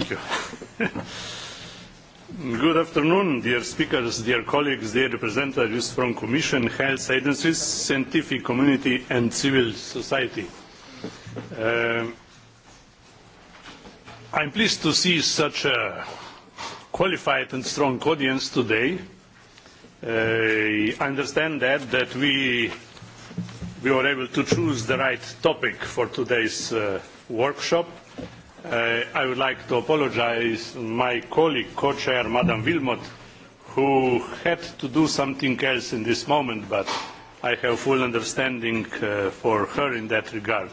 Thank you. Good afternoon, dear speakers, dear colleagues, dear representatives from Commission, health agencies, scientific community and civil society. Uh, I'm pleased to see such a qualified and strong audience today. Uh, I understand that, that we, we were able to choose the right topic for today's uh, workshop Uh, I would like to apologize my colleague, co-chair, Madam Wilmot, who had to do something else in this moment, but I have full understanding uh, for her in that regard.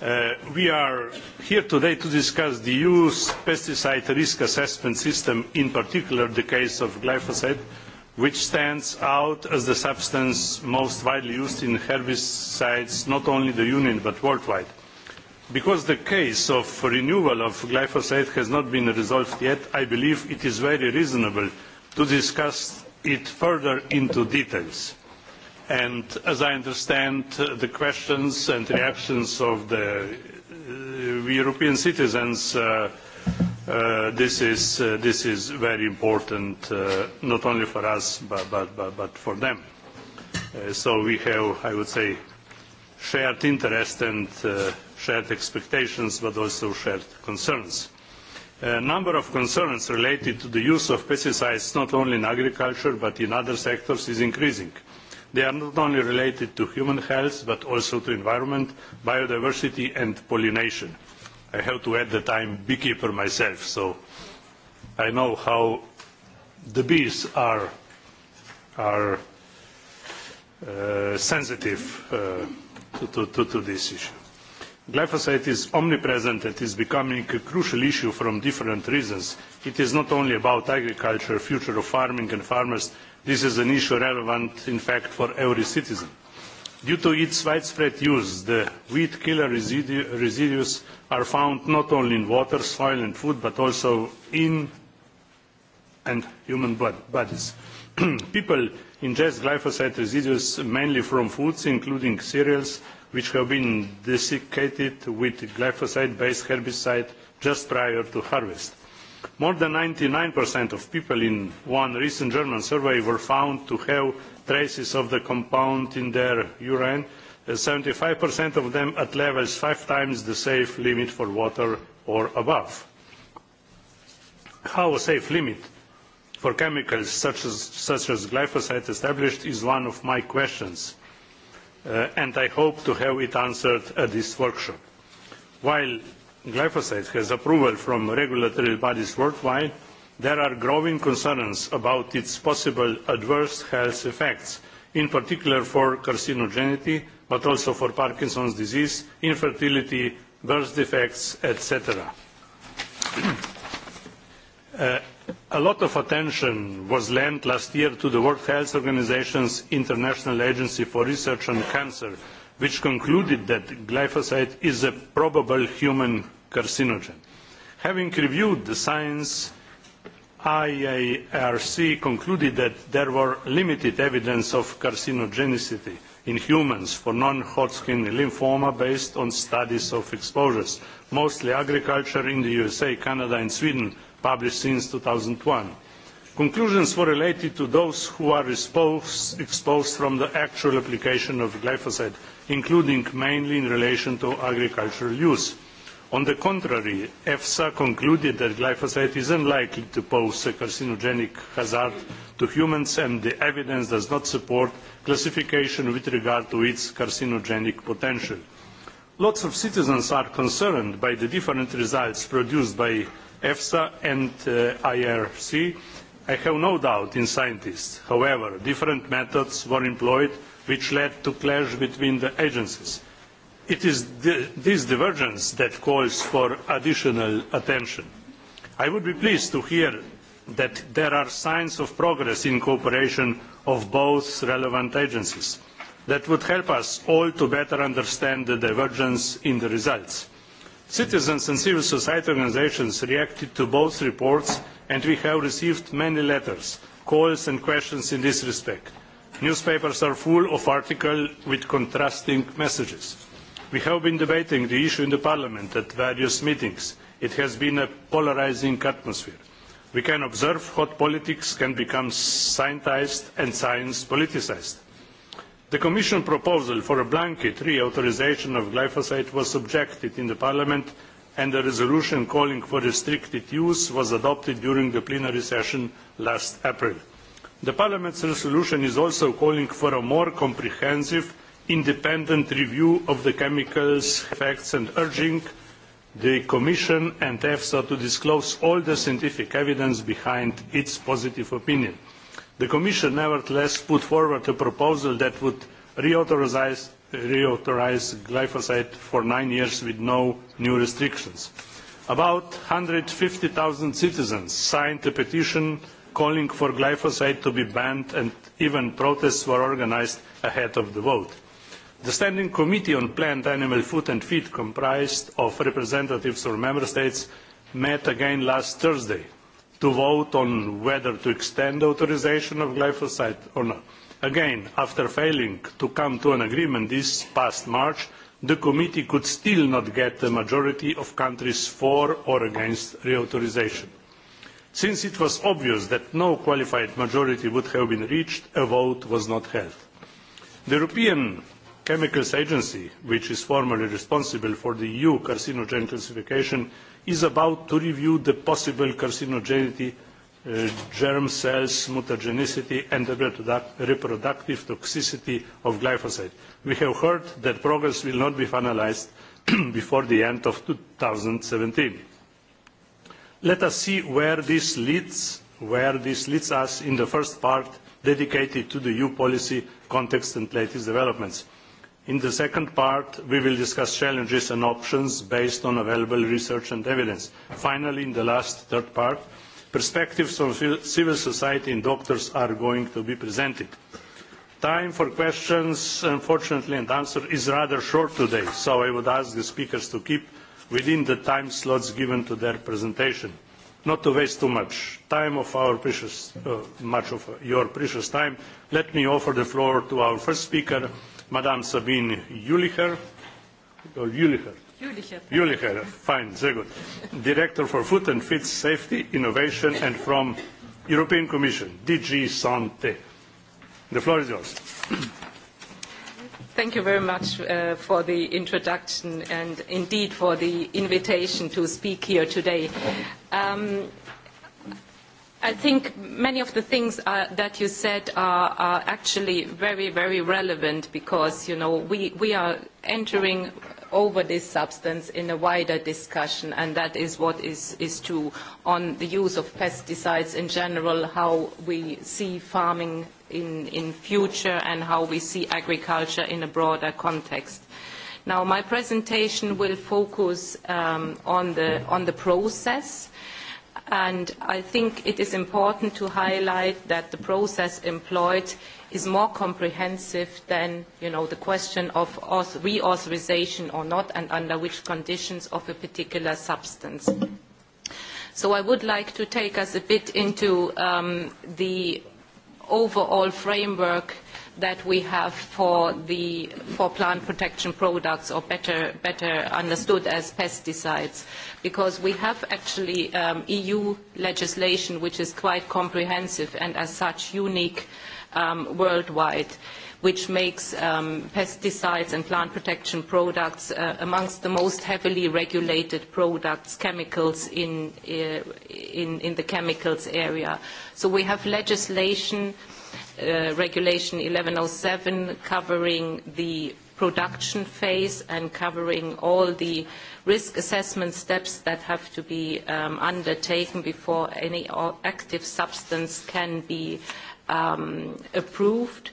Uh, we are here today to discuss the EU's pesticide risk assessment system, in particular the case of glyphosate, which stands out as the substance most widely used in herbicides, not only in the Union but worldwide because the case of renewal of glyphosate has not been resolved yet i believe it is very reasonable to discuss it further into details and as i understand uh, the questions and reactions of the uh, european citizens uh, uh, this is uh, this is very important uh, not only for us but but but, but for them uh, so we have i would say shared interest and uh, shared expectations but also shared concerns. A number of concerns related to the use of pesticides not only in agriculture but in other sectors is increasing. They are not only related to human health but also to environment, biodiversity and pollination. I have to add that I'm beekeeper myself, so I know how the bees are, are uh, sensitive uh, to, to, to this issue Glyphosate is omnipresent and is becoming a crucial issue from different reasons. It is not only about agriculture, future of farming and farmers. This is an issue relevant, in fact, for every citizen. Due to its widespread use, the weed killer residu residues are found not only in water, soil and food, but also in and human bod bodies. People ingest glyphosate residues mainly from foods, including cereals, which have been desiccated with glyphosate-based herbicide just prior to harvest. More than 99% of people in one recent German survey were found to have traces of the compound in their urine, and uh, 75% of them at levels five times the safe limit for water or above. How a safe limit for chemicals such as, such as glyphosate established is one of my questions uh, and I hope to have it answered at this workshop. While glyphosate has approval from regulatory bodies worldwide, there are growing concerns about its possible adverse health effects, in particular for carcinogenity, but also for Parkinson's disease, infertility, birth defects, etc. uh, A lot of attention was lent last year to the World Health Organization's International Agency for Research on Cancer, which concluded that glyphosate is a probable human carcinogen. Having reviewed the science, IARC concluded that there were limited evidence of carcinogenicity in humans for non-Hodgkin lymphoma based on studies of exposures, mostly agriculture in the USA, Canada and Sweden, published since 2001. Conclusions were related to those who are exposed, exposed from the actual application of glyphosate, including mainly in relation to agricultural use. On the contrary, EFSA concluded that glyphosate is unlikely to pose a carcinogenic hazard to humans and the evidence does not support classification with regard to its carcinogenic potential. Lots of citizens are concerned by the different results produced by EFSA and uh, IRC. I have no doubt in scientists. However, different methods were employed which led to clash between the agencies. It is the, this divergence that calls for additional attention. I would be pleased to hear that there are signs of progress in cooperation of both relevant agencies. That would help us all to better understand the divergence in the results. Citizens and civil society organizations reacted to both reports and we have received many letters, calls and questions in this respect. Newspapers are full of articles with contrasting messages. We have been debating the issue in the Parliament at various meetings. It has been a polarizing atmosphere. We can observe hot politics can become scientized and science politicized the commission proposal for a blanket reauthorisation of glyphosate was subjected in parliament and a resolution calling for restricted use was adopted during the plenary session last april. The parliament's resolution is also calling for a more comprehensive independent review of the chemical's effects and urging the commission and efsa to disclose all the scientific evidence behind its positive opinion. The Commission nevertheless put forward a proposal that would reauthorize, reauthorize glyphosate for nine years with no new restrictions. About 150,000 citizens signed a petition calling for glyphosate to be banned and even protests were organized ahead of the vote. The Standing Committee on Plant Animal Food and Feed comprised of representatives from member states met again last Thursday to vote on whether to extend authorization of glyphosate or not. Again, after failing to come to an agreement this past March, the committee could still not get a majority of countries for or against reauthorization. Since it was obvious that no qualified majority would have been reached, a vote was not held. The European Chemicals Agency, which is formally responsible for the EU carcinogen classification, is about to review the possible carcinogenity, uh, germ cells, mutagenicity, and the reproductive toxicity of glyphosate. We have heard that progress will not be finalized before the end of 2017. Let us see where this leads, where this leads us in the first part dedicated to the EU policy context and latest developments. In the second part, we will discuss challenges and options based on available research and evidence. Finally, in the last third part, perspectives from civil society and doctors are going to be presented. Time for questions, unfortunately, and answer is rather short today, so I would ask the speakers to keep within the time slots given to their presentation, not to waste too much time of our precious, uh, much of your precious time. Let me offer the floor to our first speaker, Madame Sabine Jülicher, oh, Jülicher. Jülicher. Jülicher, fine, sehr gut. Director for Food and Feed Safety, Innovation and from European Commission, DG Sante. The floor is yours. Thank you very much uh, for the introduction and indeed for the invitation to speak here today. Um, I think many of the things uh, that you said are, are actually very, very relevant because, you know, we, we are entering over this substance in a wider discussion, and that is what is, is true on the use of pesticides in general, how we see farming in, in future, and how we see agriculture in a broader context. Now, my presentation will focus um, on, the, on the process and I think it is important to highlight that the process employed is more comprehensive than you know, the question of reauthorization or not and under which conditions of a particular substance. So I would like to take us a bit into um, the overall framework that we have for, the, for plant protection products or better, better understood as pesticides. Uh, because we have actually um, EU legislation which is quite comprehensive and as such unique um, worldwide which makes um, pesticides and plant protection products uh, amongst the most heavily regulated products, chemicals in, uh, in, in the chemicals area. So we have legislation, uh, Regulation 1107, covering the production phase and covering all the risk assessment steps that have to be um, undertaken before any active substance can be um, approved.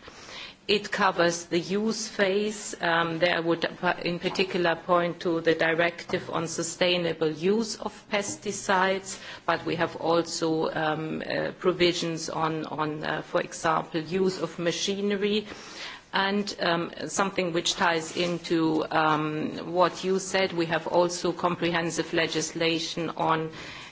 It covers the use phase. Um, there I would in particular point to the directive on sustainable use of pesticides, but we have also um, uh, provisions on, on uh, for example, use of machinery. Uh, And um, something which ties into um, what you said, we have also comprehensive legislation on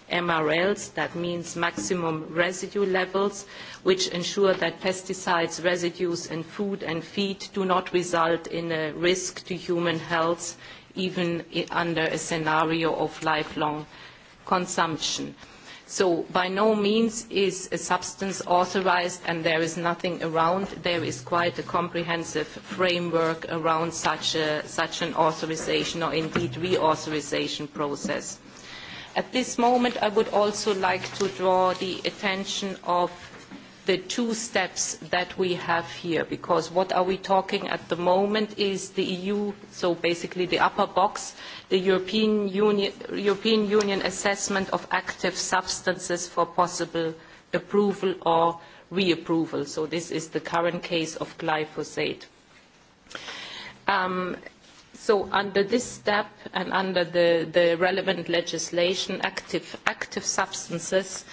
MRLs, that means maximum residue levels, which ensure that pesticides, residues in food and feed do not result in a risk to human health, even under a scenario of lifelong consumption. Uh, So by no means is a substance authorized and there is nothing around. There is quite a comprehensive framework around such, a, such an authorization or indeed reauthorization process. At this moment, I would also like to draw the attention of the two steps that we have here, because what are we talking at the moment is the EU, so basically the upper box, the European Union, European Union assessment of active substances for possible approval or reapproval. So this is the current case of glyphosate. Um, So under this step and under the, the relevant legislation, active, active substances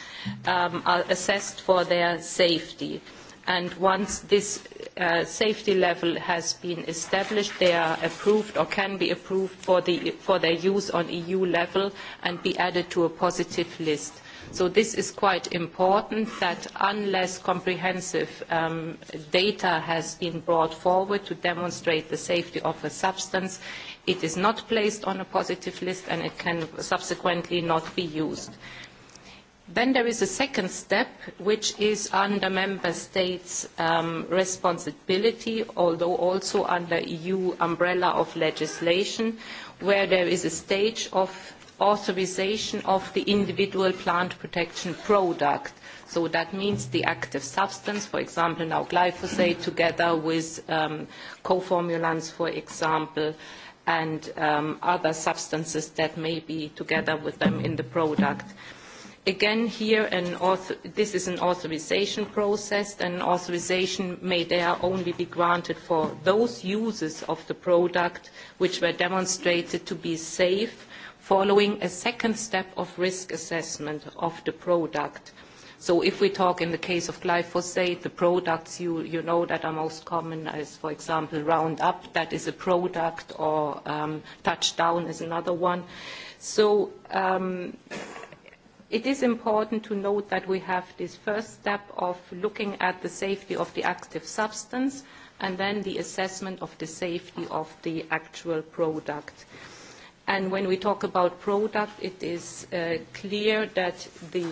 um, are assessed for their safety. And once this uh, safety level has been established, they are approved or can be approved for, the, for their use on EU level and be added to a positive list. So this is quite important that unless comprehensive um, data has been brought forward to demonstrate the safety of a substance, it is not placed on a positive list and it can subsequently not be used. Then there is a second step, which is under member states' um, responsibility, although also under EU umbrella of legislation, where there is a stage of authorization of the individual plant protection product. So that means the active substance, for example, now glyphosate together with um, co-formulants, for example, and um, other substances that may be together with them in the product. Again, here, an author, this is an authorization process, and authorization may there only be granted for those uses of the product which were demonstrated to be safe following a second step of risk assessment of the product. So if we talk in the case of glyphosate, the products you, you know that are most common is, for example, Roundup, that is a product, or um, Touchdown is another one. So um, it is important to note that we have this first step of looking at the safety of the active substance and then the assessment of the safety of the actual product. And when we talk about product, it is uh, clear that the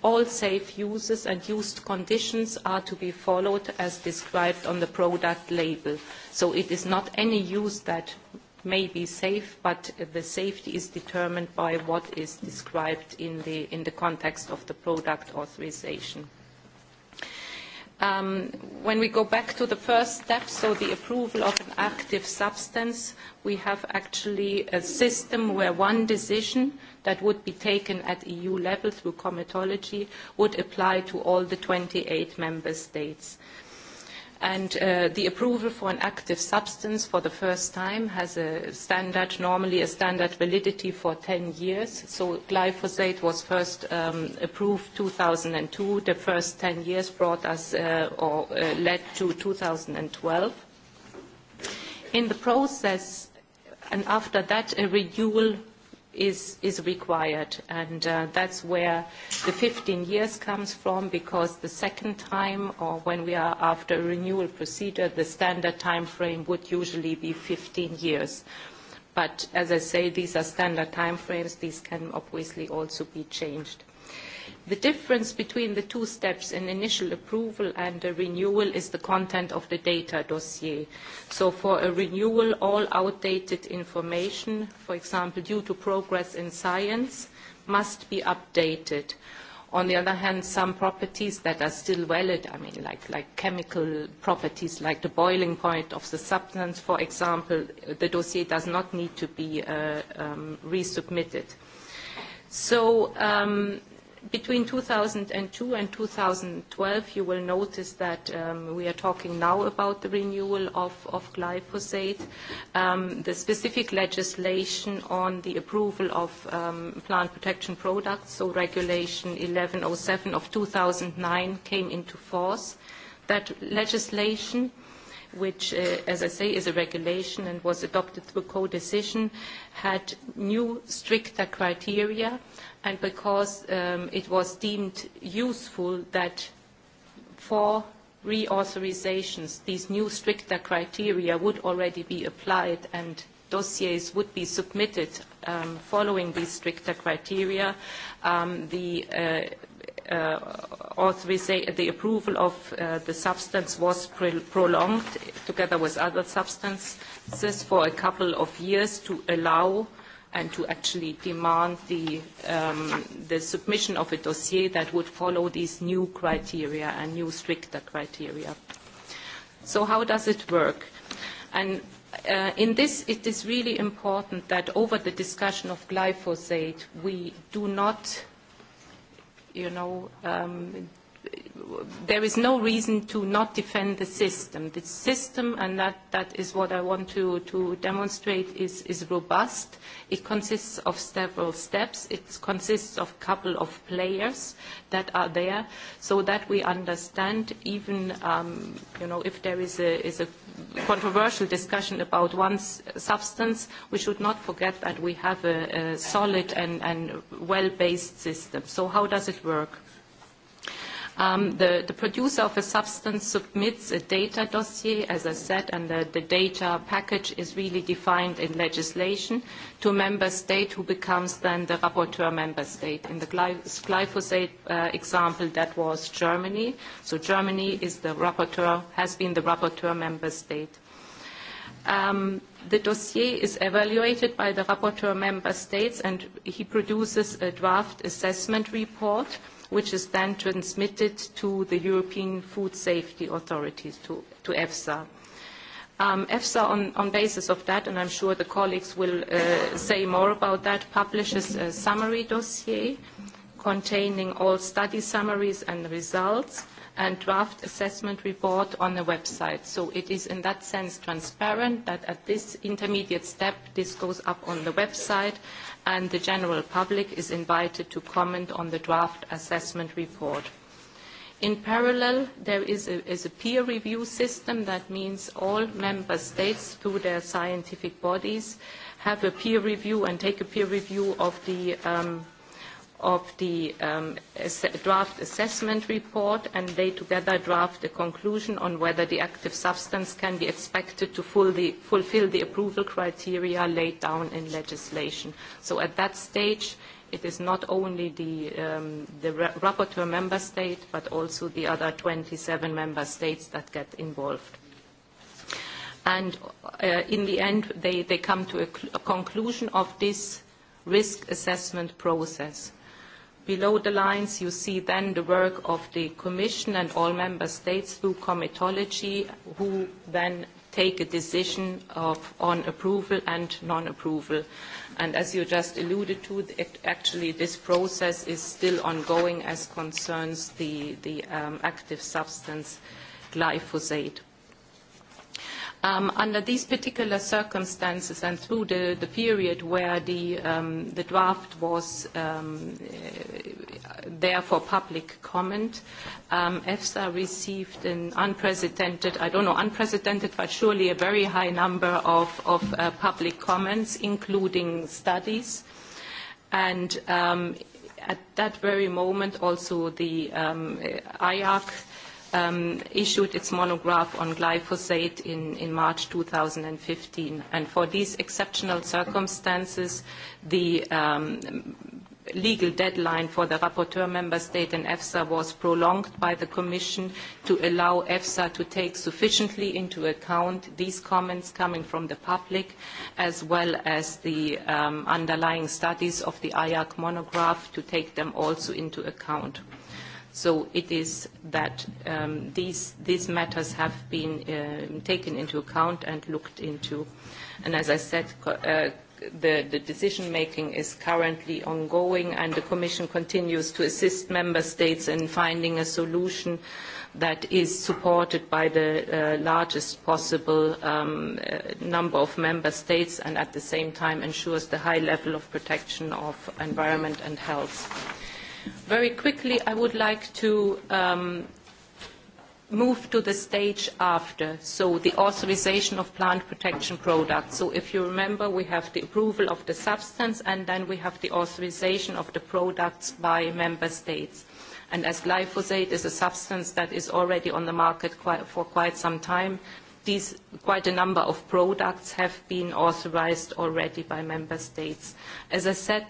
all safe uses and used conditions are to be followed as described on the product label. So it is not any use that may be safe, but the safety is determined by what is described in the, in the context of the product authorization. Um, when we go back to the first step, so the approval of an active substance, we have actually a system where one decision that would be taken at EU level through comitology would apply to all the 28 member states. Uh, And uh, the approval for an active substance for the first time has a standard, normally a standard validity for 10 years. So glyphosate was first um, approved 2002. The first 10 years brought us uh, or uh, led to 2012. In the process, and after that, a renewal is, is required. And uh, that's where the 15 years comes from, because the second time, or when we are after a renewal procedure, the standard time frame would usually be 15 years. But as I say, these are standard time frames. These can obviously also be changed. The difference between the two steps in initial approval and a renewal is the content of the data dossier. So for a renewal, all outdated information, for example, due to progress in science, must be updated. On the other hand, some properties that are still valid, I mean, like, like chemical properties, like the boiling point of the substance, for example, the dossier does not need to be uh, um, resubmitted. So um, between 2002 and 2012, you will notice that um, we are talking now about the renewal of, of glyphosate. Um, the specific legislation on the approval of um, plant protection products, so Regulation 1107 of 2009, came into force. That legislation which, uh, as I say, is a regulation and was adopted through co-decision, had new stricter criteria and because um, it was deemed useful that for reauthorizations, these new stricter criteria would already be applied and dossiers would be submitted um, following these stricter criteria. Um, the, uh, uh, the approval of uh, the substance was pre prolonged together with other substances for a couple of years to allow uh, and to actually demand the, um, the submission of a dossier that would follow these new criteria and new stricter criteria. So how does it work? And uh, in this, it is really important that over the discussion of glyphosate, we do not you know, um, there is no reason to not defend the system. The system, and that, that is what I want to, to demonstrate, is, is robust. It consists of several steps. It consists of a couple of players that are there so that we understand even, um, you know, if there is a, is a controversial discussion about one substance, we should not forget that we have a, a solid and, and well-based system. So how does it work? Um, the, the producer of a substance submits a data dossier, as I said, and the, the data package is really defined in legislation to a member state who becomes then the rapporteur member state. In the glyphosate uh, example, that was Germany. So Germany is the rapporteur, has been the rapporteur member state. Um, the dossier is evaluated by the rapporteur member states and he produces a draft assessment report uh, which is then transmitted to the European Food Safety Authorities, to, to EFSA. Um, EFSA, on, on basis of that, and I'm sure the colleagues will uh, say more about that, publishes a summary dossier containing all study summaries and results and draft assessment report on the website. So it is in that sense transparent that at this intermediate step, this goes up on the website and the general public is invited to comment on the draft assessment report. In parallel, there is a, is a peer review system. That means all member states, through their scientific bodies, have a peer review and take a peer review of the um, of the um, ass draft assessment report and they together draft a conclusion on whether the active substance can be expected to full the, fulfill the approval criteria laid down in legislation. So at that stage, it is not only the, um, the rapporteur member state, but also the other 27 member states that get involved and uh, in the end they, they come to a, cl- a conclusion of this risk assessment process. Below the lines, you see then the work of the Commission and all member states through comitology, who then take a decision of, on approval and non-approval. And as you just alluded to, it, actually this process is still ongoing as concerns the, the um, active substance glyphosate. Um, under these particular circumstances and through the, the period where the, um, the draft was um, uh, there for public comment, um, EFSA received an unprecedented, I don't know, unprecedented, but surely a very high number of, of uh, public comments, including studies. And um, at that very moment, also the um, IARC um, issued its monograph on glyphosate in, in March 2015. And for these exceptional circumstances, the um, legal deadline for the rapporteur member state and EFSA was prolonged by the Commission to allow EFSA to take sufficiently into account these comments coming from the public as well as the um, underlying studies of the IAC monograph to take them also into account. Uh, So it is that um, these, these matters have been uh, taken into account and looked into. And as I said, uh, the, the decision-making is currently ongoing, and the Commission continues to assist member states in finding a solution that is supported by the uh, largest possible um, uh, number of member states and at the same time ensures the high level of protection of environment and health. Very quickly, I would like to um, move to the stage after, so the authorization of plant protection products. So if you remember, we have the approval of the substance, and then we have the authorization of the products by member states. And as glyphosate is a substance that is already on the market quite, for quite some time, these quite a number of products have been authorized already by member states. As I said,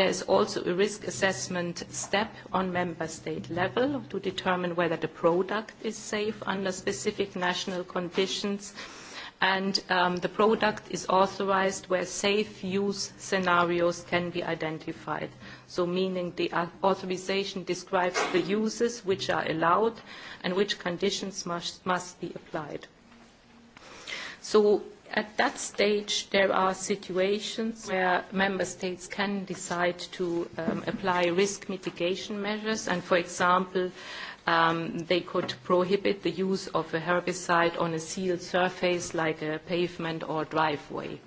There is also a risk assessment step on member state level to determine whether the product is safe under specific national conditions. And um, the product is authorized where safe use scenarios can be identified. So meaning the authorization describes the uses which are allowed and which conditions must, must be applied. So At that stage, there are situations where member states can decide to um, apply risk mitigation measures, and for example, um, they could prohibit the use of a herbicide on a sealed surface like a pavement or driveway.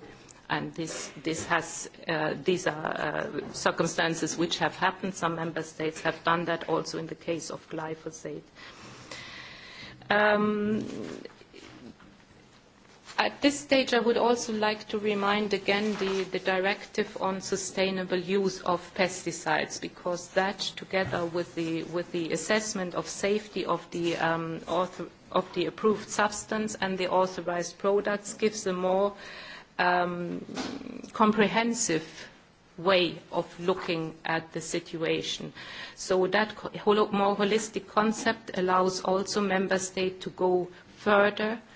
And this, this has, uh, these are uh, circumstances which have happened. Some member states have done that also in the case of glyphosate. Um, At this stage, I would also like to remind again the, the directive on sustainable use of pesticides, because that, together with the, with the assessment of safety of the, um, author, of the approved substance and the authorized products, gives a more um, comprehensive way of looking at the situation. So that more holistic concept allows also member state to go further uh,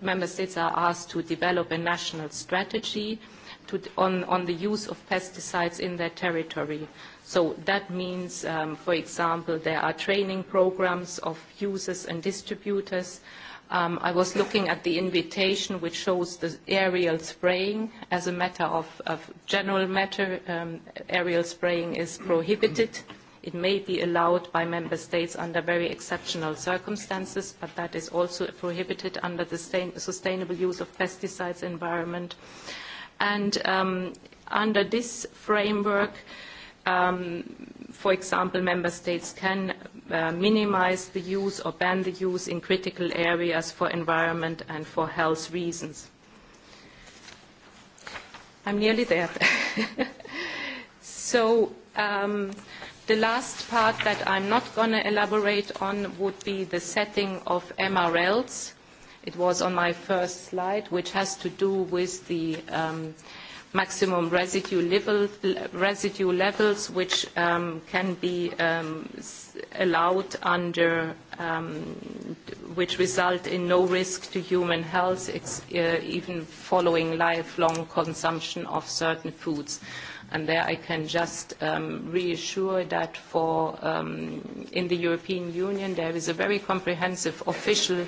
member states are asked to develop a national strategy to, on, on the use of pesticides in their territory. So that means, um, for example, there are training programs of users and distributors. Um, I was looking at the invitation which shows the aerial spraying as a matter of, of general matter. Um, aerial spraying is prohibited. It may be allowed by member states under very exceptional circumstances, but that is also prohibited under the sustainable use of pesticides environment. And um, under this framework, um, for example, member states can uh, minimize the use or ban the use in critical areas for environment and for health reasons. I'm nearly there. so um, The last part that I'm not going to elaborate on would be the setting of MRLs. It was on my first slide, which has to do with the um, maximum residue, level, residue levels, which um, can be um, allowed under, um, which result in no risk to human health, ex uh, even following lifelong consumption of certain foods. And there I can just um, reassure that for, um, in the European Union there is a very comprehensive official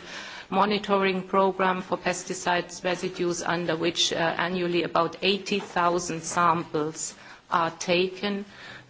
monitoring program for pesticides residues under which uh, annually about 80,000 samples are taken.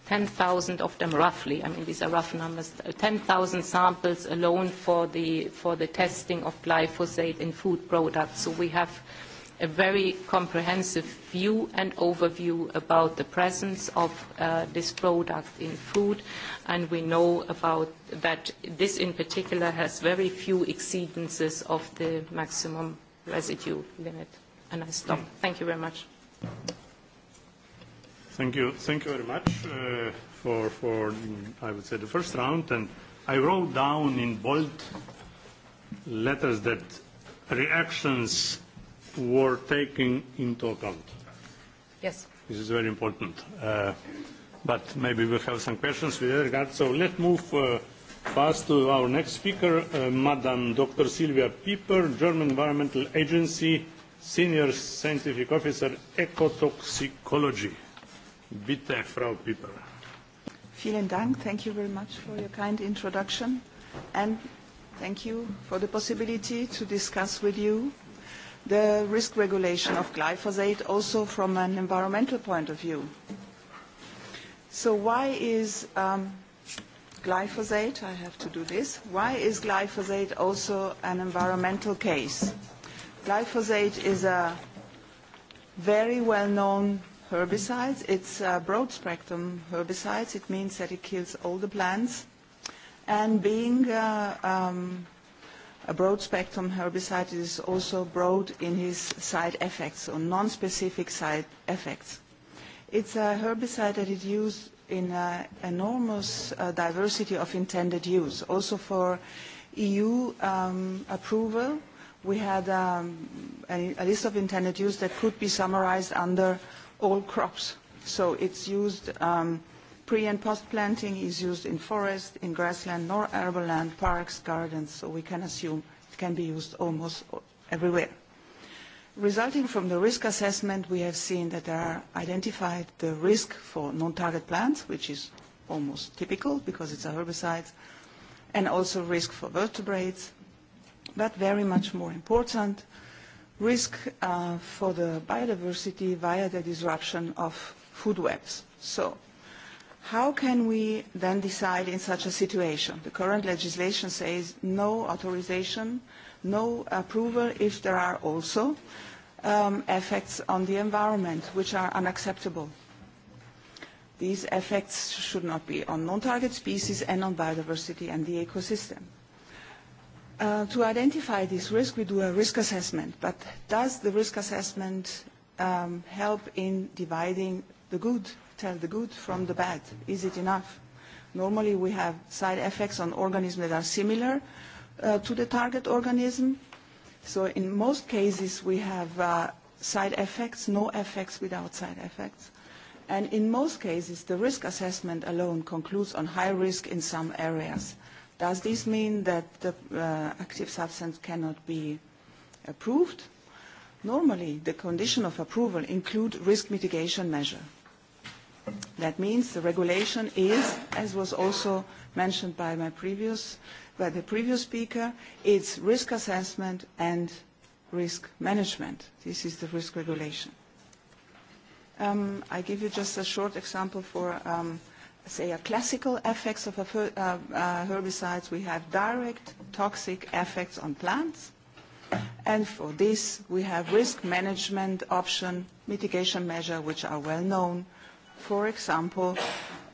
10,000 of them roughly, I mean these are rough numbers, 10,000 samples alone for the, for the testing of glyphosate in food products. So we have uh, a very comprehensive view and overview about the presence of uh, this product in food and we know about that this in particular has very few exceedances of the maximum residue limit. And I stop. Mm. Thank you very much. Thank you. Thank you very much uh, for, for, mm, I would say, the first round. And I wrote down in bold letters that reactions were taken into account. Yes. This is very important. Uh, but maybe we have some questions with regard. So let's move uh, fast to our next speaker, uh, Madam Dr. Silvia Pieper, German Environmental Agency, Senior Scientific Officer, Ecotoxicology. Bitte, Frau Pieper. Vielen Dank. Thank you very much for your kind introduction. And thank you for the possibility to discuss with you the risk regulation of glyphosate also from an environmental point of view. So why is um, glyphosate, I have to do this, why is glyphosate also an environmental case? Glyphosate is a very well-known herbicide. It's a broad-spectrum herbicide. It means that it kills all the plants. And being uh, um, A broad-spectrum herbicide is also broad in his side effects or non-specific side effects. It's a herbicide that is used in an uh, enormous uh, diversity of intended use. Also for EU um, approval, we had um, a, a list of intended use that could be summarized under all crops. So it's used um, Pre and post planting is used in forest, in grassland, nor arable land, parks, gardens, so we can assume it can be used almost everywhere. Resulting from the risk assessment, we have seen that there are identified the risk for non-target plants, which is almost typical because it's a herbicide, and also risk for vertebrates, but very much more important, risk uh, for the biodiversity via the disruption of food webs. So How can we then decide in such a situation? The current legislation says no authorization, no approval if there are also um, effects on the environment which are unacceptable. These effects should not be on non-target species and on biodiversity and the ecosystem. Uh, to identify this risk, we do a risk assessment, but does the risk assessment um, help in dividing the good tell the good from the bad. Is it enough? Normally we have side effects on organisms that are similar uh, to the target organism. So in most cases we have uh, side effects, no effects without side effects. And in most cases the risk assessment alone concludes on high risk in some areas. Does this mean that the uh, active substance cannot be approved? Normally, the condition of approval include risk mitigation measure. That means the regulation is, as was also mentioned by my previous, by the previous speaker, it's risk assessment and risk management. This is the risk regulation. Um, I give you just a short example for, um, say, a classical effects of a, uh, uh, herbicides. We have direct toxic effects on plants. And for this, we have risk management option, mitigation measure, which are well known, uh, for example,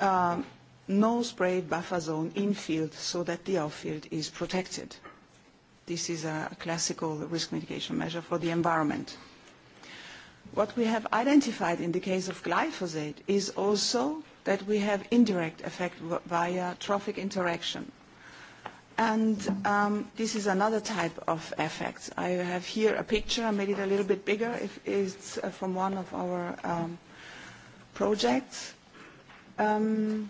um, no spray buffer zone in field so that the outfield is protected. This is a classical risk mitigation measure for the environment. What we have identified in the case of glyphosate is also that we have indirect effect via trophic interaction. And um, this is another type of effect. I have here a picture. I made it a little bit bigger. If it's uh, from one of our um, projects. Um,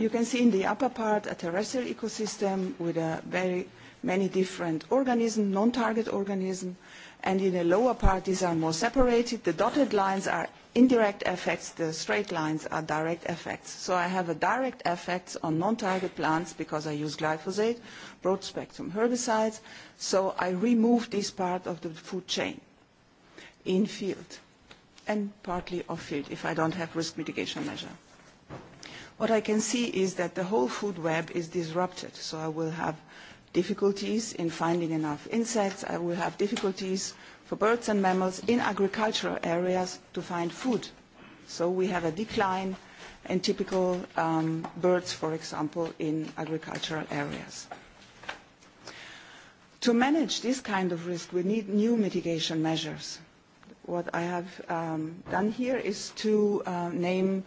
you can see in the upper part a terrestrial ecosystem with a very many different organisms, non-target organisms, and in the lower part these are more separated. The dotted lines are indirect effects, the straight lines are direct effects. So I have a direct effect on non-target plants because I use glyphosate, broad-spectrum herbicides, so I remove this part of the food chain in field and partly off field if I don't have risk mitigation measure. What I can see is that the whole food web is disrupted, so I will have difficulties in finding enough insects, I will have difficulties for birds and mammals in agricultural areas to find food. So we have a decline in typical um, birds, for example, in agricultural areas. To manage this kind of risk, we need new mitigation measures what I have um, done here is to uh, name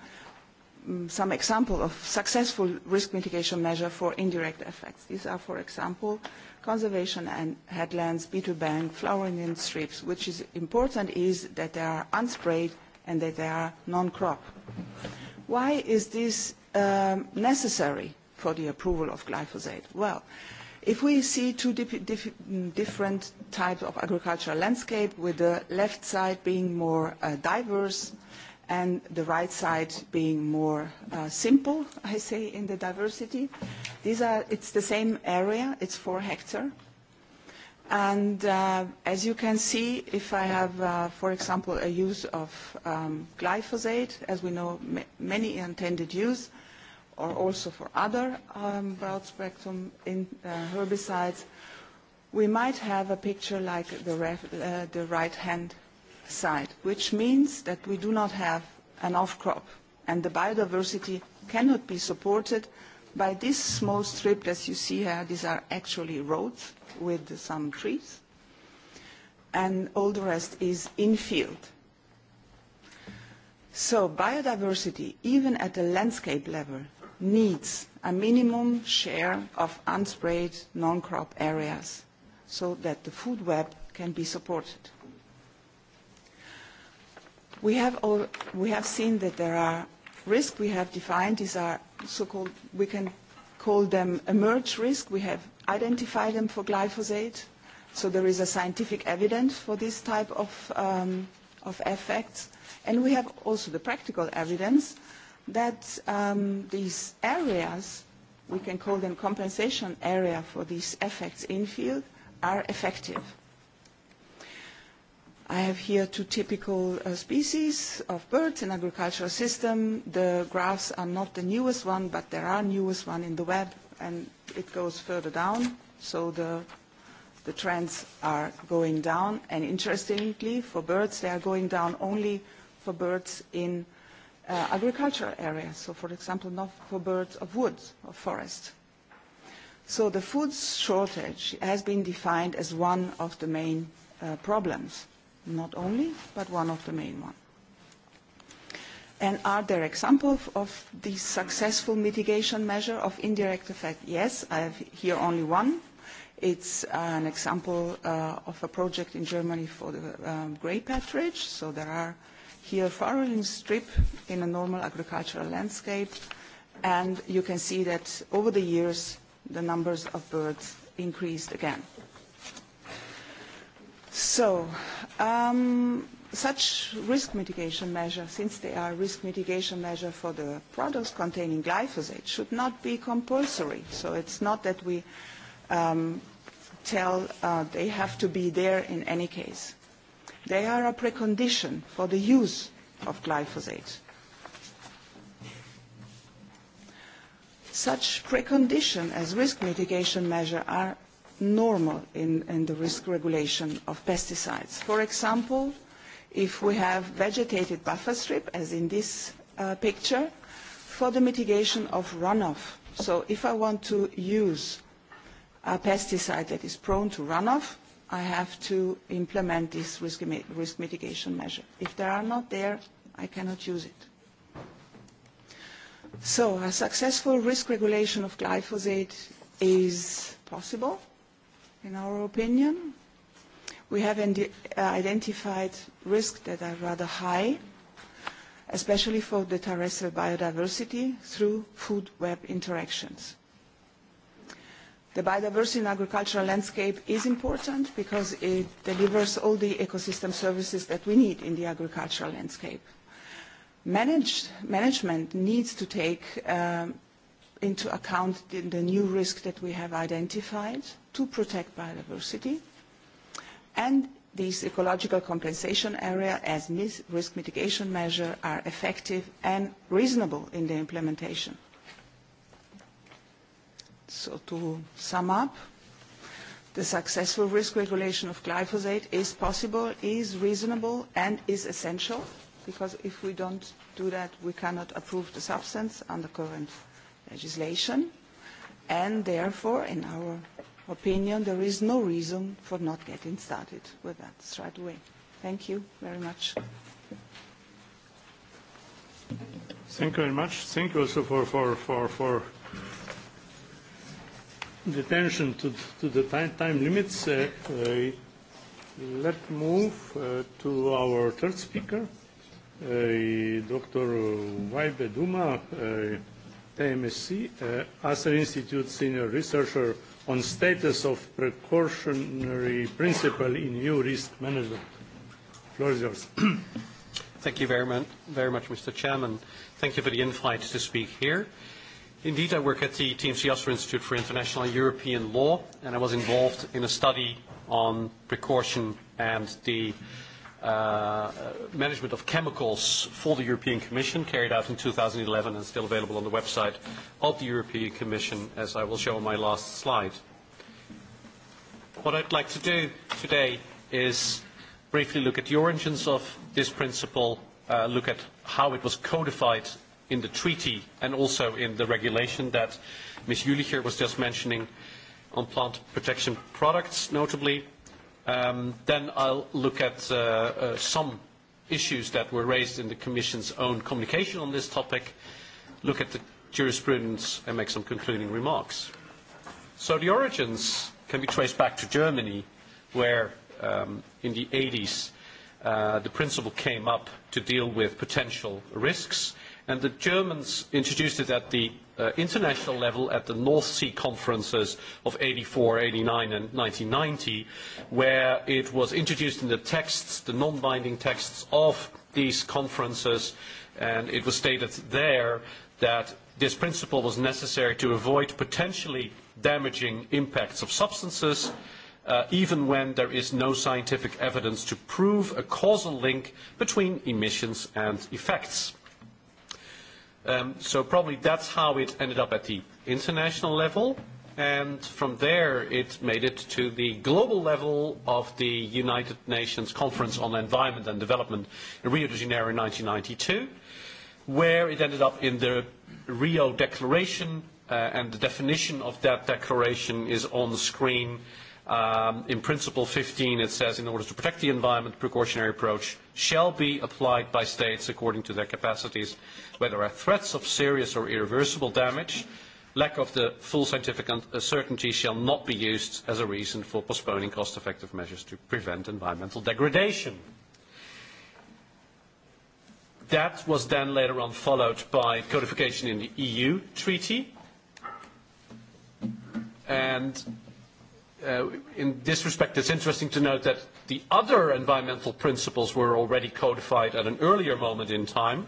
um, some example of successful risk mitigation measure for indirect effects. These are, for example, conservation and headlands, beetle bank, flowering and strips, which is important is that they are unsprayed and that they are non-crop. Why is this um, necessary for the approval of glyphosate? Well, uh, If we see two dif dif mm, different types of agricultural landscape, with the left side being more uh, diverse and the right side being more uh, simple, I say, in the diversity, these are, it's the same area, it's four hectare. And uh, as you can see, if I have, uh, for example, a use of um, glyphosate, as we know, ma many intended use, uh, or also for other um, broad spectrum in, uh, herbicides, we might have a picture like the, ref, uh, the right-hand side, which means that we do not have an off-crop, and the biodiversity cannot be supported by this small strip that you see here. These are actually roads with some trees, and all the rest is in-field. So biodiversity, even at the landscape level, needs a minimum share of unsprayed non-crop areas so that the food web can be supported. We have, all, we have seen that there are risks we have defined. These are so-called, we can call them emerge risk. We have identified them for glyphosate. So there is a scientific evidence for this type of, um, of effects. And we have also the practical evidence that um, these areas, we can call them compensation area for these effects in field, are effective. I have here two typical uh, species of birds in agricultural system. The graphs are not the newest one, but there are newest one in the web, and it goes further down. So the, the trends are going down, and interestingly, for birds, they are going down only for birds in uh, agricultural area, so for example not for birds of wood or forest. So the food shortage has been defined as one of the main uh, problems, not only, but one of the main ones. And are there examples of the successful mitigation measure of indirect effect? Yes, I have here only one. It's an example uh, of a project in Germany for the um, grey patridge. So there are uh, here furrowing strip in a normal agricultural landscape, and you can see that over the years the numbers of birds increased again. So, um, such risk mitigation measures, since they are risk mitigation measures for the products containing glyphosate, should not be compulsory. So it's not that we um, tell uh, they have to be there in any case. They are a precondition for the use of glyphosate. Such precondition as risk mitigation measure are normal in, in the risk regulation of pesticides. For example, if we have vegetated buffer strip, as in this uh, picture, for the mitigation of runoff. So if I want to use a pesticide that is prone to runoff, I have to implement this risk, risk mitigation measure. If they are not there, I cannot use it. So a successful risk regulation of glyphosate is possible, in our opinion. We have identified risks that are rather high, especially for the terrestrial biodiversity through food web interactions. The biodiversity in agricultural landscape is important because it delivers all the ecosystem services that we need in the agricultural landscape. Managed, management needs to take um, into account the, the new risk that we have identified to protect biodiversity and these ecological compensation area as risk mitigation measure are effective and reasonable in their implementation. So to sum up, the successful risk regulation of glyphosate is possible, is reasonable, and is essential, because if we don't do that, we cannot approve the substance under current legislation. And therefore, in our opinion, there is no reason for not getting started with that straight away. Thank you very much. Thank you very much. Thank you also for, for, for, for the attention to, to the time, time limits, uh, uh, let's move uh, to our third speaker, uh, Dr. Vaibe Duma, uh, TMSC, uh, Asser Institute senior researcher on status of precautionary principle in EU risk management. The floor is yours. Thank you very much, very much, Mr. Chairman. Thank you for the invite to speak here. Uh, Indeed, I work at the TMC Usher Institute for International and European Law, and I was involved in a study on precaution and the uh, management of chemicals for the European Commission, carried out in 2011 and still available on the website of the European Commission, as I will show on my last slide. What I'd like to do today is briefly look at the origins of this principle, uh, look at how it was codified in the treaty and also in the regulation that Ms. Jülicher was just mentioning on plant protection products, notably. Um, then I'll look at uh, uh, some issues that were raised in the Commission's own communication on this topic, look at the jurisprudence and make some concluding remarks. So the origins can be traced back to Germany, where um, in the 80s uh, the principle came up to deal with potential risks And the Germans introduced it at the uh, international level at the North Sea conferences of 84, 89 and 1990, where it was introduced in the texts, the non-binding texts of these conferences, and it was stated there that this principle was necessary to avoid potentially damaging impacts of substances, uh, even when there is no scientific evidence to prove a causal link between emissions and effects. Um, so probably that's how it ended up at the international level. And from there, it made it to the global level of the United Nations Conference on Environment and Development in Rio de Janeiro in 1992, where it ended up in the Rio Declaration, uh, and the definition of that declaration is on the screen uh, Um, in Principle 15, it says, in order to protect the environment, the precautionary approach shall be applied by states according to their capacities, where there are threats of serious or irreversible damage. Lack of the full scientific uh, certainty shall not be used as a reason for postponing cost-effective measures to prevent environmental degradation. That was then later on followed by codification in the EU treaty. And uh, in this respect, it's interesting to note that the other environmental principles were already codified at an earlier moment in time,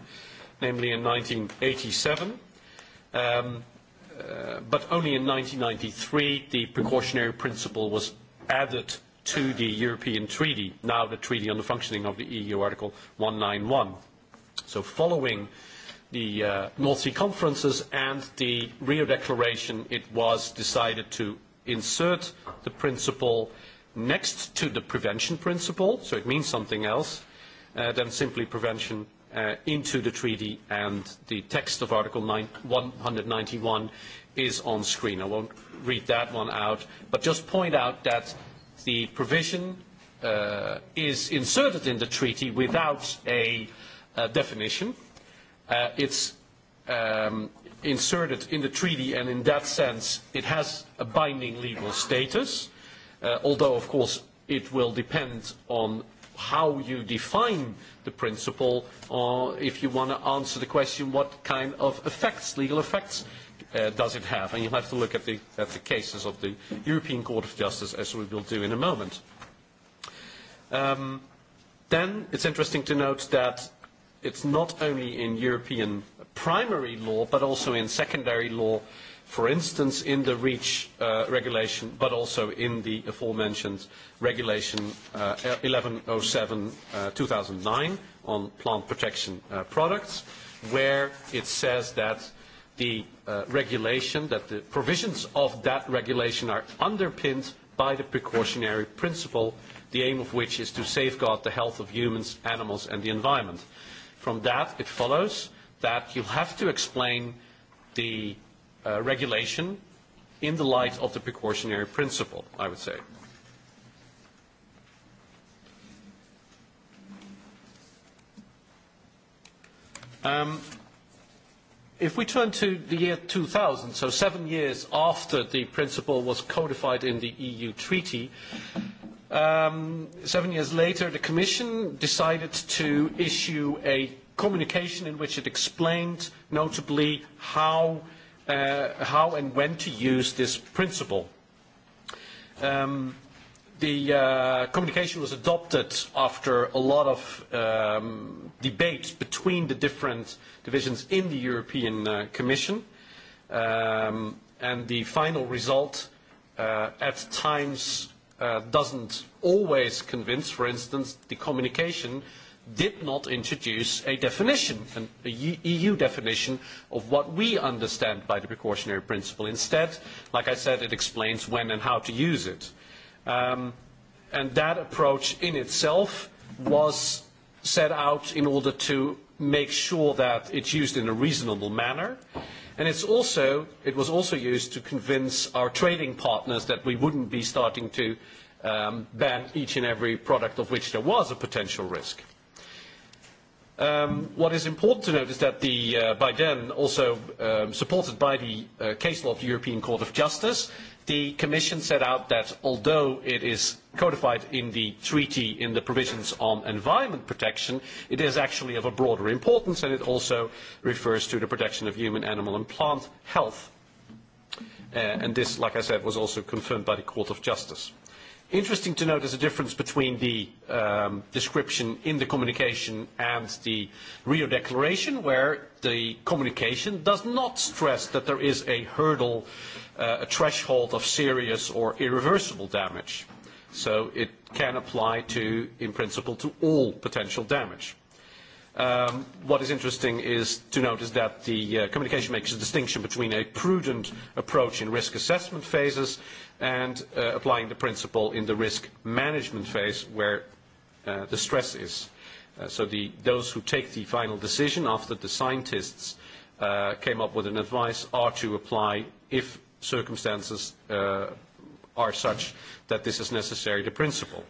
namely in 1987. Um, uh, but only in 1993, the precautionary principle was added to the European Treaty, now the Treaty on the Functioning of the EU, Article 191. So following the uh, North Sea conferences and the Rio Declaration, it was decided to insert the principle next to the prevention principle, so it means something else uh, than simply prevention uh, into the treaty, and the text of Article 9, 191 is on screen. I won't read that one out, but just point out that the provision uh, is inserted in the treaty without a uh, definition. Uh, it's um, inserted in the treaty, and in that sense, it has a binding legal status, uh, although, of course, it will depend on how you define the principle, or if you want to answer the question, what kind of effects, legal effects, uh, does it have? And you'll have to look at the, at the cases of the European Court of Justice, as we will do in a moment. Um, then it's interesting to note that it's not only in European primary law, but also in secondary law, for instance, in the REACH uh, regulation, but also in the aforementioned regulation uh, 1107 uh, 2009 on plant protection uh, products, where it says that the uh, regulation, that the provisions of that regulation are underpinned by the precautionary principle, the aim of which is to safeguard the health of humans, animals, and the environment. From that, it follows that you have to explain the uh, regulation in the light of the precautionary principle, I would say. Um, if we turn to the year 2000, so seven years after the principle was codified in the EU treaty, um, seven years later the Commission decided to issue a communication in which it explained notably how, uh, how and when to use this principle. Um, the uh, communication was adopted after a lot of um, debate between the different divisions in the European uh, Commission, um, and the final result uh, at times uh, doesn't always convince. For instance, the communication uh, did not introduce a definition, an a EU e definition of what we understand by the precautionary principle. Instead, like I said, it explains when and how to use it. Um, and that approach in itself was set out in order to make sure that it's used in a reasonable manner. And it's also, it was also used to convince our trading partners that we wouldn't be starting to um, ban each and every product of which there was a potential risk. Um, what is important to note is that the, uh, by then, also um, supported by the uh, case law of the European Court of Justice, the Commission set out that although it is codified in the treaty in the provisions on environment protection, it is actually of a broader importance and it also refers to the protection of human, animal and plant health. Uh, and this, like I said, was also confirmed by the Court of Justice. Interesting to note there's a difference between the um, description in the communication and the Rio Declaration, where the communication does not stress that there is a hurdle, uh, a threshold of serious or irreversible damage. So it can apply to, in principle, to all potential damage. Um, what is interesting is to notice that the uh, communication makes a distinction between a prudent approach in risk assessment phases and uh, applying the principle in the risk management phase where uh, the stress is. Uh, so the, those who take the final decision after the scientists uh, came up with an advice are to apply, if circumstances uh, are such that this is necessary, the principle.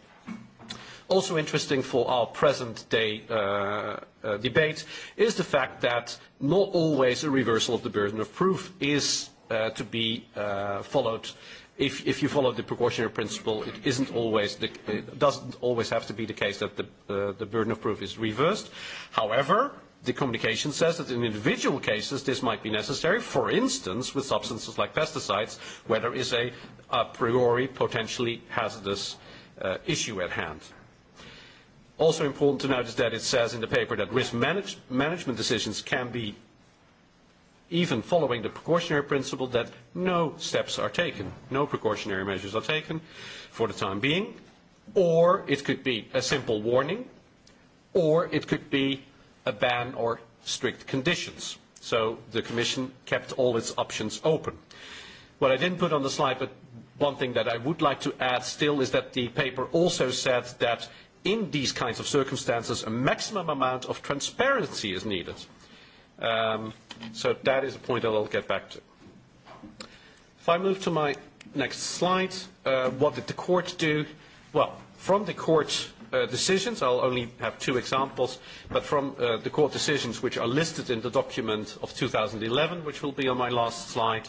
Also interesting for our present day uh, uh, debate is the fact that not always a reversal of the burden of proof is uh, to be uh, followed uh, if, if you follow the precautionary principle, it, isn't always the, it doesn't always have to be the case that the, uh, the burden of proof is reversed. However, the communication says that in individual cases this might be necessary, for instance, with substances like pesticides, where there is a a priori potentially hazardous uh, issue at hand. Also important to note is that it says in the paper that risk manage management decisions can be even following the precautionary principle that no steps are taken, no precautionary measures are taken for the time being, or it could be a simple warning, or it could be a ban or strict conditions. So the Commission kept all its options open. What I didn't put on the slide, but one thing that I would like to add still is that the paper also said that in these kinds of circumstances, a maximum amount of transparency is needed. Um, so that is a point that I'll get back to. If I move to my next slide, uh, what did the court do? Well, from the court uh, decisions, I'll only have two examples, but from uh, the court decisions which are listed in the document of 2011, which will be on my last slide,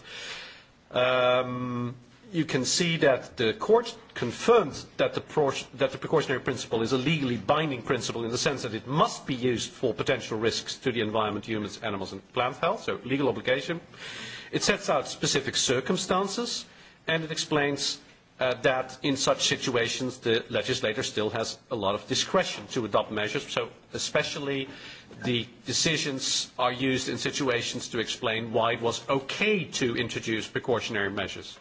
um, you can see that the court confirmed that the, pro that the precautionary principle is a legally binding principle in the sense that it must be used for potential risks to the environment, humans, animals and plant health, so legal obligation. It sets out specific circumstances and it explains uh, that in such situations the legislator still has a lot of discretion to adopt measures, so especially the decisions are used in situations to explain why it was okay to introduce precautionary measures. Uh,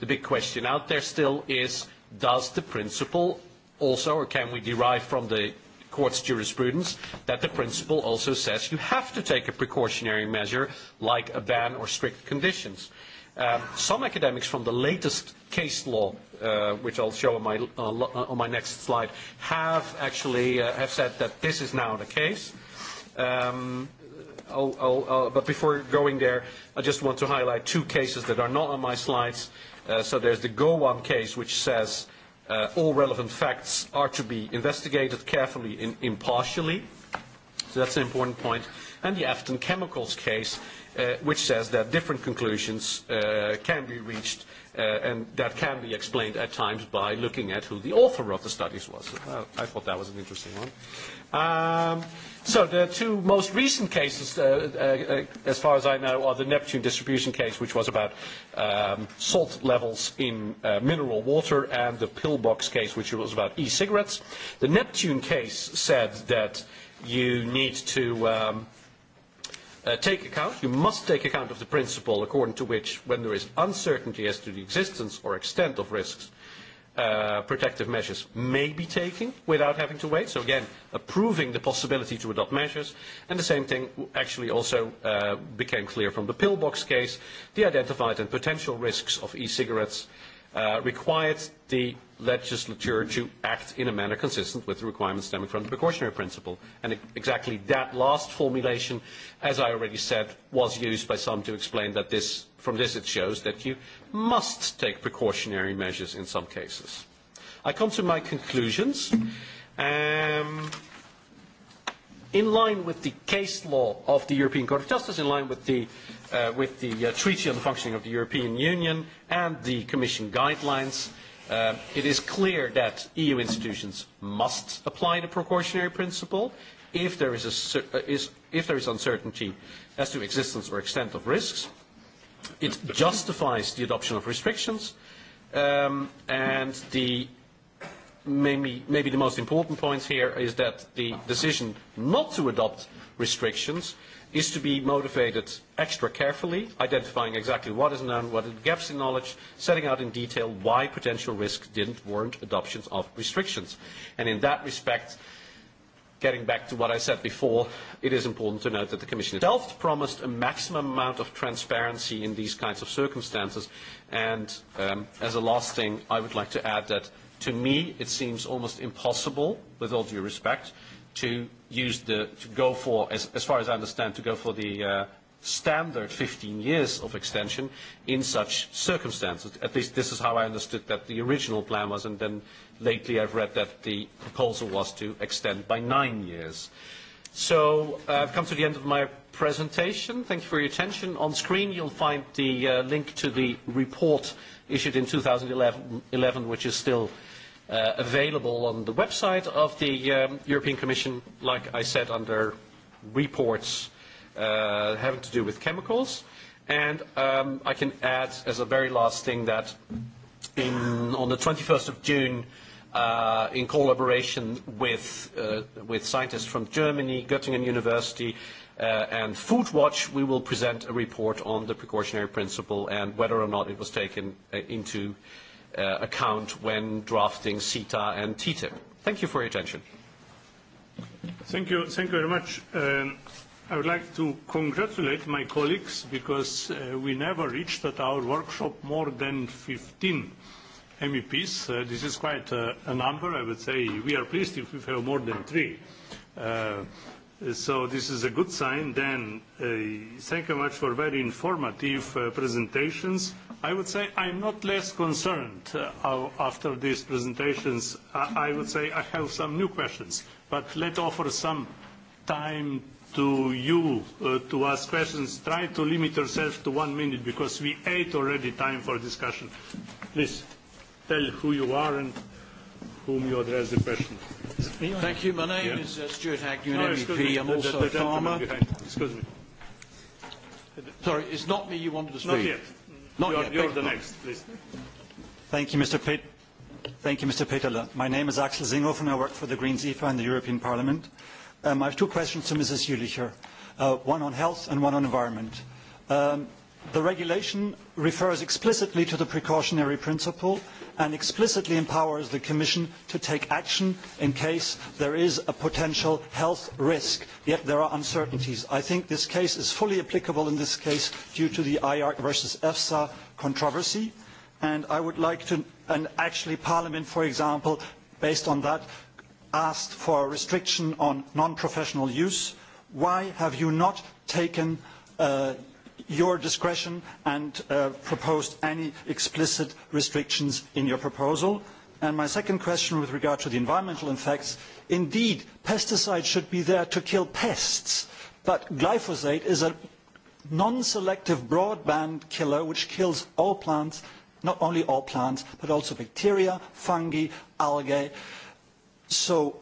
The big question out there still is, does the principle also, or can we derive from the court's jurisprudence that the principle also says you have to take a precautionary measure like a ban or strict conditions? Um, some academics from the latest case law, uh, which I'll show on my, uh, on my next slide, have actually uh, have said that this is now the case. Um, I'll, I'll, I'll, uh, but before going there, I just want to highlight two cases that are not on my slides. Uh, Uh, so there's the Go1 case, which says uh, all relevant facts are to be investigated carefully and impartially. So that's an important point. And the Afton Chemicals case, uh, which says that different conclusions uh, can be reached uh, and that can be explained at times by looking at who the author of the studies was. So, uh, I thought that was an interesting one. Um, So the two most recent cases, uh, uh, uh, as far as I know, are the Neptune distribution case, which was about um, salt levels in uh, mineral water, and the pillbox case, which was about e-cigarettes. The Neptune case said that you need to um, uh, take account, you must take account of the principle according to which when there is uncertainty as to the existence or extent of risks, uh, protective measures may be taken without having to wait. So again, approving the possibility to adopt measures. And the same thing actually also uh, became clear from the pillbox case. The identified and potential risks of e-cigarettes uh, required the legislature to act in a manner consistent with the requirements stemming from the precautionary principle. And e-, exactly that last formulation, as I already said, was used by some to explain that this From this, it shows that you must take precautionary measures in some cases. I come to my conclusions. Um, in line with the case law of the European Court of Justice, in line with the, uh, with the uh, Treaty on the Functioning of the European Union and the Commission guidelines, uh, it is clear that EU institutions must apply the precautionary principle if there is, a, uh, is, if there is uncertainty as to existence or extent of risks It justifies the adoption of restrictions, um, and the maybe, maybe the most important point here is that the decision not to adopt restrictions is to be motivated extra carefully, identifying exactly what is known, what are the gaps in knowledge, setting out in detail why potential risk didn't warrant adoptions of restrictions. And in that respect, uh, getting back to what I said before, it is important to note that the Commission itself promised a maximum amount of transparency in these kinds of circumstances. And um, as a last thing, I would like to add that to me it seems almost impossible, with all due respect, to use the to go for, as, as far as I understand, to go for the uh, standard 15 years of extension in such circumstances. At least this is how I understood that the original plan was, and then lately I've read that the proposal was to extend by nine years. So uh, I've come to the end of my presentation. Thank you for your attention. On screen you'll find the uh, link to the report issued in 2011, 11, which is still uh, available on the website of the um, European Commission, like I said, under reports uh, having to do with chemicals. And um, I can add as a very last thing that in, on the 21st of June uh, in collaboration with, uh, with scientists from Germany, Göttingen University, uh, and Food Watch, we will present a report on the precautionary principle and whether or not it was taken uh, into uh, account when drafting CETA and TTIP. Thank you for your attention. Thank you. Thank you very much. Um, I would like to congratulate my colleagues because uh, we never reached at our workshop more than 15 MEPs. Uh, this is quite a, a number. I would say we are pleased if we have more than three. Uh, so this is a good sign. Then uh, thank you much for very informative uh, presentations. I would say I'm not less concerned uh, after these presentations. I, I would say I have some new questions, but let's offer some time to you uh, to ask questions, try to limit yourself to one minute because we ate already time for discussion. Please tell who you are and whom you address the question. Thank you. My name yeah. is uh, Stuart Agnew, no, MEP. Me. I'm the, also the, the a farmer. Excuse me. Sorry, it's not me you wanted to speak. Not yet. Not you're, yet. You're Thank the you. next, please. Thank you, Mr. Pitt. Thank you, Mr. Pitala. My name is Axel Zinghoff and I work for the Greens IFA e in the European Parliament. Uh, Um, I have two questions to Mrs. Jülicher, uh, one on health and one on environment. Um, the regulation refers explicitly to the precautionary principle and explicitly empowers the Commission to take action in case there is a potential health risk, yet there are uncertainties. I think this case is fully applicable in this case due to the IARC versus EFSA controversy, and I would like to, and actually Parliament, for example, based on that, asked for a restriction on non-professional use. Why have you not taken uh, your discretion and uh, proposed any explicit restrictions in your proposal? And my second question with regard to the environmental effects, indeed, pesticides should be there to kill pests, but glyphosate is a non-selective broadband killer which kills all plants, not only all plants, but also bacteria, fungi, algae, So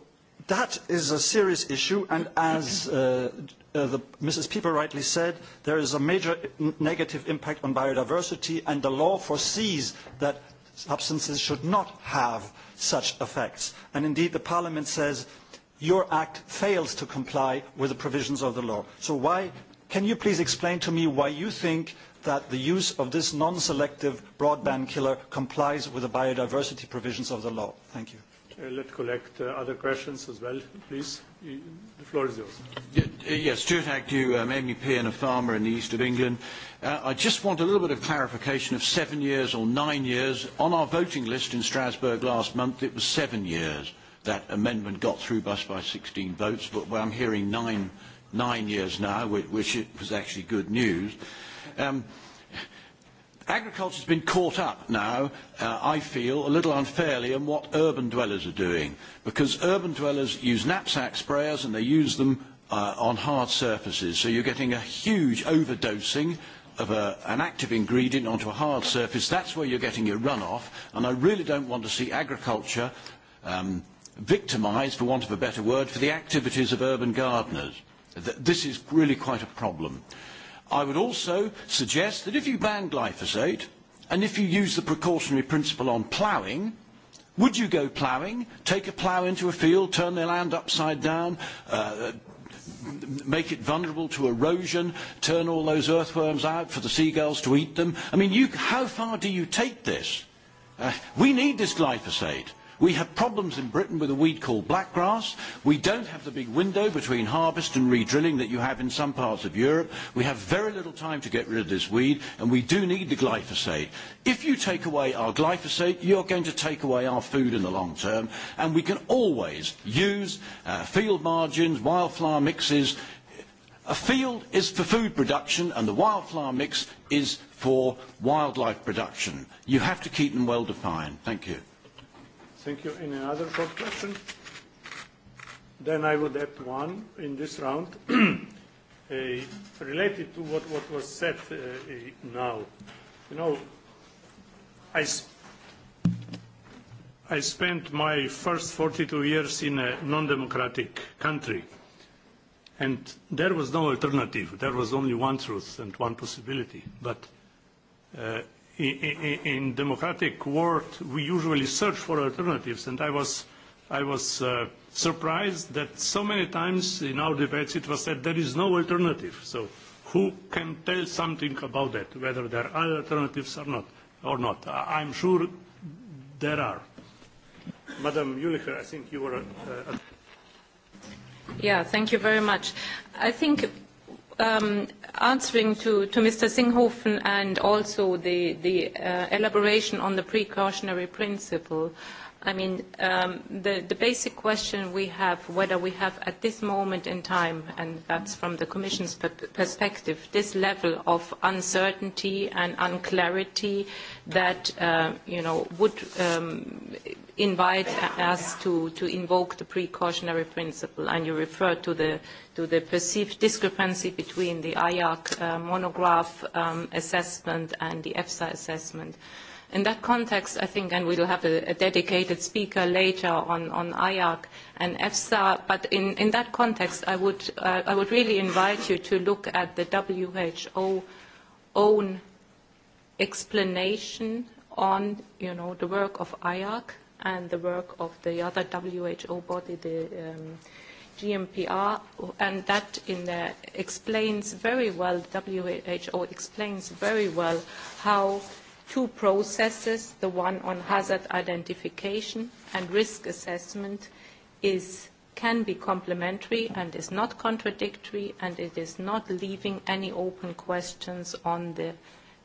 that is a serious issue, and as uh, uh, the, Mrs. Pieper rightly said, there is a major negative impact on biodiversity, and the law foresees that substances should not have such effects. And indeed, the Parliament says your act fails to comply with the provisions of the law. So why, can you please explain to me why you think that the use of this non-selective broadband killer complies with the biodiversity provisions of the law? Thank you. Uh, let's collect uh, other questions as well, please. The floor is yours. Uh, yes, yeah, Stuart Agnew, um, uh, MEP and a farmer in the east of England. Uh, I just want a little bit of clarification of seven years or nine years. On our voting list in Strasbourg last month, it was seven years. That amendment got through us by 16 votes, but well, I'm hearing nine, nine years now, which, which was actually good news. Um, Agriculture has been caught up now, uh, I feel, a little unfairly in what urban dwellers are doing, because urban dwellers use knapsack sprayers and they use them uh, on hard surfaces. So you're getting a huge overdosing of a, an active ingredient onto a hard surface. That's where you're getting your runoff, and I really don't want to see agriculture um, victimised, for want of a better word, for the activities of urban gardeners. Th- this is really quite a problem. Uh, I would also suggest that if you ban glyphosate and if you use the precautionary principle on ploughing, would you go ploughing, take a plough into a field, turn their land upside down, uh, make it vulnerable to erosion, turn all those earthworms out for the seagulls to eat them? I mean, you, how far do you take this? Uh, we need this glyphosate. We have problems in Britain with a weed called blackgrass. We don't have the big window between harvest and re-drilling that you have in some parts of Europe. We have very little time to get rid of this weed, and we do need the glyphosate. If you take away our glyphosate, you're going to take away our food in the long term, and we can always use uh, field margins, wildflower mixes. A field is for food production, and the wildflower mix is for wildlife production. You have to keep them well defined. Thank you. Thank you. Any other short question? Then I would add one in this round, related to what, what was said uh, uh, now. You know, I, sp I spent my first 42 years in a non-democratic country, and there was no alternative. There was only one truth and one possibility. But uh, in, in democratic world, we usually search for alternatives, and I was, I was uh, surprised that so many times in our debates it was said there is no alternative. So who can tell something about that, whether there are alternatives or not? Or not? I'm sure there are. Madam Ulicher, I think you were. Uh, yeah, thank you very much. I think um, answering to, to Mr. Singhofen and also the, the uh, elaboration on the precautionary principle, uh, I mean, um, the, the basic question we have, whether we have at this moment in time, and that's from the Commission's per perspective, this level of uncertainty and unclarity that, uh, you know, would um, invite us to, to invoke the precautionary principle. And you refer to the, to the perceived discrepancy between the IARC uh, monograph um, assessment and the EFSA assessment. Uh, In that context, I think, and we'll have a, a dedicated speaker later on, on IARC and EFSA, but in, in that context, I would, uh, I would really invite you to look at the WHO own explanation on, you know, the work of IARC and the work of the other WHO body, the um, GMPR, and that in there explains very well, WHO explains very well how two processes, the one on hazard identification and risk assessment is, can be complementary and is not contradictory and it is not leaving any open questions on the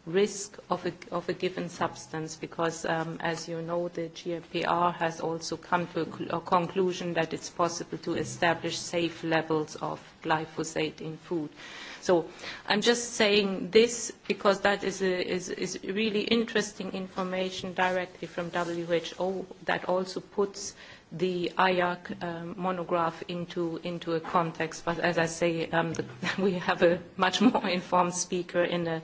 risk of a, of a given substance because, um, as you know, the GMPR has also come to a, a conclusion that it's possible to establish safe levels of glyphosate in food. Uh, So I'm just saying this because that is, a, is, is really interesting information directly from WHO that also puts the IARC um, monograph into, into a context. But as I say, um, the, we have a much more informed speaker in a,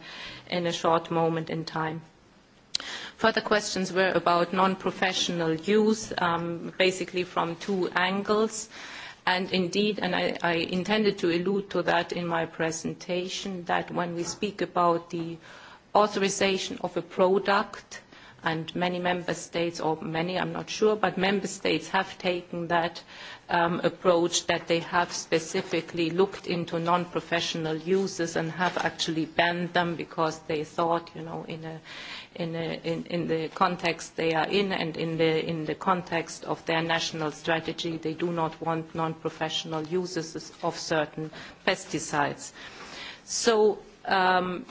in a short moment in time. Further questions were about non-professional use, um, basically from two angles. Uh, And indeed, and I, I intended to allude to that in my presentation, that when we speak about the authorization of a product, and many member states, or many, I'm not sure, but member states have taken that um, approach that they have specifically looked into non-professional users and have actually banned them because they thought, you know, in a, in, in, in the context they are in and in the, in the context of their national strategy. They do not want non-professional users of certain pesticides. So, um,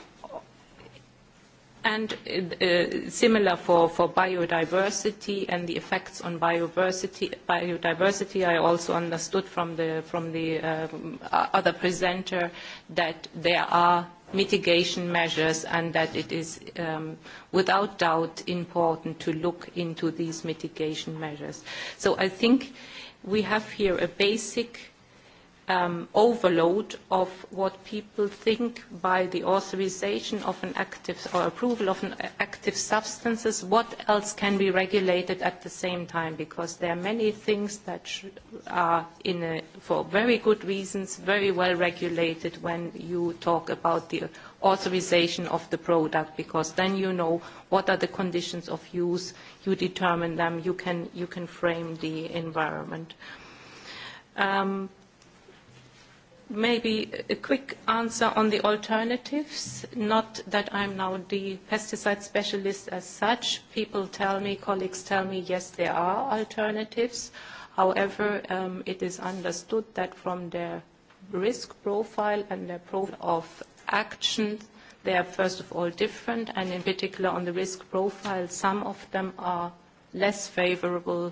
and uh, similar for, for biodiversity and the effects on biodiversity. Biodiversity, I also understood from the, from the uh, other presenter that there are mitigation measures and that it is um, without doubt important to look into these mitigation measures. So I think we have here a basic um, overload of what people think by the authorization of an active or approval of an active substances, what else can be regulated at the same time? Because there are many things that sh are, in a, for very good reasons, very well regulated when you talk about the authorization of the product, because then you know what are the conditions of use, you determine them, you can, you can frame the environment. Um, maybe a quick answer on the alternatives. Not that I'm now the pesticide specialist as such. People tell me, colleagues tell me, yes, there are alternatives. However, um, it is understood that from their risk profile and their profile of action, they are first of all different, and in particular on the risk profile, some of them are less favorable uh,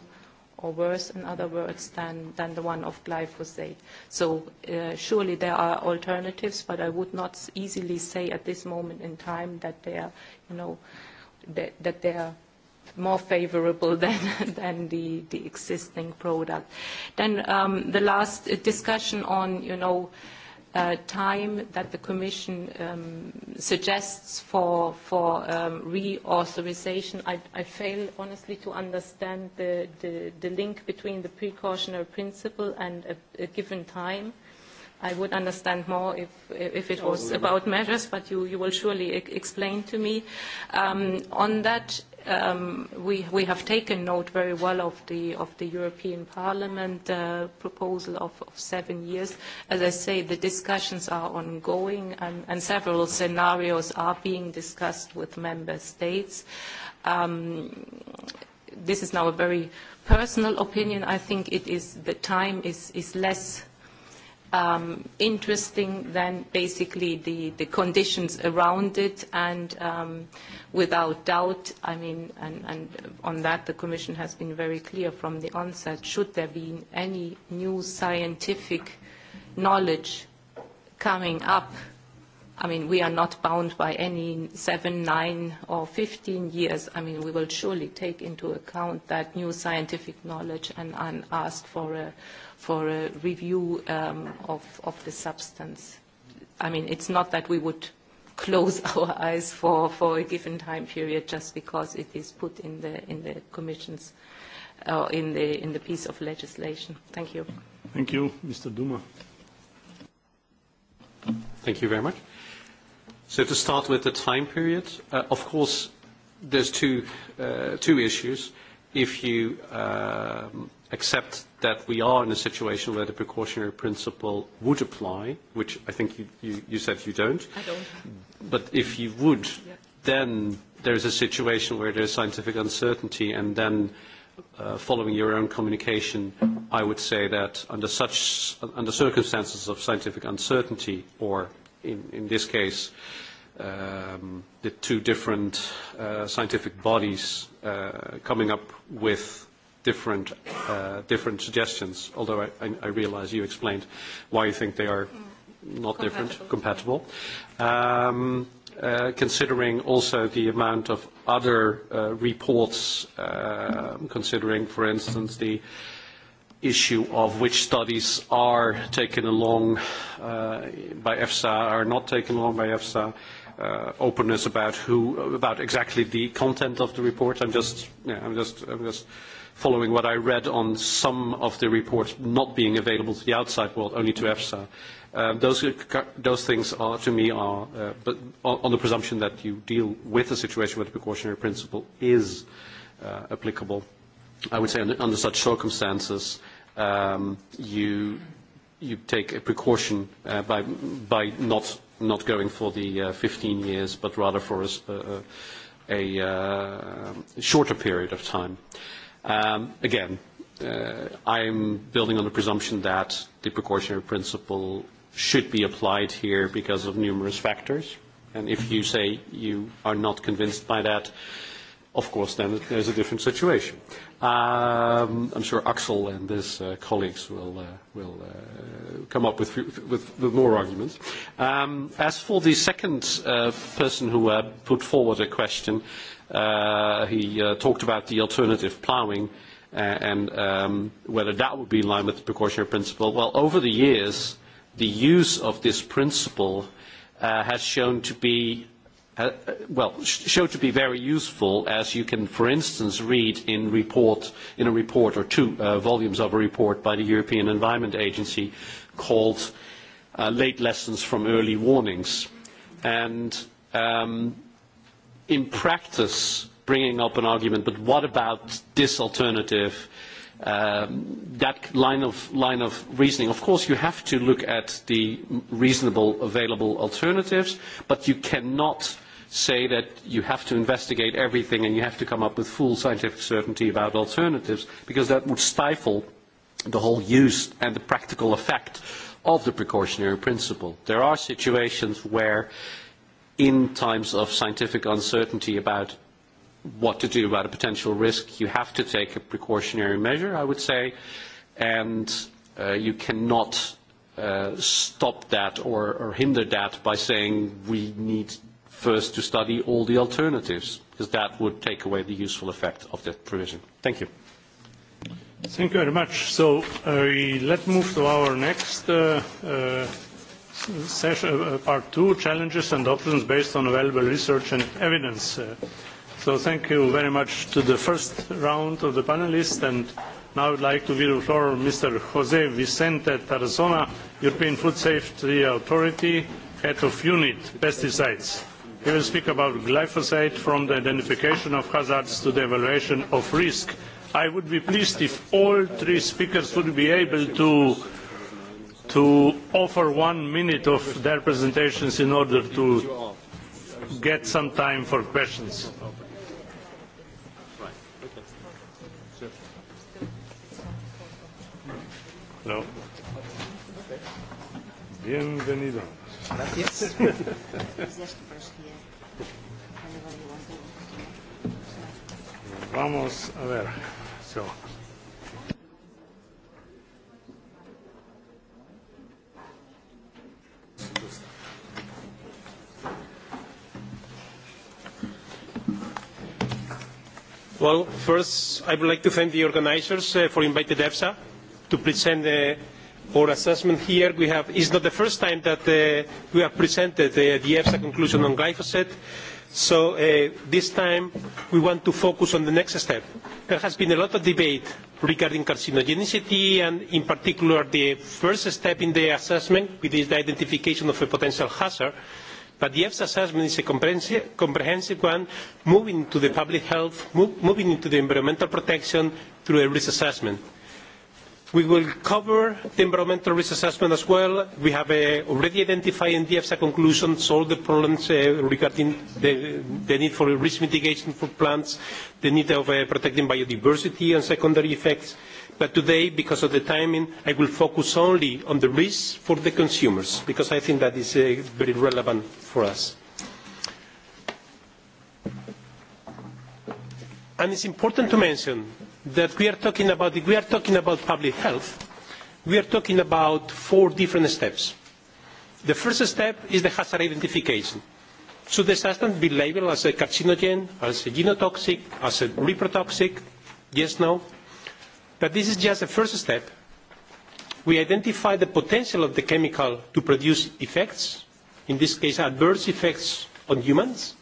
or worse, in other words, than, than the one of glyphosate. So uh, surely there are alternatives, but I would not easily say at this moment in time that they are, you know, that, that they are more favorable than, than the, the existing product. Then um, the last discussion on, you know, uh, uh, time that the Commission um, suggests for, for um, reauthorization. I, I fail, honestly, to understand the, the, the link between the precautionary principle and a, a given time. I would understand more if, if it was oh, about measures, but you, you will surely e explain to me. Um, on that, um, we, we have taken note very well of the, of the European Parliament uh, proposal of, of seven years. As I say, the discussions are ongoing and, and several scenarios are being discussed with member states. Um, this is now a very personal opinion. I think it is, the time is, is less um, interesting than basically the, the conditions around it. And um, without doubt, I mean, and, and on that the Commission has been very clear from the onset, should there be any new scientific knowledge coming up, I mean, we are not bound by any seven, nine, or 15 years. I mean, we will surely take into account that new scientific knowledge and, and ask for a, for a review um, of, of the substance. I mean, it's not that we would close our eyes for, for a given time period just because it is put in the, in the Commission's, uh, in, the, in the piece of legislation. Thank you. Thank you. Mr. Duma. Thank you very much. So to start with the time period, uh, of course, there's two, uh, two issues. If you um, uh, except that we are in a situation where the precautionary principle would apply, which I think you, you, you said you don't. I don't. But if you would, yeah. then there's a situation where there's scientific uncertainty, and then uh, following your own communication, I would say that under such under circumstances of scientific uncertainty, or in, in this case, um, the two different uh, scientific bodies uh, coming up with different, uh, different suggestions, although I, I, I realize you explained why you think they are not different, compatible. Um, uh, considering also the amount of other uh, reports, uh, considering, for instance, the issue of which studies are taken along uh, by EFSA, are not taken along by EFSA, uh, openness about who, about exactly the content of the report. I'm just, yeah, I'm just, I'm just uh, following what I read on some of the reports not being available to the outside world, only to EFSA. Um, those, uh, those things are, to me, are uh, but on the presumption that you deal with a situation where the precautionary principle is uh, applicable. I would say under, under such circumstances, um, you you take a precaution uh, by by not not going for the uh, 15 years, but rather for a, a, a, a uh, shorter period of time. Uh, Um, again, uh, I'm building on the presumption that the precautionary principle should be applied here because of numerous factors. And if you say you are not convinced by that, of course, then there's a different situation. Um, I'm sure Axel and his uh, colleagues will, uh, will uh, come up with, with, with more arguments. Um, as for the second uh, person who uh, put forward a question, uh, Uh, he uh, talked about the alternative ploughing uh, and um, whether that would be in line with the precautionary principle. Well, over the years, the use of this principle uh, has shown to be uh, uh, well, sh- showed to be very useful, as you can, for instance, read in report in a report or two uh, volumes of a report by the European Environment Agency called uh, "Late Lessons from Early Warnings," and um, in practice bringing up an argument, but what about this alternative? Um, that line of, line of reasoning. Of course, you have to look at the reasonable available alternatives, but you cannot say that you have to investigate everything and you have to come up with full scientific certainty about alternatives, because that would stifle the whole use and the practical effect of the precautionary principle. There are situations where uh, in times of scientific uncertainty about what to do about a potential risk, you have to take a precautionary measure, I would say, and uh, you cannot uh, stop that or, or hinder that by saying we need first to study all the alternatives, because that would take away the useful effect of that provision. Thank you. Thank you very much. So uh, let's move to our next uh, uh, session, uh, uh, part two, challenges and options based on available research and evidence. Uh, so thank you very much to the first round of the panelists, and now I would like to give the floor to Mr. Jose Vicente Tarazona, European Food Safety Authority, Head of Unit Pesticides. He will speak about glyphosate from the identification of hazards to the evaluation of risk. I would be pleased if all three speakers would be able to to offer one minute of their presentations in order to get some time for questions. No. Bienvenido. Gracias. Vamos a ver. So. Well, first, I would like to thank the organizers uh, for inviting EFSA to present uh, our assessment here. We have, it's not the first time that uh, we have presented uh, the EFSA conclusion on glyphosate. So uh, this time we want to focus on the next step. There has been a lot of debate regarding carcinogenicity and in particular the first step in the assessment, which is the identification of a potential hazard. Uh, But the EFSA assessment is a comprehensive one, moving into the public health, move, moving into the environmental protection through a risk assessment. We will cover the environmental risk assessment as well. We have uh, already identified in the EFSA conclusions all the problems uh, regarding the, the need for risk mitigation for plants, the need of uh, protecting biodiversity and secondary effects, uh, But today, because of the timing, I will focus only on the risks for the consumers, because I think that is uh, very relevant for us. And it's important to mention that we are talking about, if we are talking about public health, we are talking about four different steps. The first step is the hazard identification. Should the substance be labeled as a carcinogen, as a genotoxic, as a reprotoxic? Yes, no? that this is just the first step. We identify the potential of the chemical to produce effects, in this case adverse effects on humans,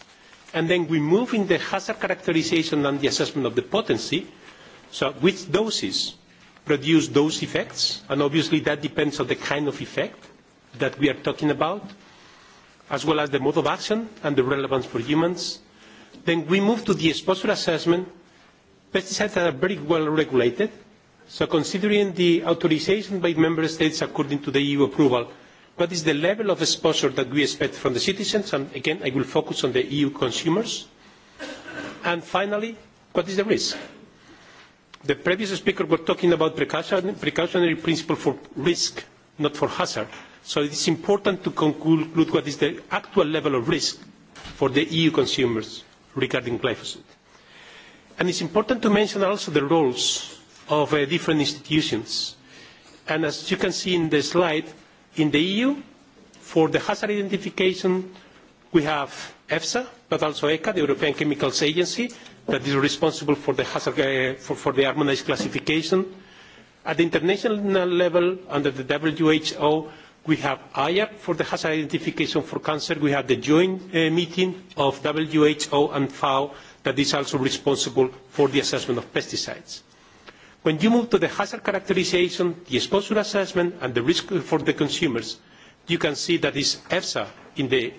and then we move in the hazard characterization and the assessment of the potency, so which doses produce those effects, and obviously that depends on the kind of effect that we are talking about, as well as the mode of action and the relevance for humans. Then we move to the exposure assessment, pesticides are very well regulated. So considering the authorization by member states according to the EU approval, what is the level of exposure that we expect from the citizens? And again, I will focus on the EU consumers. And finally, what is the risk? The previous speaker was talking about precaution, precautionary principle for risk, not for hazard. So it is important to conclude what is the actual level of risk for the EU consumers regarding glyphosate. And it's important to mention also the roles of uh, different institutions. And as you can see in the slide, in the EU, for the hazard identification, we have EFSA, but also ECHA, the European Chemicals Agency, that is responsible for the, hazard, uh, for, for the harmonized classification. At the international level, under the WHO, we have IAP for the hazard identification for cancer. We have the joint uh, meeting of WHO and FAO that is also responsible for the assessment of pesticides. When you move to the hazard characterization, the exposure assessment, and the risk for the consumers, you can see that it's EFSA in the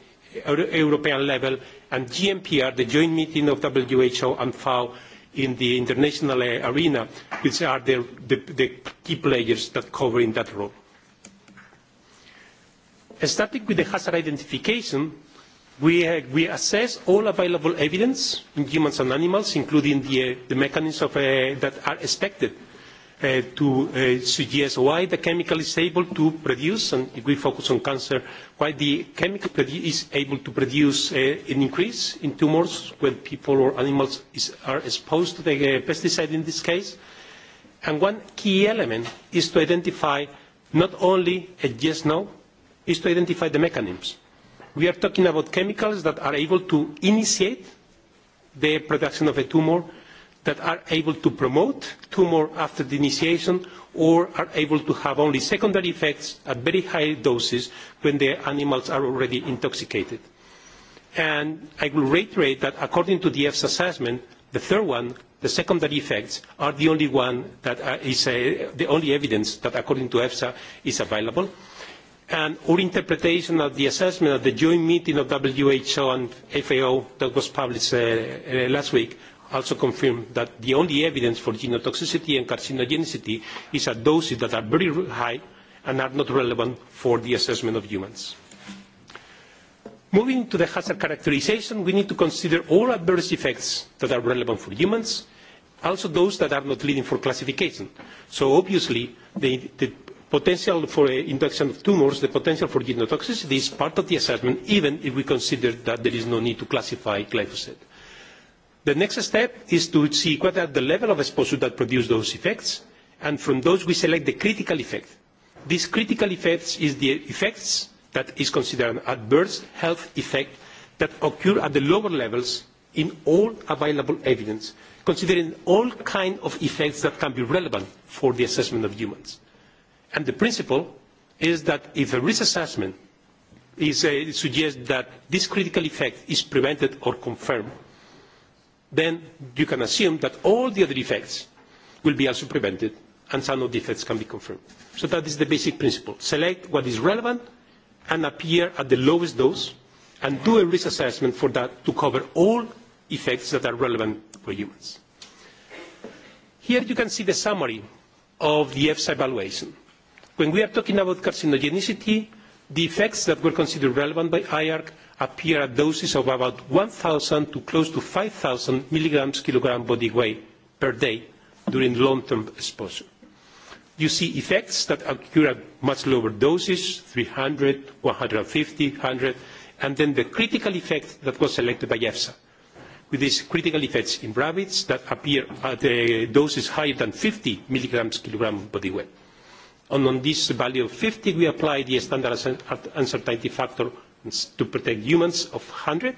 Euro European level and GMPR, the joint meeting of WHO and FAO in the international arena, which are the, the, the key players that cover in that role. Starting with the hazard identification, We, uh, we assess all available evidence in humans and animals, including the, uh, the mechanisms of, uh, that are expected uh, to uh, suggest why the chemical is able to produce, and if we focus on cancer, why the chemical is able to produce uh, an increase in tumors when people or animals is, are exposed to the uh, pesticide in this case. And one key element is to identify not only a yes-no, is to identify the mechanisms We are talking about chemicals that are able to initiate the production of a tumor, that are able to promote tumor after the initiation, or are able to have only secondary effects at very high doses when the animals are already intoxicated. And I will reiterate that according to the EFSA assessment, the third one, the secondary effects, are the only one that uh, is uh, the only evidence that according to EFSA is available. Uh, and our interpretation of the assessment at the joint meeting of WHO and FAO that was published uh, uh, last week also confirmed that the only evidence for genotoxicity and carcinogenicity is at doses that are very high and are not relevant for the assessment of humans. Moving to the hazard characterization, we need to consider all adverse effects that are relevant for humans, also those that are not leading for classification. So obviously, the, the potential for uh, induction of tumors, the potential for genotoxicity is part of the assessment, even if we consider that there is no need to classify glyphosate. The next step is to see what are the level of exposure that produce those effects, and from those we select the critical effect. This critical effects is the effects that is considered an adverse health effect that occur at the lower levels in all available evidence, considering all kinds of effects that can be relevant for the assessment of humans. And the principle is that if a risk assessment is, uh, suggests that this critical effect is prevented or confirmed, then you can assume that all the other effects will be also prevented and some of the effects can be confirmed. So that is the basic principle. Select what is relevant and appear at the lowest dose and do a risk assessment for that to cover all effects that are relevant for humans. Here you can see the summary of the EFSA evaluation. When we are talking about carcinogenicity, the effects that were considered relevant by IARC appear at doses of about 1,000 to close to 5,000 milligrams kilogram body weight per day during long-term exposure. You see effects that occur at much lower doses, 300, 150, 100, and then the critical effect that was selected by EFSA, with these critical effects in rabbits that appear at uh, doses higher than 50 milligrams kilogram body weight. And on this value of 50, we apply the standard uncertainty factor to protect humans of 100.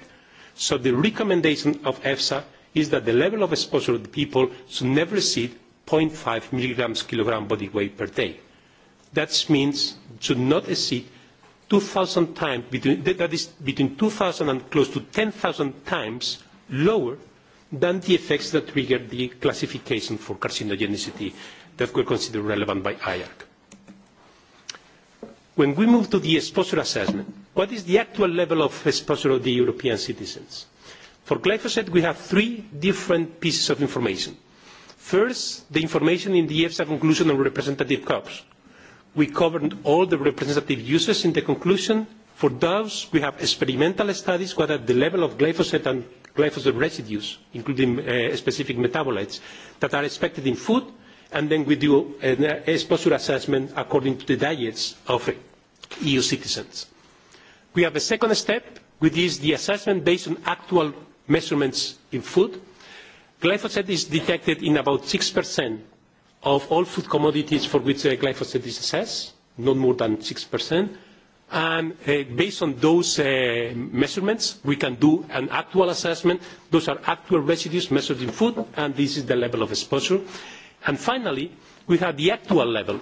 So the recommendation of EFSA is that the level of exposure of the people should never exceed 0.5 milligrams kilogram body weight per day. That means should not exceed 2,000 times, between, that is between 2,000 and close to 10,000 times lower than the effects that trigger the classification for carcinogenicity that were considered relevant by IARC. When we move to the exposure assessment, what is the actual level of exposure of the European citizens? For glyphosate, we have three different pieces of information. First, the information in the EFSA conclusion on representative crops. We covered all the representative uses in the conclusion. For those, we have experimental studies what are the level of glyphosate and glyphosate residues, including uh, specific metabolites, that are expected in food and then we do a sponsor assessment according to the diets of EU citizens. We have a second step, which is the assessment based on actual measurements in food. Glyphosate is detected in about 6% of all food commodities for which uh, glyphosate is assessed, not more than 6%. And uh, based on those uh, measurements, we can do an actual assessment. Those are actual residues measured in food, and this is the level of exposure. And finally, we have the actual level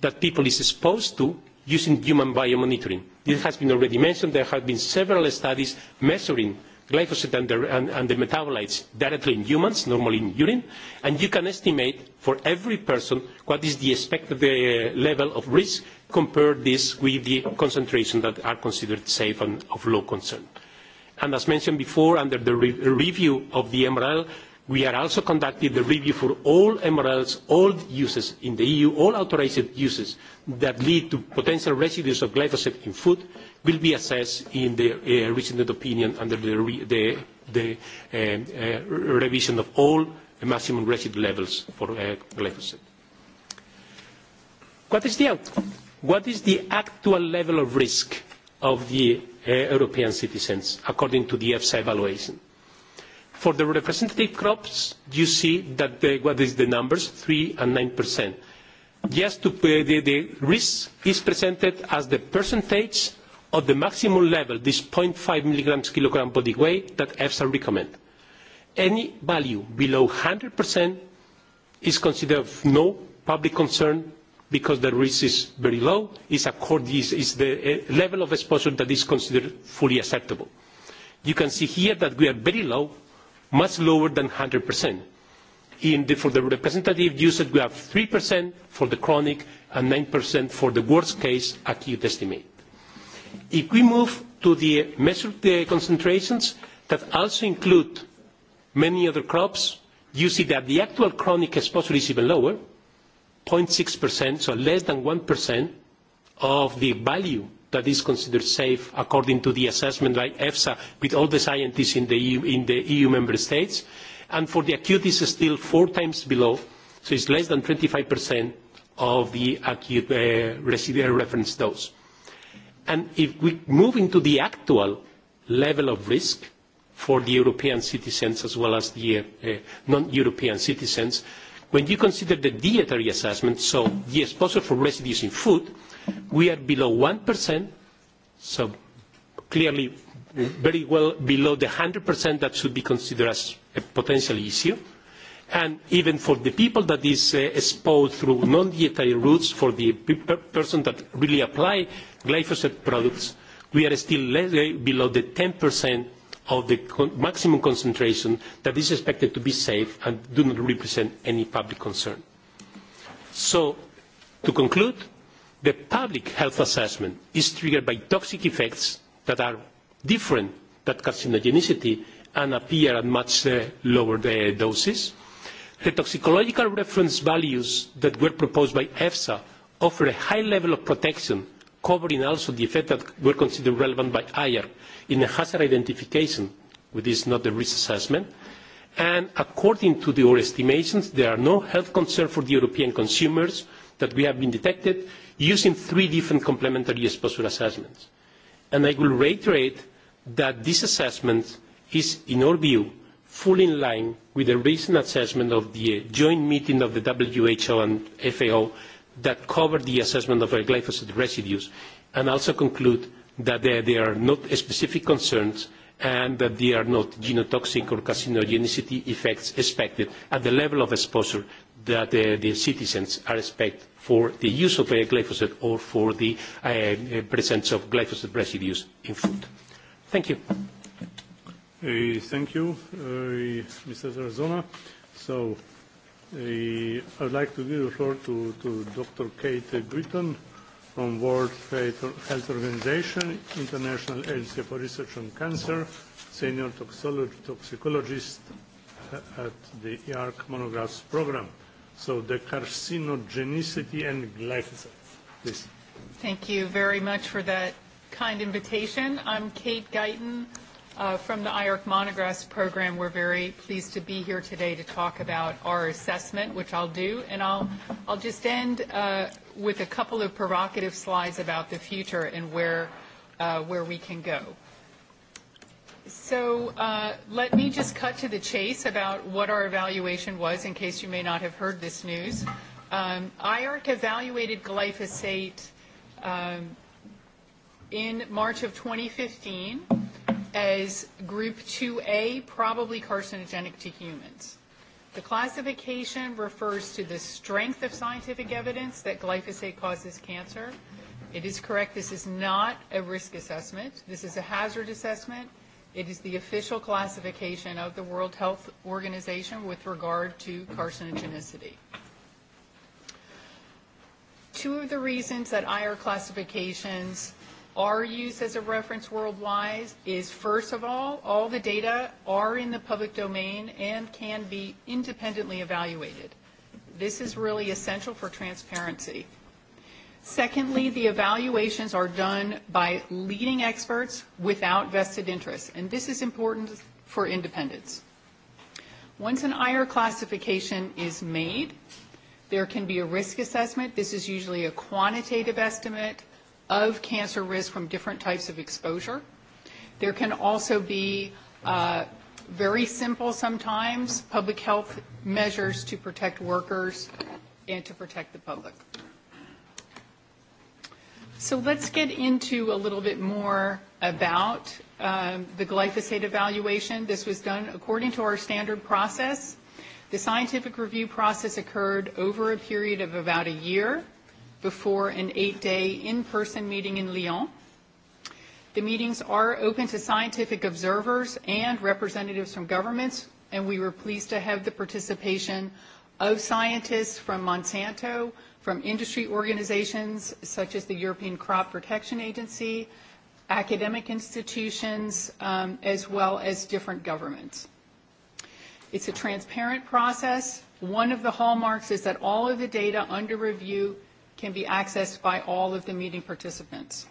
that people is exposed to using human biomonitoring. This has been already mentioned. There have been several studies measuring glyphosate and the, and, and the metabolites directly in humans, normally in urine, and you can estimate for every person what is the expected uh, level of risk, compare this with the concentration that are considered safe and of low concern. And as mentioned before, under the re review of the MRL, We are also conducting the review for all MRLs, all uses in the EU, all authorized uses that lead to potential residues of glyphosate in food will be assessed in the uh, recent opinion under the, re the, the uh, uh, revision of all maximum residue levels for uh, glyphosate. What is the outcome? What is the actual level of risk of the uh, European citizens according to the EFSA evaluation? For the representative crops, you see that the, what is the numbers, 3% and 9%. Just to pay the, the risk is presented as the percentage of the maximum level, this 0.5 milligrams kilogram body weight that EFSA recommend. Any value below 100% is considered of no public concern because the risk is very low, is, accord, is, is the uh, level of exposure that is considered fully acceptable. You can see here that we are very low much lower than 100%. In the, for the representative usage, we have 3% for the chronic and 9% for the worst case acute estimate. If we move to the measured uh, concentrations that also include many other crops, you see that the actual chronic exposure is even lower, 0.6%, so less than 1% of the value that is considered safe according to the assessment by EFSA with all the scientists in the EU, in the EU member states. And for the acute is still four times below, so it's less than 25% of the acute uh, residual uh, reference dose. And if we move into the actual level of risk for the European citizens as well as the uh, uh, non-European citizens, uh, When you consider the dietary assessment, so the exposure for residues in food, we are below 1%, so clearly very well below the 100% that should be considered as a potential issue. And even for the people that is uh, exposed through non-dietary routes, for the per person that really apply glyphosate products, we are still less, uh, below the 10% of the con maximum concentration that is expected to be safe and do not represent any public concern. So, to conclude, the public health assessment is triggered by toxic effects that are different than carcinogenicity and appear at much uh, lower uh, doses. The toxicological reference values that were proposed by EFSA offer a high level of protection covering also the effect that were considered relevant by IARC in a hazard identification, which is not a risk assessment. And according to the, our estimations, there are no health concerns for the European consumers that we have been detected using three different complementary exposure assessments. And I will reiterate that this assessment is, in our view, fully in line with the recent assessment of the joint meeting of the WHO and FAO that cover the assessment of glyphosate residues and also conclude that there, there are not specific concerns and that there are not genotoxic or carcinogenicity effects expected at the level of exposure that uh, the citizens are expected for the use of uh, glyphosate or for the uh, uh presence of glyphosate residues in food. Thank you. Uh, thank you, uh, Mr. Arizona. So Uh, I would like to give the floor to, to Dr. Kate Britton from World Health Organization, International Agency for Research on Cancer, senior toxicologist uh, at the EARC monographs program. So the carcinogenicity and glyphosate. Please. Thank you very much for that kind invitation. I'm Kate Guyton Uh, from the IARC Monographs program, we're very pleased to be here today to talk about our assessment, which I'll do, and I'll, I'll just end uh, with a couple of provocative slides about the future and where, uh, where we can go. So uh, let me just cut to the chase about what our evaluation was, in case you may not have heard this news. Um, IARC evaluated glyphosate um, in March of 2015 as group 2A, probably carcinogenic to humans. The classification refers to the strength of scientific evidence that glyphosate causes cancer. It is correct, this is not a risk assessment. This is a hazard assessment. It is the official classification of the World Health Organization with regard to carcinogenicity. Two of the reasons that IR classifications are used as a reference worldwide is, first of all, all the data are in the public domain and can be independently evaluated. This is really essential for transparency. Secondly, the evaluations are done by leading experts without vested interests, and this is important for independence. Once an IR classification is made, there can be a risk assessment. This is usually a quantitative estimate of cancer risk from different types of exposure. There can also be uh, very simple sometimes public health measures to protect workers and to protect the public. So let's get into a little bit more about um, the glyphosate evaluation. This was done according to our standard process. The scientific review process occurred over a period of about a year before an eight-day in-person meeting in Lyon. The meetings are open to scientific observers and representatives from governments, and we were pleased to have the participation of scientists from Monsanto, from industry organizations such as the European Crop Protection Agency, academic institutions, um, as well as different governments. It's a transparent process. One of the hallmarks is that all of the data under review can be accessed by all of the meeting participants.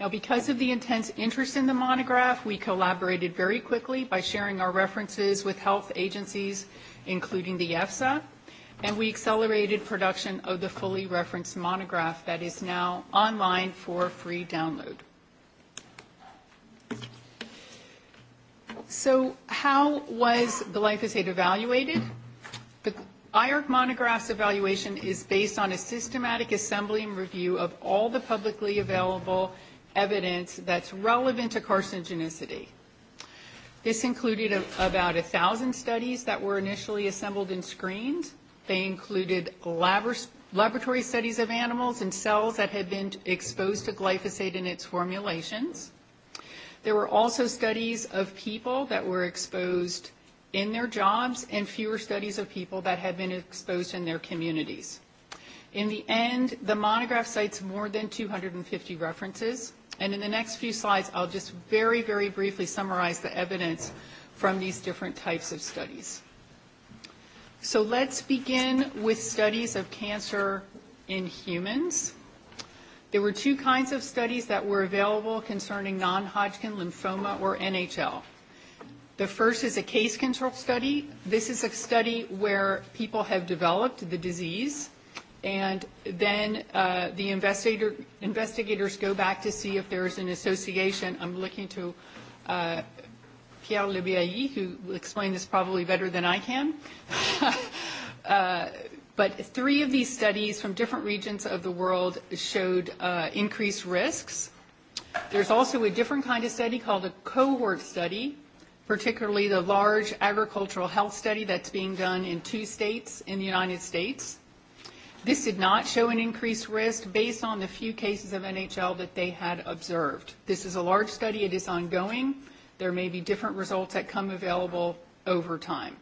Now, because of the intense interest in the monograph, we collaborated very quickly by sharing our references with health agencies, including the EFSA, and we accelerated production of the fully referenced monograph that is now online for free download. So how was glyphosate evaluated? IARC Monograph's evaluation is based on a systematic assembly and review of all the publicly available evidence that's relevant to carcinogenicity. This included a, about 1,000 studies that were initially assembled and screened. They included labor, laboratory studies of animals and cells that had been exposed to glyphosate in its formulations. There were also studies of people that were exposed in their jobs and fewer studies of people that have been exposed in their communities. In the end, the monograph cites more than 250 references, and in the next few slides, I'll just very, very briefly summarize the evidence from these different types of studies. So let's begin with studies of cancer in humans. There were two kinds of studies that were available concerning non-Hodgkin lymphoma or NHL. The first is a case control study. This is a study where people have developed the disease, and then uh, the investigator, investigators go back to see if there's an association. I'm looking to uh, Pierre Lebiailly, who will explain this probably better than I can. uh, but three of these studies from different regions of the world showed uh, increased risks. There's also a different kind of study called a cohort study, particularly the large agricultural health study that's being done in two states in the United States. This did not show an increased risk based on the few cases of NHL that they had observed. This is a large study. It is ongoing. There may be different results that come available over time.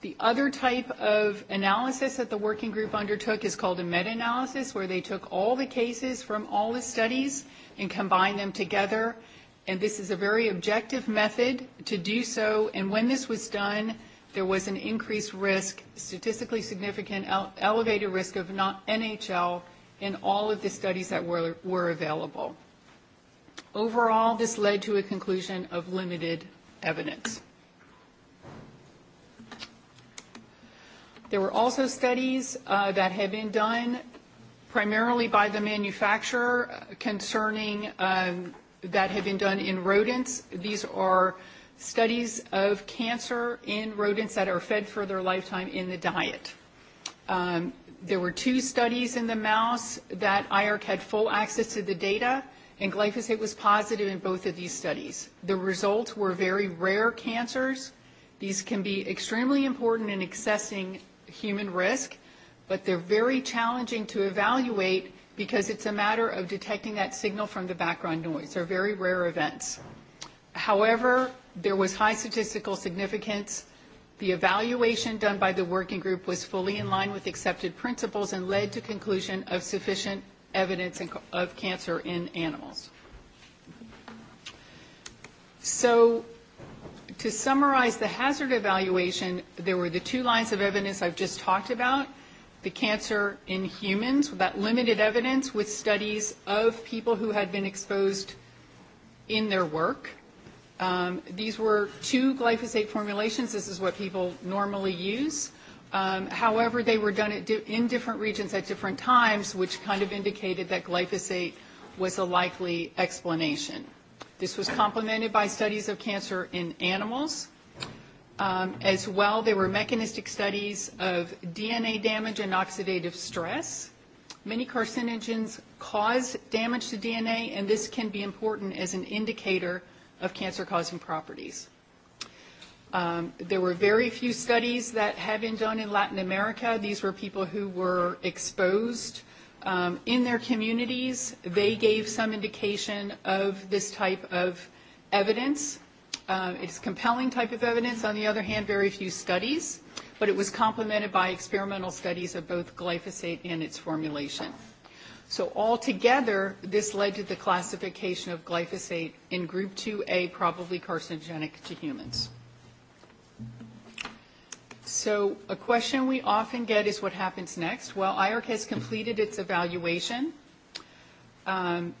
The other type of analysis that the working group undertook is called a meta-analysis, where they took all the cases from all the studies and combined them together and this is a very objective method to do so. And when this was done, there was an increased risk, statistically significant, ele elevated risk of not NHL in all of the studies that were, were available. Overall, this led to a conclusion of limited evidence. There were also studies uh, that had been done primarily by the manufacturer concerning um, that have been done in rodents. These are studies of cancer in rodents that are fed for their lifetime in the diet. Um, there were two studies in the mouse that IARC had full access to the data, and glyphosate was positive in both of these studies. The results were very rare cancers. These can be extremely important in assessing human risk, but they're very challenging to evaluate because it's a matter of detecting that signal from the background noise. They're very rare events. However, there was high statistical significance. The evaluation done by the working group was fully in line with accepted principles and led to conclusion of sufficient evidence of cancer in animals. So to summarize the hazard evaluation, there were the two lines of evidence I've just talked about – the cancer in humans without limited evidence with studies of people who had been exposed in their work. Um, these were two glyphosate formulations. This is what people normally use. Um, however, they were done at di- in different regions at different times, which kind of indicated that glyphosate was a likely explanation. This was complemented by studies of cancer in animals Um, as well, there were mechanistic studies of DNA damage and oxidative stress. Many carcinogens cause damage to DNA, and this can be important as an indicator of cancer-causing properties. Um, there were very few studies that have been done in Latin America. These were people who were exposed um, in their communities. They gave some indication of this type of evidence. Uh, it is compelling type of evidence. On the other hand, very few studies, but it was complemented by experimental studies of both glyphosate and its formulation. So altogether, this led to the classification of glyphosate in group 2A, probably carcinogenic to humans. So a question we often get is what happens next? Well, IARC has completed its evaluation. Um,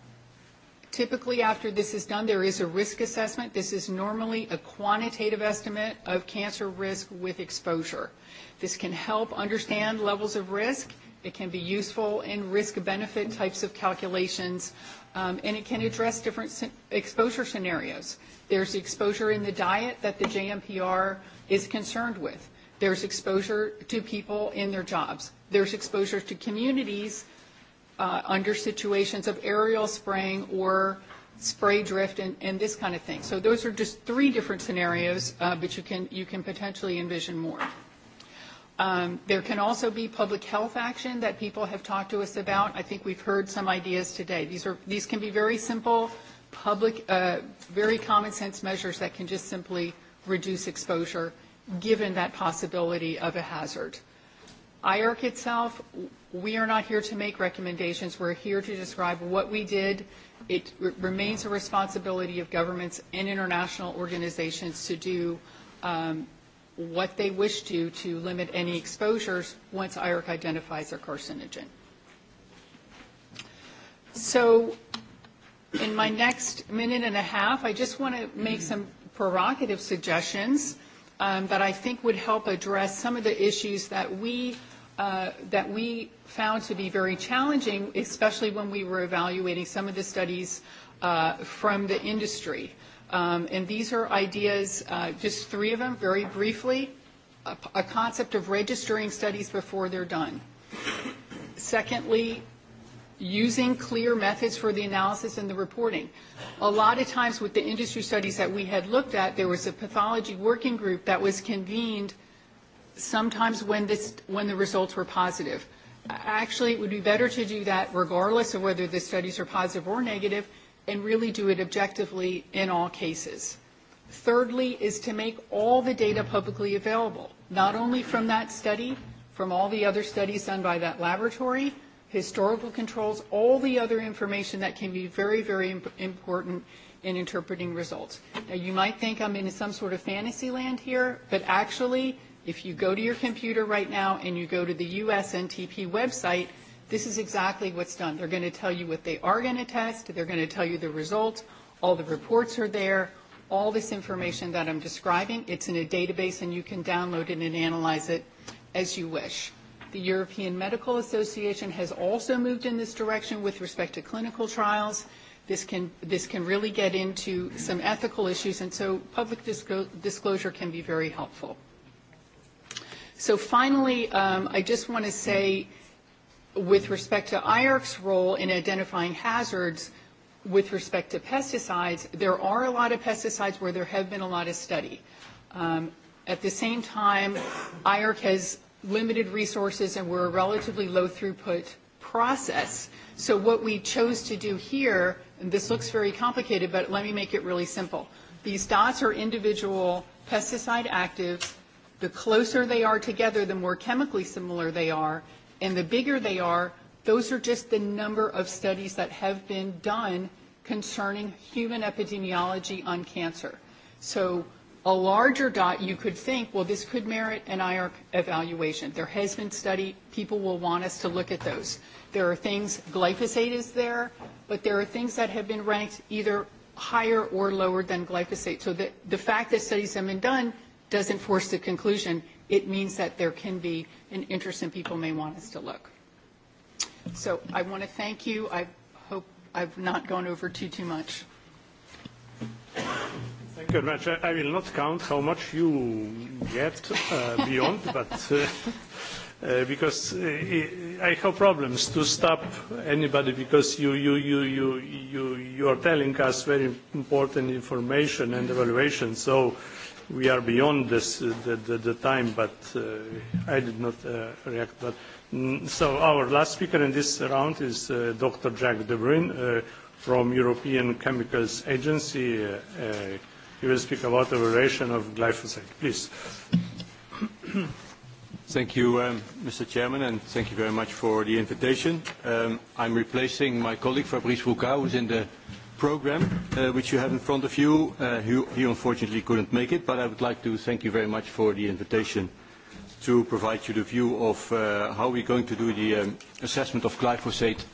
Typically, after this is done, there is a risk assessment. This is normally a quantitative estimate of cancer risk with exposure. This can help understand levels of risk. It can be useful in risk-benefit types of calculations, um, and it can address different se- exposure scenarios. There's exposure in the diet that the JMPR is concerned with. There's exposure to people in their jobs. There's exposure to communities uh, under situations of aerial spraying or spray drift and, and this kind of thing. So those are just three different scenarios, uh, but you can, you can potentially envision more. Um, there can also be public health action that people have talked to us about. I think we've heard some ideas today. These, are, these can be very simple, public, uh, very common sense measures that can just simply reduce exposure given that possibility of a hazard. Uh, IARC itself, we are not here to make recommendations. We're here to describe what we did. It r- remains a responsibility of governments and international organizations to do um, what they wish to to limit any exposures once IARC identifies a carcinogen. So in my next minute and a half, I just want to make some provocative suggestions um, that I think would help address some of the issues that we – uh, that we found to be very challenging, especially when we were evaluating some of the studies uh, from the industry. Um, and these are ideas, uh, just three of them, very briefly. A, a concept of registering studies before they're done. Secondly, using clear methods for the analysis and the reporting. A lot of times with the industry studies that we had looked at, there was a pathology working group that was convened sometimes when, this, when the results were positive. Actually, it would be better to do that regardless of whether the studies are positive or negative and really do it objectively in all cases. Thirdly is to make all the data publicly available, not only from that study, from all the other studies done by that laboratory, historical controls, all the other information that can be very, very imp- important in interpreting results. Now, you might think I'm in some sort of fantasy land here, but actually, If you go to your computer right now and you go to the USNTP website, this is exactly what's done. They're going to tell you what they are going to test. They're going to tell you the results. All the reports are there. All this information that I'm describing, it's in a database and you can download it and analyze it as you wish. The European Medical Association has also moved in this direction with respect to clinical trials. This can, this can really get into some ethical issues, and so public disclosure can be very helpful. So finally, um, I just want to say with respect to IARC's role in identifying hazards, with respect to pesticides, there are a lot of pesticides where there have been a lot of study. Um, at the same time, IARC has limited resources and we're a relatively low throughput process. So what we chose to do here, and this looks very complicated, but let me make it really simple. These dots are individual pesticide actives The closer they are together, the more chemically similar they are, and the bigger they are, those are just the number of studies that have been done concerning human epidemiology on cancer. So a larger dot, you could think, well, this could merit an IARC evaluation. There has been study. People will want us to look at those. There are things, glyphosate is there, but there are things that have been ranked either higher or lower than glyphosate. So the, the fact that studies have been done doesn't force the conclusion, it means that there can be an interest and people may want us to look. So I want to thank you. I hope I've not gone over too, too much. Thank you very much. I, I will not count how much you get uh, beyond, but uh, uh, because uh, I have problems to stop anybody because you, you, you, you, you, you are telling us very important information and evaluation. So. Uh, we are beyond this, uh, the, the, the time, but uh, I did not uh, react. But, mm, so our last speaker in this round is uh, Dr. Jack De Bruin uh, from European Chemicals Agency. Uh, uh, he will speak about the variation of glyphosate. Please. Thank you, um, Mr. Chairman, and thank you very much for the invitation. Um, I'm replacing my colleague, Fabrice Rouca, who's in the program, uh, which you have in front of you. Uh, he, he unfortunately couldn't make it, but I would like to thank you very much for the invitation to provide you the view of uh, how we're going to do the um, assessment of glyphosate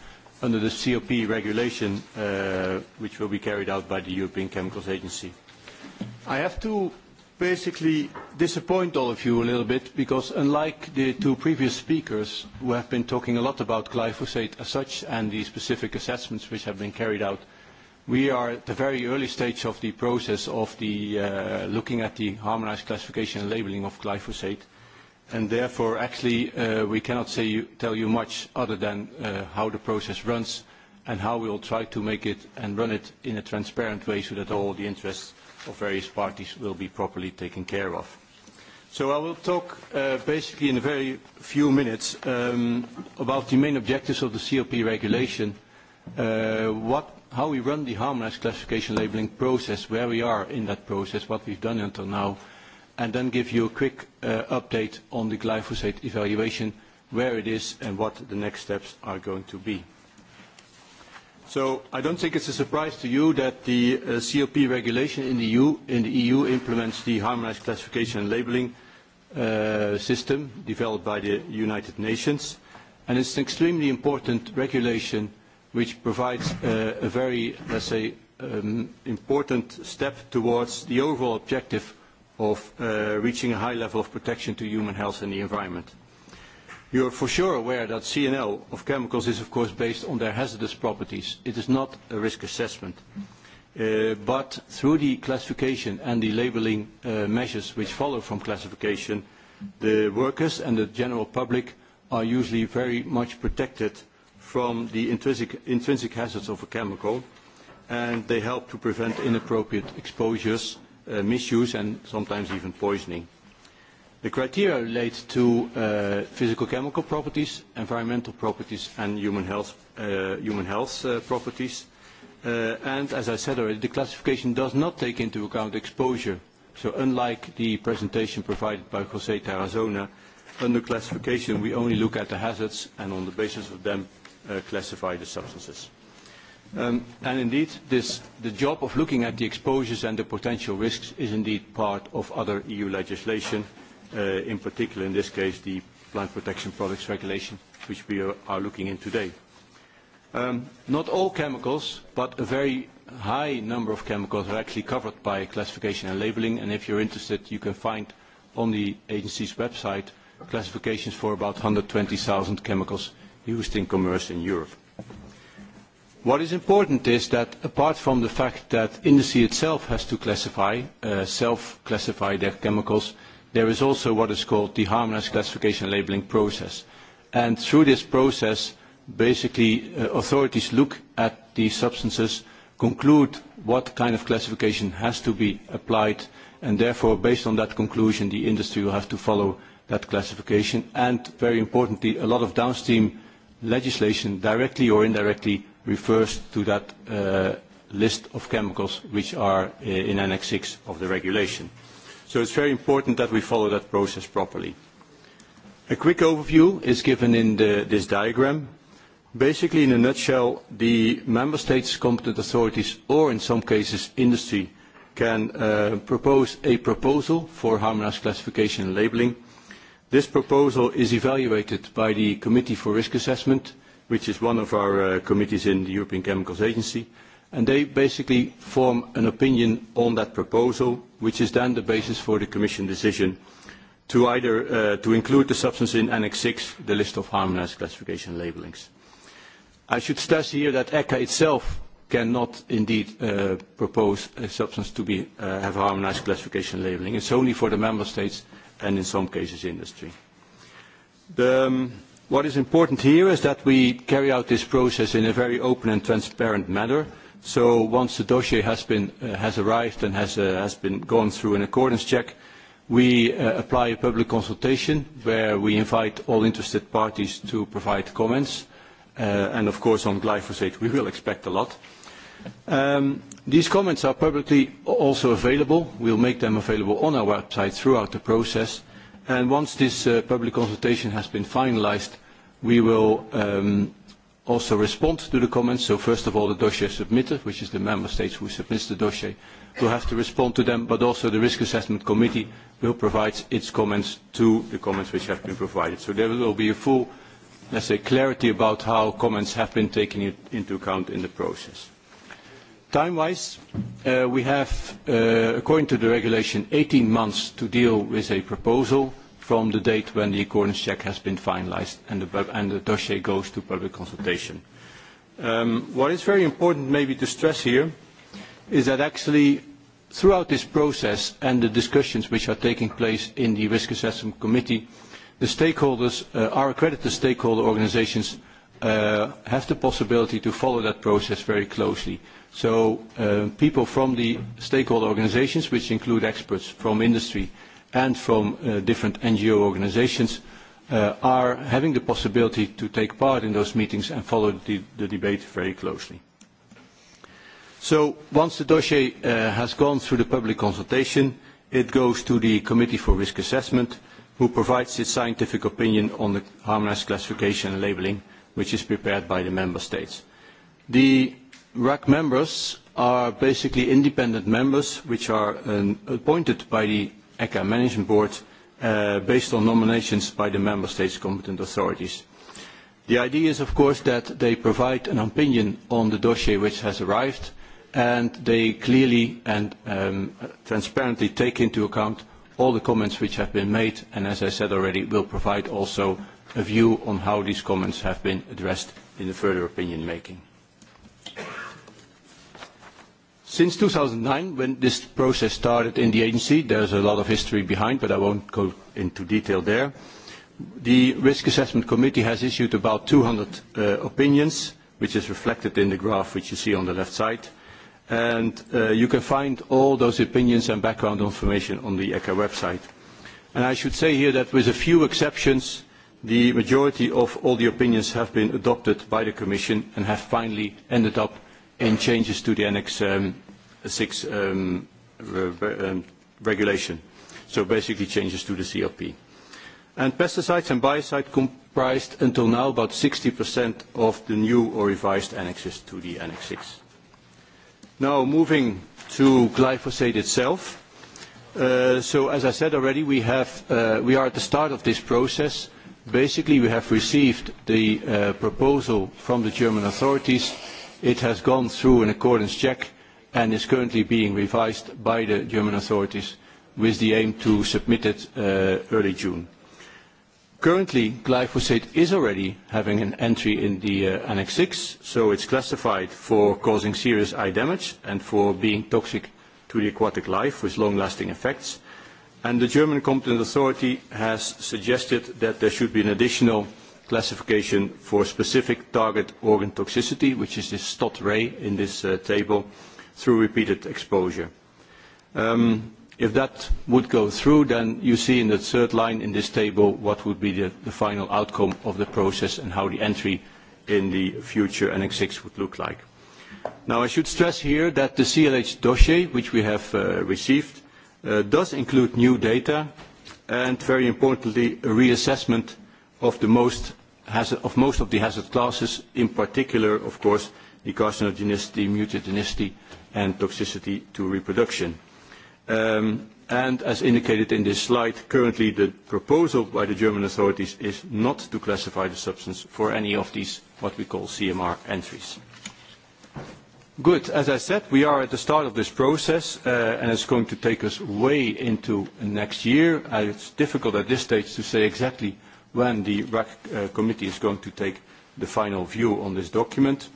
under the COP regulation, uh, which will be carried out by the European Chemicals Agency. I have to basically disappoint all of you a little bit because unlike the two previous speakers who have been talking a lot about glyphosate as such and the specific assessments which have been carried out We are at the very early stage of the process of the uh, looking at the harmonized classification and labeling of glyphosate, and therefore, actually, uh, we cannot say you, tell you much other than uh, how the process runs and how we will try to make it and run it in a transparent way so that all the interests of various parties will be properly taken care of. So I will talk uh, basically in a very few minutes um, about the main objectives of the CLP regulation, uh, what how we run the harmonized classification labeling process, where we are in that process, what we've done until now, and then give you a quick uh, update on the glyphosate evaluation, where it is and what the next steps are going to be. So I don't think it's a surprise to you that the uh, CLP regulation in the, EU, in the EU implements the harmonized classification and labeling uh, system developed by the United Nations. And it's an extremely important regulation which provides uh, a very, let's say, um, important step towards the overall objective of uh, reaching a high level of protection to human health and the environment. You're for sure aware that CNO of chemicals is, of course, based on their hazardous properties. It is not a risk assessment. Uh, but through the classification and the labeling uh, measures which follow from classification, the workers and the general public are usually very much protected uh, from the intrinsic, intrinsic hazards of a chemical, and they help to prevent inappropriate exposures, uh, misuse, and sometimes even poisoning. The criteria relate to uh, physical chemical properties, environmental properties, and human health, uh, human health uh, properties. Uh, and as I said already, the classification does not take into account exposure. So unlike the presentation provided by José Tarazona, under classification we only look at the hazards and on the basis of them uh, classify the substances. Um, and indeed, this, the job of looking at the exposures and the potential risks is indeed part of other EU legislation, uh, in particular in this case the Plant Protection Products Regulation, which we are, are looking in today. Um, not all chemicals, but a very high number of chemicals are actually covered by classification and labeling, and if you're interested, you can find on the agency's website classifications for about 120,000 chemicals used in commerce in Europe. What is important is that apart from the fact that industry itself has to classify, uh, self-classify their chemicals, there is also what is called the harmonized classification labeling process. And through this process, basically uh, authorities look at the substances, conclude what kind of classification has to be applied, and therefore based on that conclusion, the industry will have to follow that classification. And very importantly, a lot of downstream legislation directly or indirectly refers to that uh, list of chemicals which are uh, in Annex 6 of the regulation. So it's very important that we follow that process properly. A quick overview is given in the, this diagram. Basically, in a nutshell, the member states' competent authorities, or in some cases industry, can uh, propose a proposal for harmonized classification and labeling – This proposal is evaluated by the Committee for Risk Assessment, which is one of our uh, committees in the European Chemicals Agency, and they basically form an opinion on that proposal, which is then the basis for the Commission decision to either uh, to include the substance in Annex 6, the list of harmonized classification labelings. I should stress here that ECHA itself cannot indeed uh, propose a substance to be, uh, have harmonized classification labeling. It's only for the member states uh, and in some cases industry. The, um, what is important here is that we carry out this process in a very open and transparent manner. So once the dossier has, been, uh, has arrived and has, uh, has been gone through an accordance check, we uh, apply a public consultation where we invite all interested parties to provide comments. Uh, and of course on glyphosate we will expect a lot. Um, These comments are publicly also available. We'll make them available on our website throughout the process. And once this uh, public consultation has been finalized, we will um, also respond to the comments. So first of all, the dossier submitter, which is the member states who submits the dossier, will have to respond to them, but also the risk assessment committee will provide its comments to the comments which have been provided. So there will be a full, let's say, clarity about how comments have been taken into account in the process. Time-wise, uh, we have, uh, according to the regulation, 18 months to deal with a proposal from the date when the accordance check has been finalized and the, and the dossier goes to public consultation. Um, what is very important maybe to stress here is that actually throughout this process and the discussions which are taking place in the Risk Assessment Committee, the stakeholders, uh, our accredited stakeholder organizations, uh, have the possibility to follow that process very closely So uh, people from the stakeholder organizations, which include experts from industry and from uh, different NGO organizations, uh, are having the possibility to take part in those meetings and follow the, the debate very closely. So once the dossier uh, has gone through the public consultation, it goes to the Committee for Risk Assessment, who provides its scientific opinion on the harmonized classification and labeling, which is prepared by the member states. The RAC members are basically independent members which are um, appointed by the ECA Management Board uh, based on nominations by the member states' competent authorities. The idea is, of course, that they provide an opinion on the dossier which has arrived and they clearly and um, transparently take into account all the comments which have been made and, as I said already, will provide also a view on how these comments have been addressed in the further opinion making. Since 2009, when this process started in the agency, there's a lot of history behind, but I won't go into detail there. The Risk Assessment Committee has issued about 200 uh, opinions, which is reflected in the graph which you see on the left side. And uh, you can find all those opinions and background information on the ECHA website. And I should say here that with a few exceptions, the majority of all the opinions have been adopted by the Commission and have finally ended up in changes to the Annex um, 6 um, re um, regulation. So basically changes to the CLP. And pesticides and biocides comprised until now about 60% of the new or revised annexes to the Annex 6. Now moving to glyphosate itself. Uh, so as I said already, we, have, uh, we are at the start of this process. Basically, we have received the uh, proposal from the German authorities. It has gone through an accordance check and is currently being revised by the German authorities with the aim to submit it uh, early June. Currently, glyphosate is already having an entry in the uh, Annex 6, so it's classified for causing serious eye damage and for being toxic to the aquatic life with long-lasting effects. And the German competent authority has suggested that there should be an additional classification for specific target organ toxicity, which is this STOT-RAY in this uh, table, uh, through repeated exposure. Um, if that would go through, then you see in the third line in this table what would be the, the final outcome of the process and how the entry in the future Annex 6 would look like. Now, I should stress here that the CLH dossier, which we have uh, received, uh, does include new data and, very importantly, a reassessment of, the most hazard, of most of the hazard classes, in particular, of course, the carcinogenicity, mutagenicity, and toxicity to reproduction. Um, and as indicated in this slide, currently the proposal by the German authorities is not to classify the substance for any of these what we call CMR entries. Good. As I said, we are at the start of this process, uh, and it's going to take us way into next year. Uh, it's difficult at this stage to say exactly when the RAC uh, committee is going to take the final view on this document.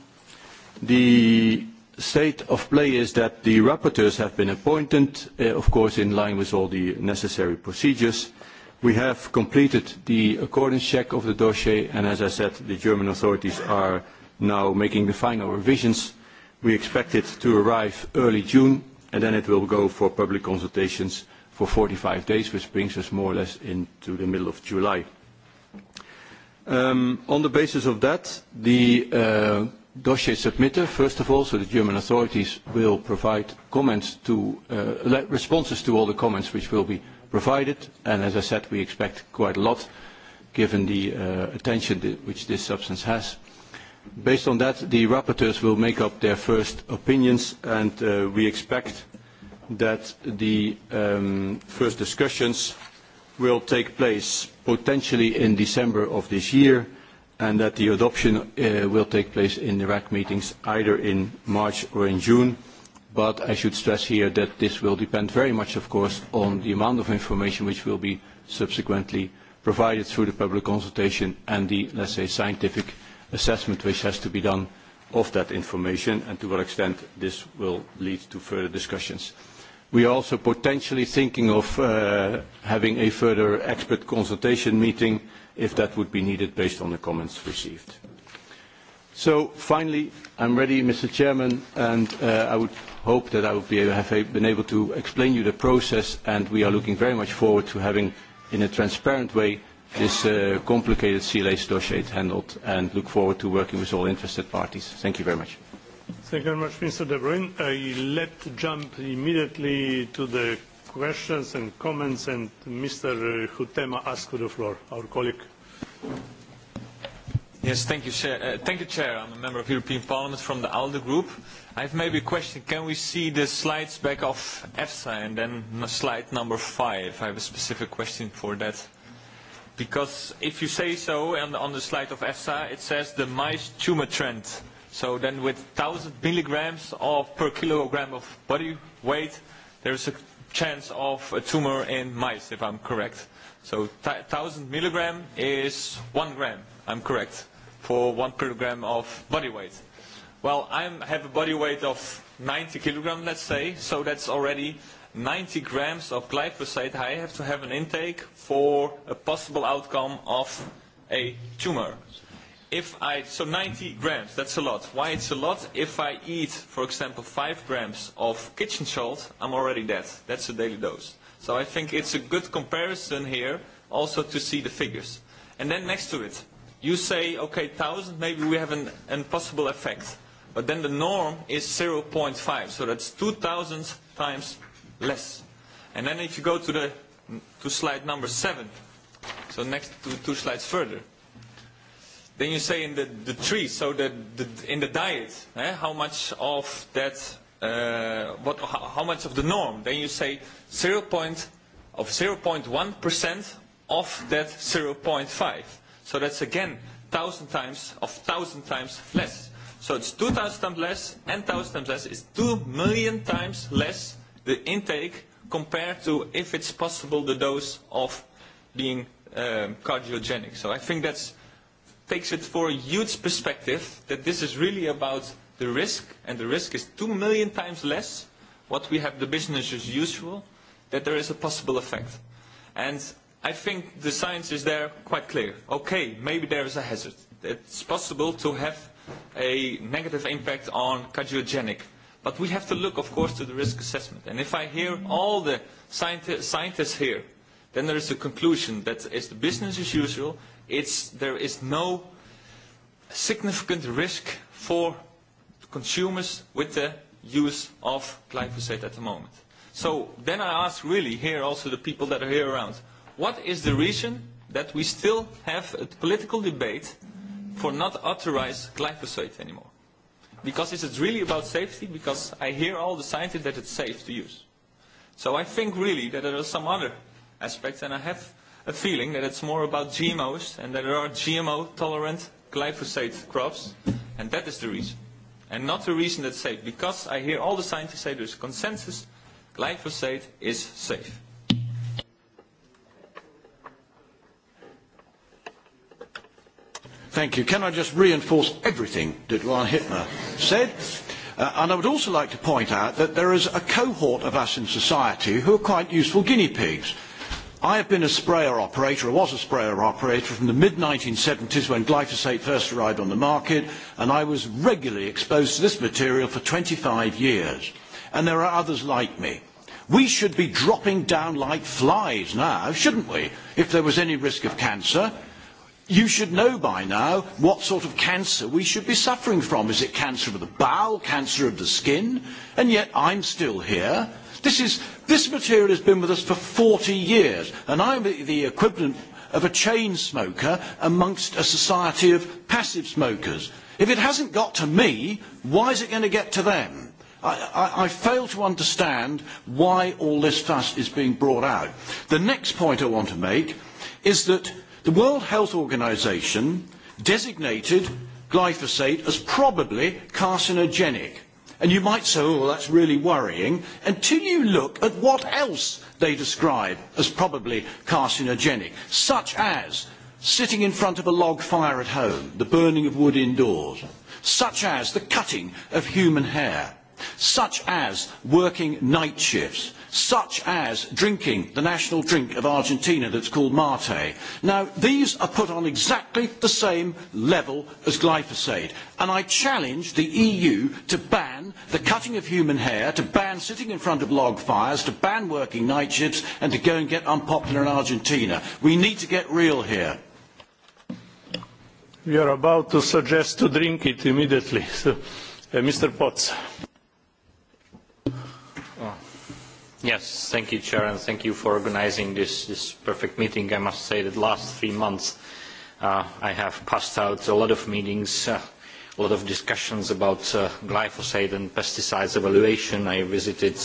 The state of play is that the rapporteurs have been appointed, uh, of course in line with all the necessary procedures. We have completed the accordance check of the dossier and as I said, the German authorities are now making the final revisions. We expect it to arrive early June and then it will go for public consultations for 45 days, which brings us more or less into the middle of July. Um, on the basis of that, the uh, dossier submitter, first of all, so the German authorities will provide comments to, uh, responses to all the comments which will be provided. And as I said, we expect quite a lot given the uh, attention that, which this substance has. Based on that, the rapporteurs will make up their first opinions and uh, we expect that the um, first discussions will take place potentially in December of this year. Mm -hmm and that the adoption uh, will take place in the RAC meetings either in March or in June. But I should stress here that this will depend very much, of course, on the amount of information which will be subsequently provided through the public consultation and the, let's say, scientific assessment which has to be done of that information and to what extent this will lead to further discussions. We are also potentially thinking of uh, having a further expert consultation meeting uh, if that would be needed based on the comments received. So finally, I'm ready, Mr. Chairman, and uh, I would hope that I would be, have been able to explain you the process, and we are looking very much forward to having, in a transparent way, this uh, complicated CLA's dossier handled, and look forward to working with all interested parties. Thank you very much. Thank you very much, Mr. De Bruin. Uh, let jump immediately to the questions and comments, and Mr. Hutema asks for the floor, our colleague. Yes, thank you, Chair. Uh, thank you, Chair. I'm a member of European Parliament from the ALDE Group. I have maybe a question. Can we see the slides back of EFSA and then slide number five? I have a specific question for that. Because if you say so, and on the slide of EFSA, it says the mice tumor trend. So then with 1,000 milligrams of per kilogram of body weight, there is a chance of a tumor in mice, if I'm correct. So 1,000 milligram is 1 gram, I'm correct, for 1 kilogram of body weight. Well, I have a body weight of 90 kilogram, let's say, so that's already 90 grams of glyphosate I have to have an intake for a possible outcome of a tumor if I, so 90 grams, that's a lot. Why it's a lot? If I eat, for example, 5 grams of kitchen salt, I'm already dead. That's a daily dose. So I think it's a good comparison here also to see the figures. And then next to it, you say, okay, 1,000, maybe we have an, an possible effect. But then the norm is 0.5, so that's 2,000 times less. And then if you go to, the, to slide number 7, so next to two slides further, Then you say in the, the tree, so the, the, in the diet, eh, how much of that, uh, what, how, how much of the norm? Then you say 0. Point of 0.1% of that 0.5. So that's again thousand times of thousand times less. So it's 2,000 times less and 1,000 times less. It's 2 million times less the intake compared to if it's possible the dose of being um, cardiogenic. So I think that's takes it for a huge perspective that this is really about the risk, and the risk is 2 million times less what we have the business as usual, that there is a possible effect. And I think the science is there quite clear. Okay, maybe there is a hazard. It's possible to have a negative impact on cardiogenic. But we have to look, of course, to the risk assessment. And if I hear all the scienti scientists here, then there is a conclusion that is the business as usual, It's, there is no significant risk for consumers with the use of glyphosate at the moment. So then I ask really here also the people that are here around, what is the reason that we still have a political debate for not authorize glyphosate anymore? Because is it really about safety? Because I hear all the scientists that it's safe to use. So I think really that there are some other aspects and I have a feeling that it's more about GMOs and that there are GMO-tolerant glyphosate crops, and that is the reason. And not the reason that's safe, because I hear all the scientists say there's consensus, glyphosate is safe. Thank you. Can I just reinforce everything that Juan Hittner said? Uh, and I would also like to point out that there is a cohort of us in society who are quite useful guinea pigs. I have been a sprayer operator, or was a sprayer operator from the mid-1970s when glyphosate first arrived on the market, and I was regularly exposed to this material for 25 years. And there are others like me. We should be dropping down like flies now, shouldn't we, if there was any risk of cancer? you should know by now what sort of cancer we should be suffering from. Is it cancer of the bowel, cancer of the skin? And yet I'm still here This, is, this material has been with us for 40 years, and I'm the equivalent of a chain smoker amongst a society of passive smokers. If it hasn't got to me, why is it going to get to them? I, I, I fail to understand why all this fuss is being brought out. The next point I want to make is that the World Health Organization designated glyphosate as probably carcinogenic. And you might say, oh, well, that's really worrying, until you look at what else they describe as probably carcinogenic, such as sitting in front of a log fire at home, the burning of wood indoors, such as the cutting of human hair, such as working night shifts, such as drinking the national drink of Argentina that's called mate. Now, these are put on exactly the same level as glyphosate. And I challenge the EU to ban the cutting of human hair, to ban sitting in front of log fires, to ban working night shifts, and to go and get unpopular in Argentina. We need to get real here. You are about to suggest to drink it immediately. So, uh, Mr. Potts. Yes, thank you, Chair, and thank you for organizing this, this perfect meeting. I must say that last three months uh, I have passed out a lot of meetings, uh, a lot of discussions about uh, glyphosate and pesticides evaluation. I visited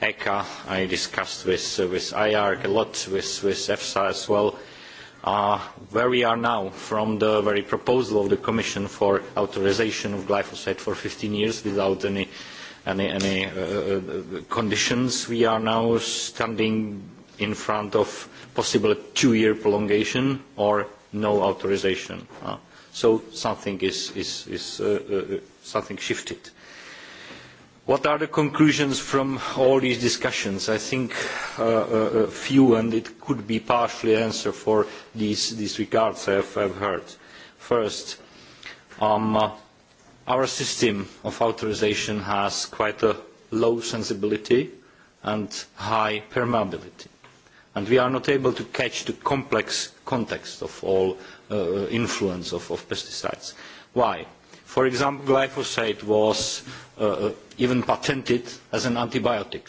ECHA, I discussed with, uh, with IARC a lot, with, with EFSA as well. Uh, where we are now from the very proposal of the Commission for authorization of glyphosate for 15 years without any uh, any, any uh, uh, conditions, we are now standing in front of possible two-year prolongation or no authorization. Uh, so something is, is, is uh, uh, something shifted. What are the conclusions from all these discussions? I think uh, uh, few, and it could be partially answer for these, these regards I've, I've heard. First, um, uh, our system of authorization has quite a low sensibility and high permeability. And we are not able to catch the complex context of all uh, influence of, of pesticides. Why? For example, glyphosate was uh, uh even patented as an antibiotic.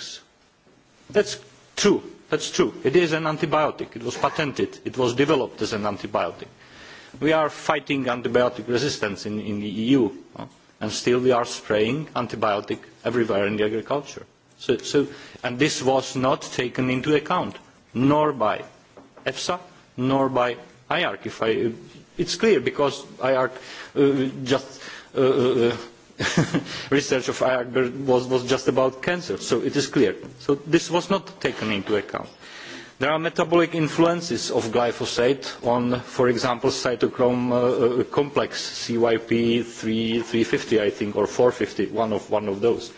That's true. That's true. It is an antibiotic. It was patented. It was developed as an antibiotic We are fighting antibiotic resistance in, in the EU, uh, and still we are spraying antibiotic everywhere in the agriculture. So, so, and this was not taken into account, nor by EFSA, nor by IARC. If I, it's clear because IARC uh, just uh, uh, uh research of IARC was, was just about cancer, so it is clear. So this was not taken into account. Uh, There are metabolic influences of glyphosate on, for example, cytochrome uh, uh complex CYP 3, 350, I think, or 450, one of, one of those.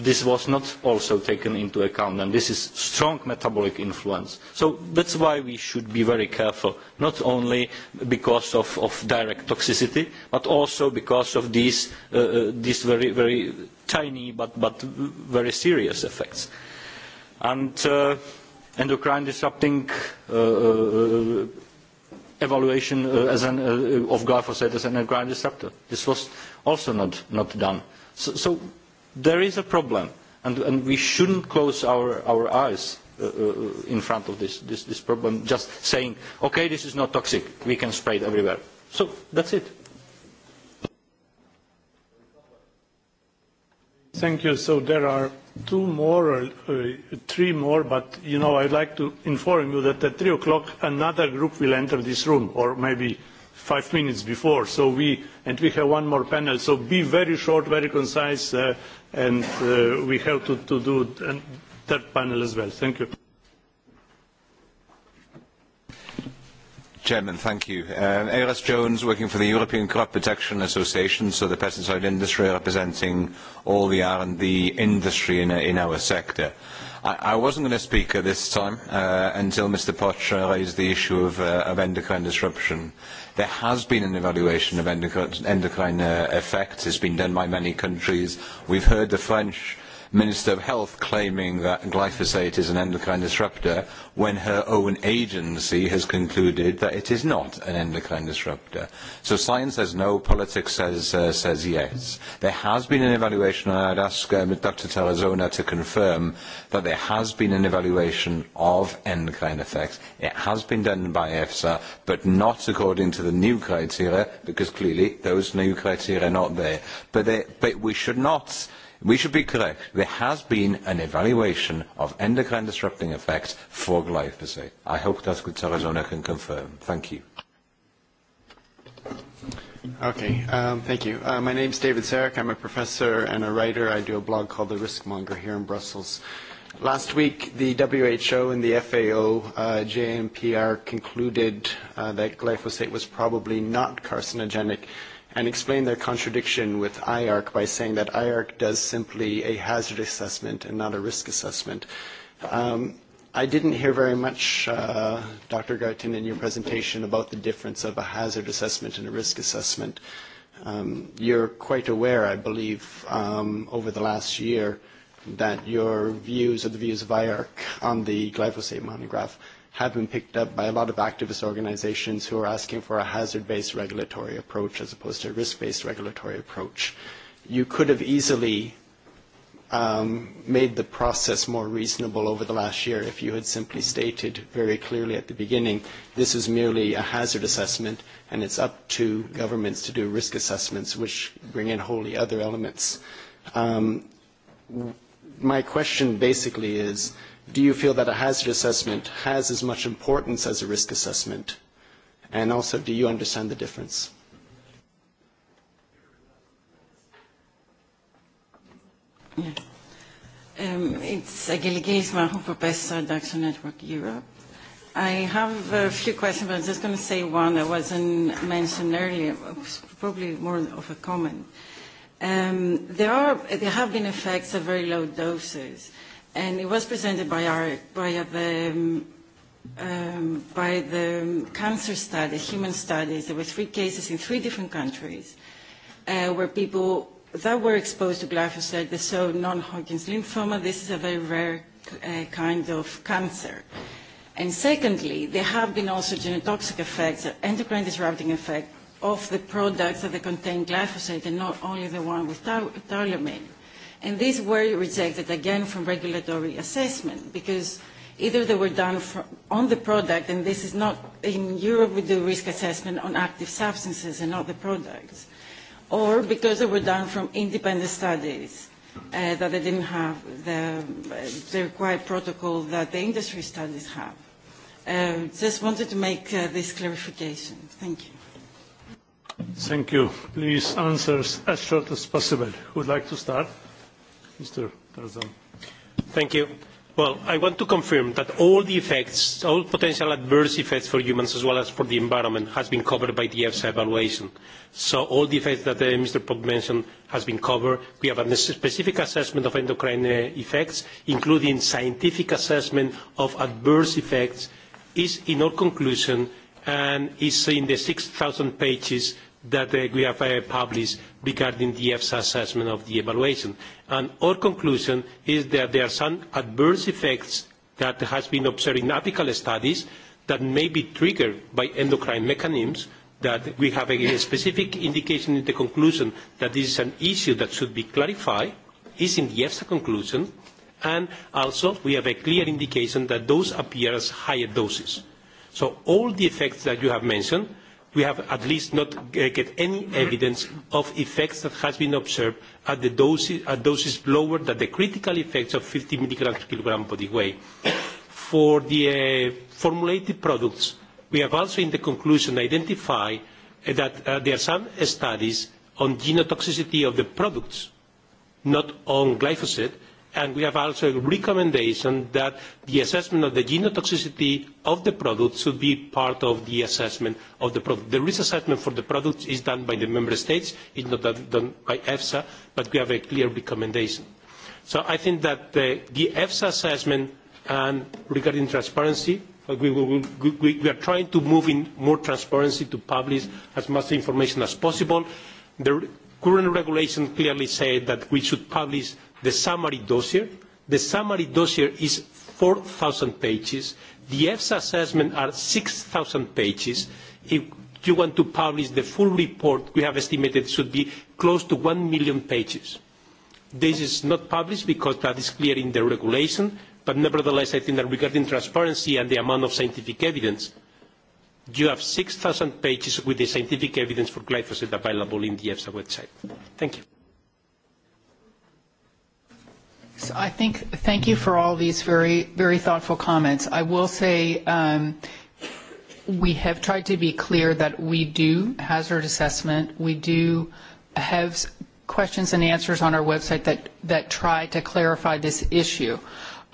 This was not also taken into account, and this is strong metabolic influence. So that's why we should be very careful, not only because of, of direct toxicity, but also because of these, uh, uh these very, very tiny but, but very serious effects. And... Uh, endocrine disrupting uh, uh, uh, evaluation uh, as an, uh, of glyphosate as an endocrine disruptor. This was also not, not done. So, so there is a problem, and, and we shouldn't close our, our eyes uh, uh, in front of this, this, this problem, just saying, okay, this is not toxic, we can spray it everywhere. So that's it. Thank you. So there are two more, or uh, three more, but you know, I'd like to inform you that at 3 o'clock another group will enter this room, or maybe five minutes before. So we, and we have one more panel. So be very short, very concise, uh, and uh, we have to, to do that panel as well. Thank you. Chairman, thank you. Um, uh, Eris Jones, working for the European Crop Protection Association, so the pesticide industry representing all the R&D industry in, in our sector. I, I wasn't going to speak at this time uh, until Mr. Potch uh, raised the issue of, uh, of endocrine disruption. There has been an evaluation of endocrine, endocrine uh, effects. It's been done by many countries. We've heard the French Minister of Health claiming that glyphosate is an endocrine disruptor when her own agency has concluded that it is not an endocrine disruptor. So science says no, politics says, uh, says yes. There has been an evaluation, and I'd ask um, Dr. Tarazona to confirm that there has been an evaluation of endocrine effects. It has been done by EFSA, but not according to the new criteria, because clearly those new criteria are not there. But, they, but we should not We should be correct. There has been an evaluation of endocrine disrupting effects for glyphosate. I hope that's what Arizona can confirm. Thank you. Okay, um, thank you. Uh, my name's David Sarek. I'm a professor and a writer. I do a blog called The Riskmonger here in Brussels. Last week, the WHO and the FAO uh, JMPR concluded uh, that glyphosate was probably not carcinogenic and explain their contradiction with IARC by saying that IARC does simply a hazard assessment and not a risk assessment. Um, I didn't hear very much, uh, Dr. Garten, in your presentation about the difference of a hazard assessment and a risk assessment. Um, you're quite aware, I believe, um, over the last year that your views or the views of IARC on the glyphosate monograph uh, have been picked up by a lot of activist organizations who are asking for a hazard-based regulatory approach as opposed to a risk-based regulatory approach. You could have easily um, made the process more reasonable over the last year if you had simply stated very clearly at the beginning, this is merely a hazard assessment and it's up to governments to do risk assessments which bring in wholly other elements. Um, my question basically is, do you feel that a hazard assessment has as much importance as a risk assessment? And also, do you understand the difference? Yeah. Um, it's Agiligelis Mahu, Professor at Action Network Europe. I have a few questions, but I'm just going to say one that wasn't mentioned earlier, probably more of a comment. Um, there, are, there have been effects at very low doses and it was presented by our by the um, um, by the cancer study, human studies. There were three cases in three different countries uh, where people that were exposed to glyphosate they saw non-Hodgkin's lymphoma. This is a very rare uh, kind of cancer. And secondly, there have been also genotoxic effects, endocrine disrupting effect of the products that they contain glyphosate and not only the one with tau- taulamine. And these were rejected again from regulatory assessment because either they were done for, on the product, and this is not in Europe we do risk assessment on active substances and not the products, or because they were done from independent studies uh, that they didn't have the, uh, the required protocol that the industry studies have. Uh, just wanted to make uh, this clarification. Thank you. Thank you. Please answer as short as possible. Who would like to start? Mr. Tarzan. Thank you. Well, I want to confirm that all the effects, all potential adverse effects for humans as well as for the environment has been covered by the EFSA evaluation. So all the effects that uh, Mr. Pott mentioned has been covered. We have a specific assessment of endocrine uh, effects, including scientific assessment of adverse effects, is in our conclusion and is in the 6,000 pages that uh, we have uh, published regarding the EFSA assessment of the evaluation and our conclusion is that there are some adverse effects that has been observed in apical studies that may be triggered by endocrine mechanisms that we have a specific indication in the conclusion that this is an issue that should be clarified is in the EFSA conclusion, and also we have a clear indication that those appear as higher doses. So all the effects that you have mentioned we have at least not uh, get any evidence of effects that has been observed at the doses, at doses lower than the critical effects of 50 milligrams per kilogram body weight. For the uh, formulated products, we have also in the conclusion identified uh, that uh, there are some studies on genotoxicity of the products, not on glyphosate, and we have also a recommendation that the assessment of the genotoxicity of the product should be part of the assessment of the product. The risk assessment for the product is done by the member states, it's not done, done by EFSA, but we have a clear recommendation. So I think that the, uh, the EFSA assessment and regarding transparency, uh, we, will, we, we are trying to move in more transparency to publish as much information as possible. The current regulation clearly says that we should publish the summary dossier. The summary dossier is 4,000 pages. The EFSA assessment are 6,000 pages. If you want to publish the full report, we have estimated it should be close to 1 million pages. This is not published because that is clear in the regulation, but nevertheless, I think that regarding transparency and the amount of scientific evidence, you have 6,000 pages with the scientific evidence for glyphosate available in the EFSA website. Thank you. Yes, I think thank you for all these very, very thoughtful comments. I will say um, we have tried to be clear that we do hazard assessment. We do have questions and answers on our website that, that try to clarify this issue.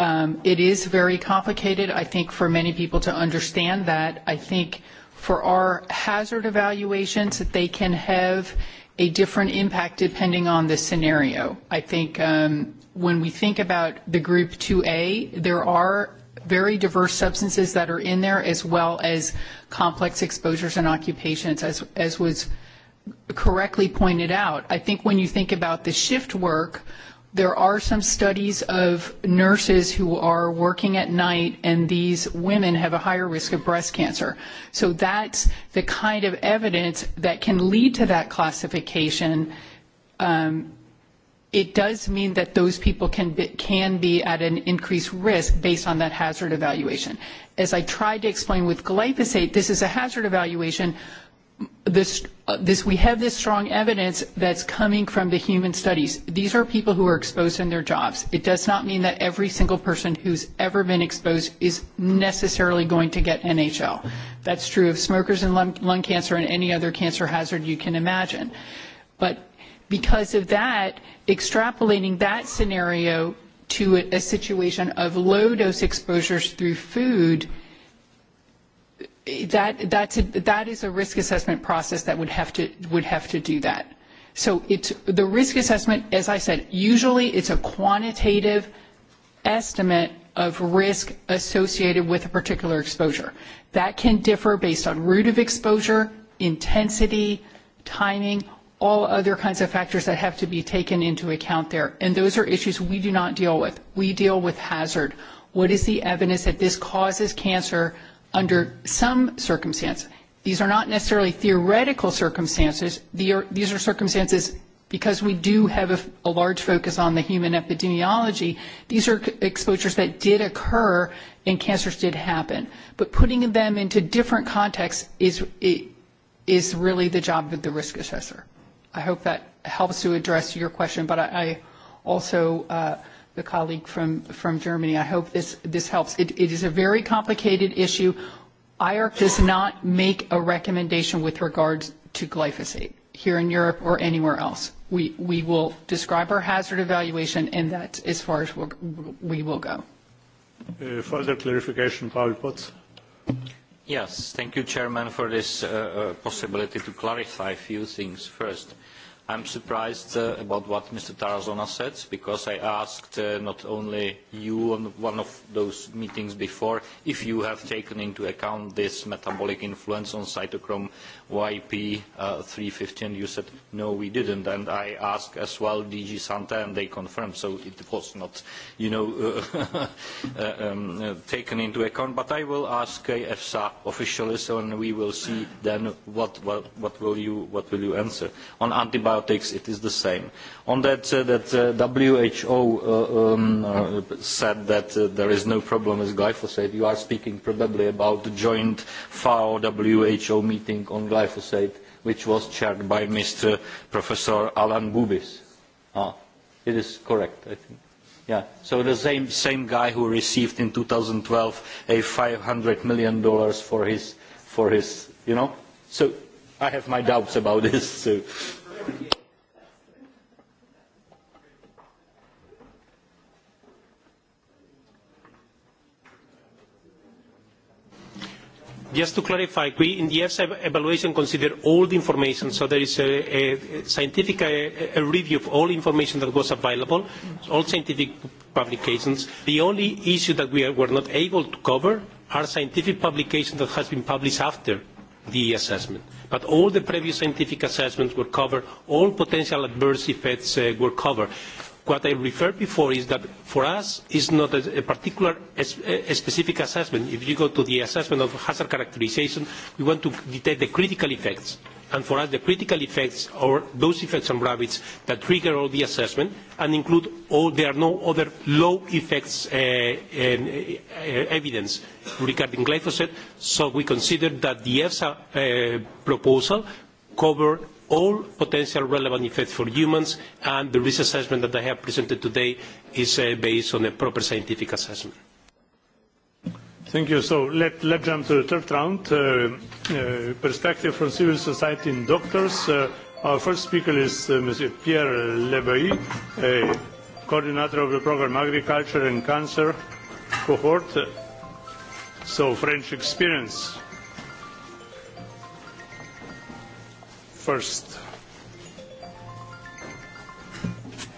Um, it is very complicated, I think, for many people to understand that. I think for our hazard evaluations, that they can have a different impact depending on the scenario. I think um, when we think about the group 2A, there are very diverse substances that are in there, as well as complex exposures and occupations, as, as was correctly pointed out. I think when you think about the shift work, there are some studies of nurses who are working at night and these women have a higher risk of breast cancer. So that's the kind of evidence that can lead to that classification um, it does mean that those people can be, can be at an increased risk based on that hazard evaluation. As I tried to explain with glyphosate, this is a hazard evaluation. This, uh, this, we have this strong evidence that's coming from the human studies. These are people who are exposed in their jobs. It does not mean that every single person who's ever been exposed is necessarily going to get NHL. That's true of smokers and lung, lung cancer and any other cancer hazard you can imagine. But because of that, extrapolating that scenario to a, a situation of low dose exposures through food, that that's a, that is a risk assessment process that would have to would have to do that. So it's the risk assessment, as I said, usually it's a quantitative estimate of risk associated with a particular exposure. That can differ based on route of exposure, intensity, timing, all other kinds of factors that have to be taken into account there. And those are issues we do not deal with. We deal with hazard. What is the evidence that this causes cancer under some circumstance? These are not necessarily theoretical circumstances. Er, these are circumstances because we do have a, a large focus on the human epidemiology, these are exposures that did occur and cancers did happen. But putting them into different contexts is, is really the job of the risk assessor. I hope that helps to address your question, but I, I also, uh, the colleague from, from Germany, I hope this, this helps. It, it is a very complicated issue. IARC does not make a recommendation with regards to glyphosate here in Europe or anywhere else. We, we will describe our hazard evaluation, and that's as far as we'll, we will go. Uh, further clarification, Paul Potts. Yes. Thank you, Chairman, for this uh, uh possibility to clarify a few things. First, I'm surprised uh, about what Mr. Tarazona said, because I asked uh, not only you on one of those meetings before if you have taken into account this metabolic influence on cytochrome YP uh, 350, and you said, no, we didn't. And I asked as well DG Santa, and they confirmed, so it was not, you know, uh, uh, um, uh, taken into account. But I will ask uh, EFSA officially, so and we will see then what, what, what, will you, what will you answer. On antibiotics, it is the same On that, uh, that uh, WHO uh, um, uh, said that uh, there is no problem with glyphosate. You are speaking probably about the joint FAO-WHO meeting on glyphosate, which was chaired by Mr. Professor Alan Bubis. Ah, it is correct, I think. Yeah, so the same, same guy who received in 2012 a $500 million for his, for his, you know? So I have my doubts about this. So. Just to clarify, we in the EFSA evaluation consider all the information, so there is a, a scientific a, a review of all information that was available, all scientific publications. The only issue that we are, were not able to cover are scientific publications that has been published after the assessment. But all the previous scientific assessments were covered, all potential adverse effects uh, were covered. What I referred before is that for us it's not a, a particular es, a specific assessment. If you go to the assessment of hazard characterization, we want to detect the critical effects. And for us, the critical effects are those effects on rabbits that trigger all the assessment and include all, there are no other low effects uh, uh, uh, evidence regarding glyphosate. So we consider that the EFSA uh, proposal cover all potential relevant effects for humans, and the risk assessment that I have presented today is uh, based on a proper scientific assessment. Thank you. So let, let's jump to the third round. Uh, uh, perspective from civil society and doctors. Uh, our first speaker is uh, Monsieur Pierre Lebeuil, uh, coordinator of the program Agriculture and Cancer cohort. So French experience. first.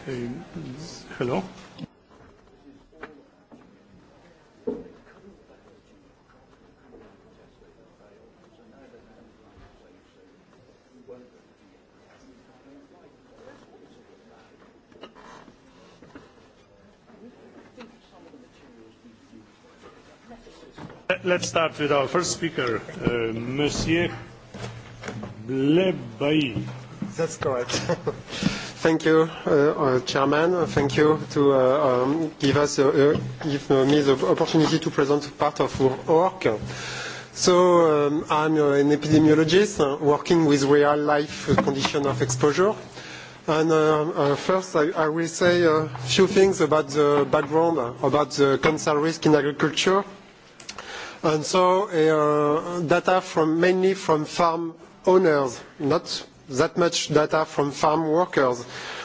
Hey, hello? Let's start with our first speaker, uh, Monsieur Blebai. That's correct. Thank you, uh, uh, Chairman. Thank you to uh, um, give us uh, uh give uh, me the opportunity to present part of our work. So um, I'm uh, an epidemiologist uh, working with real life condition of exposure. And uh, uh, first, I, I will say a few things about the background about the cancer risk in agriculture. And so uh, data from mainly from farm owners, not that much data from farm workers.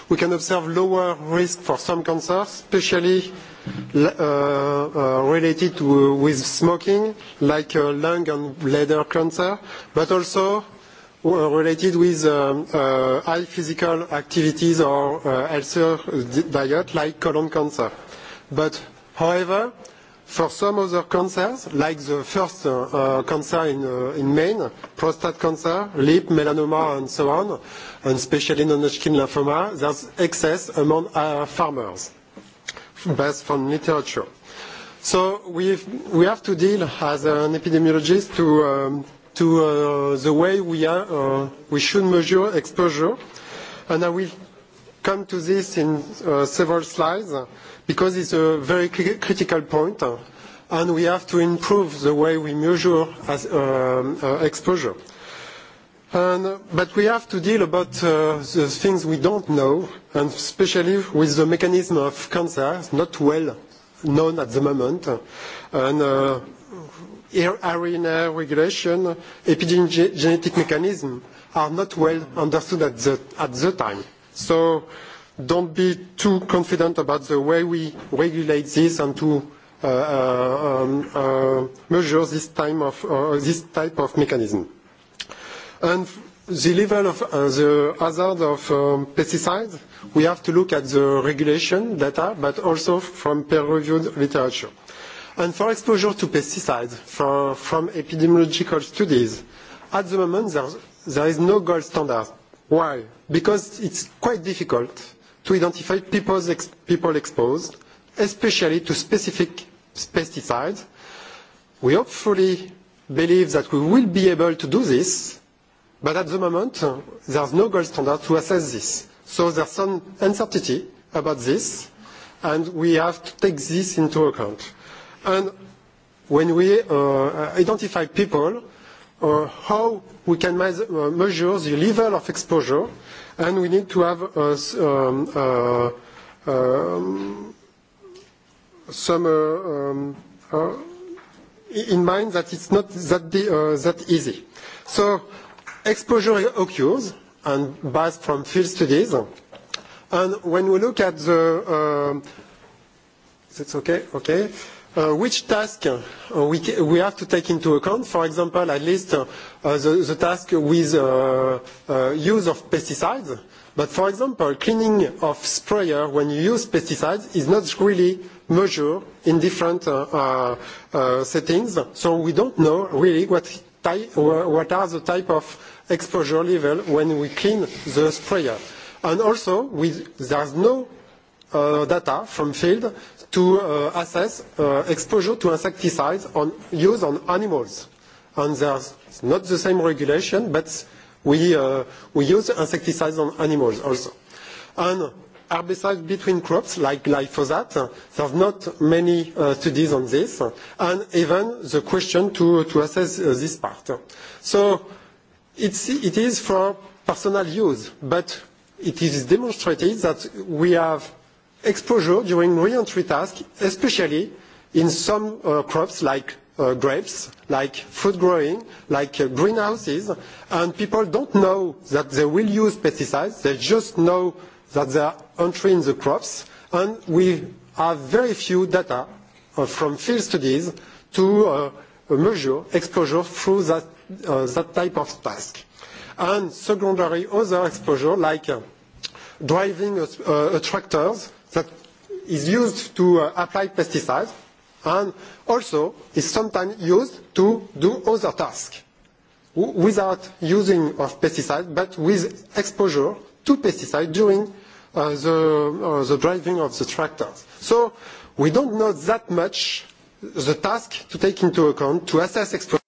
We can observe lower risk for some cancers, especially uh, uh, related to, with smoking, like uh, lung and bladder cancer, but also uh, related with um, uh, high physical activities or uh, healthier diet, like colon cancer. But however, For some other cancers, like the first uh, uh, cancer in, uh, in Maine, prostate cancer, lip, melanoma, and so on, and especially non-Hodgkin lymphoma, there's excess among uh, farmers, based from literature. So we've, we have to deal as an epidemiologist to, um, to uh, the way we, are, uh, we should measure exposure, and I will come to this in uh, several slides. Uh, because it's a very critical point, uh, and we have to improve the way we measure as, um, uh, exposure. And, uh, but we have to deal about uh, the things we don't know, and especially with the mechanism of cancer, not well known at the moment, uh, and uh, RNA regulation, epigenetic mechanism are not well understood at the, at the time. So don't be too confident about the way we regulate this and to uh, uh, um, uh, measure this, time of, uh, this type of mechanism. And the level of uh, the hazard of um, pesticides, we have to look at the regulation data, but also from peer-reviewed literature. And for exposure to pesticides for, from epidemiological studies, at the moment there, there is no gold standard. Why? Because it's quite difficult to identify ex people exposed, especially to specific pesticides. We hopefully believe that we will be able to do this, but at the moment, uh, there's no gold standard to assess this. So there's some uncertainty about this, and we have to take this into account. And when we uh, identify people, uh, how we can uh, measure the level of exposure and we need to have um, um, uh, um, uh, um, some um, in mind that it's not that, uh, that easy. So exposure occurs, and based from field studies. And when we look at the... Um, is it okay? Okay. Uh, which task uh, we, we have to take into account, for example, at least uh, the, the task with uh, uh, use of pesticides. But for example, cleaning of sprayer when you use pesticides is not really measured in different uh, settings, so we don't know really what, type, what are the type of exposure level when we clean the sprayer. And also, we, there's no uh, data from field to uh, assess uh, exposure to insecticides on use on animals. And there's not the same regulation, but we, uh, we use insecticides on animals also. And herbicides between crops like glyphosate, there's not many uh, studies on this, and even the question to, to assess uh, this part. So it's, it is for personal use, but it is demonstrated that we have exposure during re-entry task, especially in some uh, crops like uh, grapes, like food growing, like uh, greenhouses, and people don't know that they will use pesticides. They just know that they are entering the crops, and we have very few data uh, from field studies to uh, measure exposure through that, uh, that type of task. And secondary other exposure like uh, driving a, uh, a uh, tractors that is used to uh, apply pesticides and also is sometimes used to do other tasks without using of pesticides but with exposure to pesticides during uh, the, uh, the driving of the tractors. So we don't know that much the task to take into account to assess exposure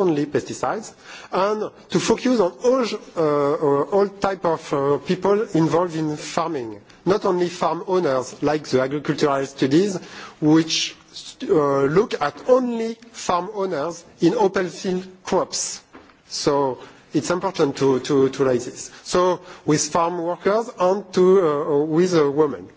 only pesticides, and to focus on all, uh, uh, all type of uh, people involved in farming, not only farm owners, like the agricultural studies, which uh, look at only farm owners in open field crops. So it's important to, to, to like this. So with farm workers and to, uh, uh with uh, women.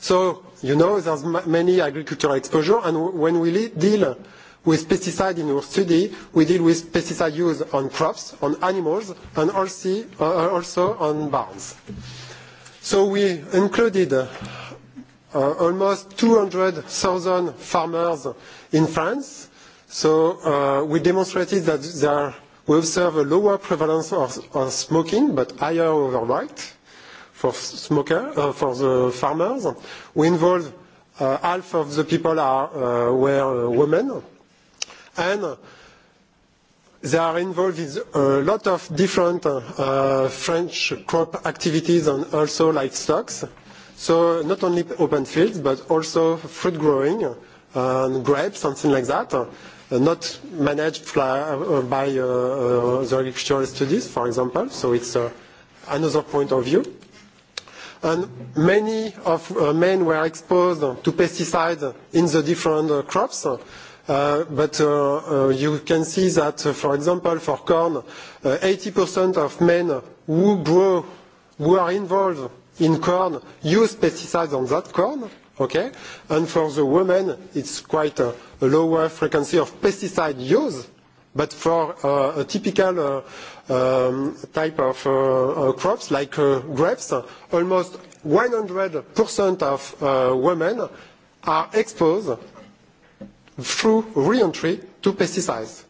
So, you know, there's many agricultural exposure, and when we deal With pesticide in our study, we deal with pesticide use on crops, on animals, and also, uh, also on barns. So we included uh, almost 200,000 farmers in France. So uh, we demonstrated that there we observe a lower prevalence of, of smoking, but higher overweight for smoker uh, for the farmers. We involve uh, half of the people are uh, were uh, women and they are involved in a lot of different uh, French crop activities and also livestock. So not only open fields, but also fruit growing, uh, and grapes, something like that, uh, not managed uh, by uh, uh, the agricultural studies, for example. So it's another point of view. And many of men were exposed to pesticides in the different crops, Uh, but uh, uh, you can see that, uh, for example, for corn, 80% uh, of men who grow, who are involved in corn, use pesticides on that corn, okay? And for the women, it's quite a, a lower frequency of pesticide use. But for uh, a typical um, type of crops like grapes, almost 100% of women are exposed through reentry to pesticides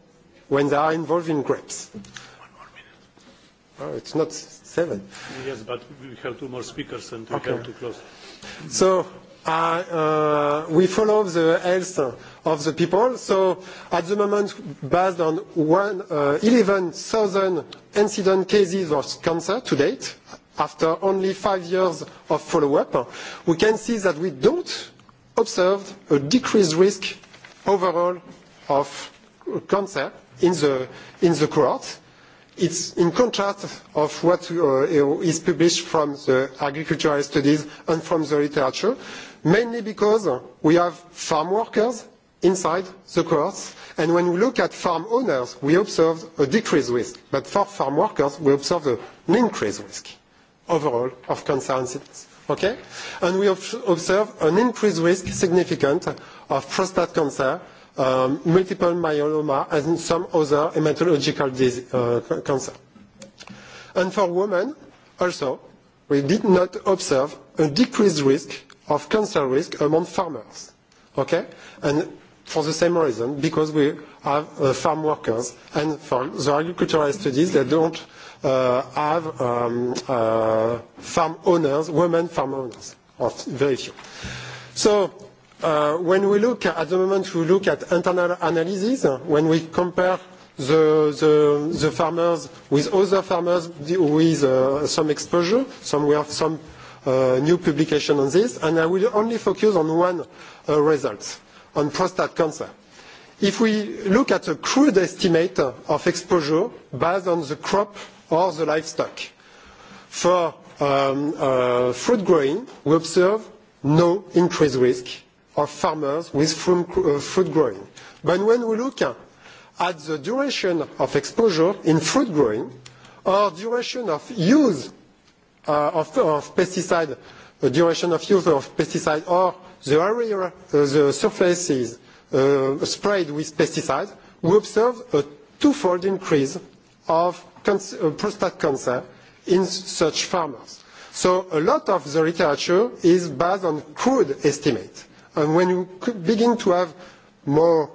when they are involved in grapes. One more minute. Oh, it's not seven. Yes, but we have two more speakers and we okay. have to close. So uh, uh, we follow the health of the people. So at the moment, based on one, uh, 11,000 incident cases of cancer to date, after only five years of follow-up, we can see that we don't observe a decreased risk overall of cancer in the, in the cohort. It's in contrast of what uh, is published from the agricultural studies and from the literature, mainly because we have farm workers inside the cohorts. And when we look at farm owners, we observe a decreased risk. But for farm workers, we observe an increased risk overall of cancer incidence. Okay? And we observe an increased risk significant of prostate cancer, um, multiple myeloma, and some other hematological disease, uh, cancer. And for women, also, we did not observe a decreased risk of cancer risk among farmers. Okay? And for the same reason, because we have uh, farm workers, and for the agricultural studies, they don't uh, have um, uh, farm owners, women farm owners, or very few. So Uh, when we look at the moment, we look at internal analysis. When we compare the, the, the farmers with other farmers with uh, some exposure, some we have some uh, new publication on this, and I will only focus on one uh, result, on prostate cancer. If we look at a crude estimate of exposure based on the crop or the livestock, for um, uh, fruit growing, we observe no increased risk of farmers with uh, fruit growing. But when we look at the duration of exposure in fruit growing or duration of use uh, of, of pesticide, the duration of use of pesticide or the area, uh, the surfaces uh, sprayed with pesticide, we observe a twofold increase of cons- uh, prostate cancer in such farmers. So a lot of the literature is based on crude estimates. And when you begin to have more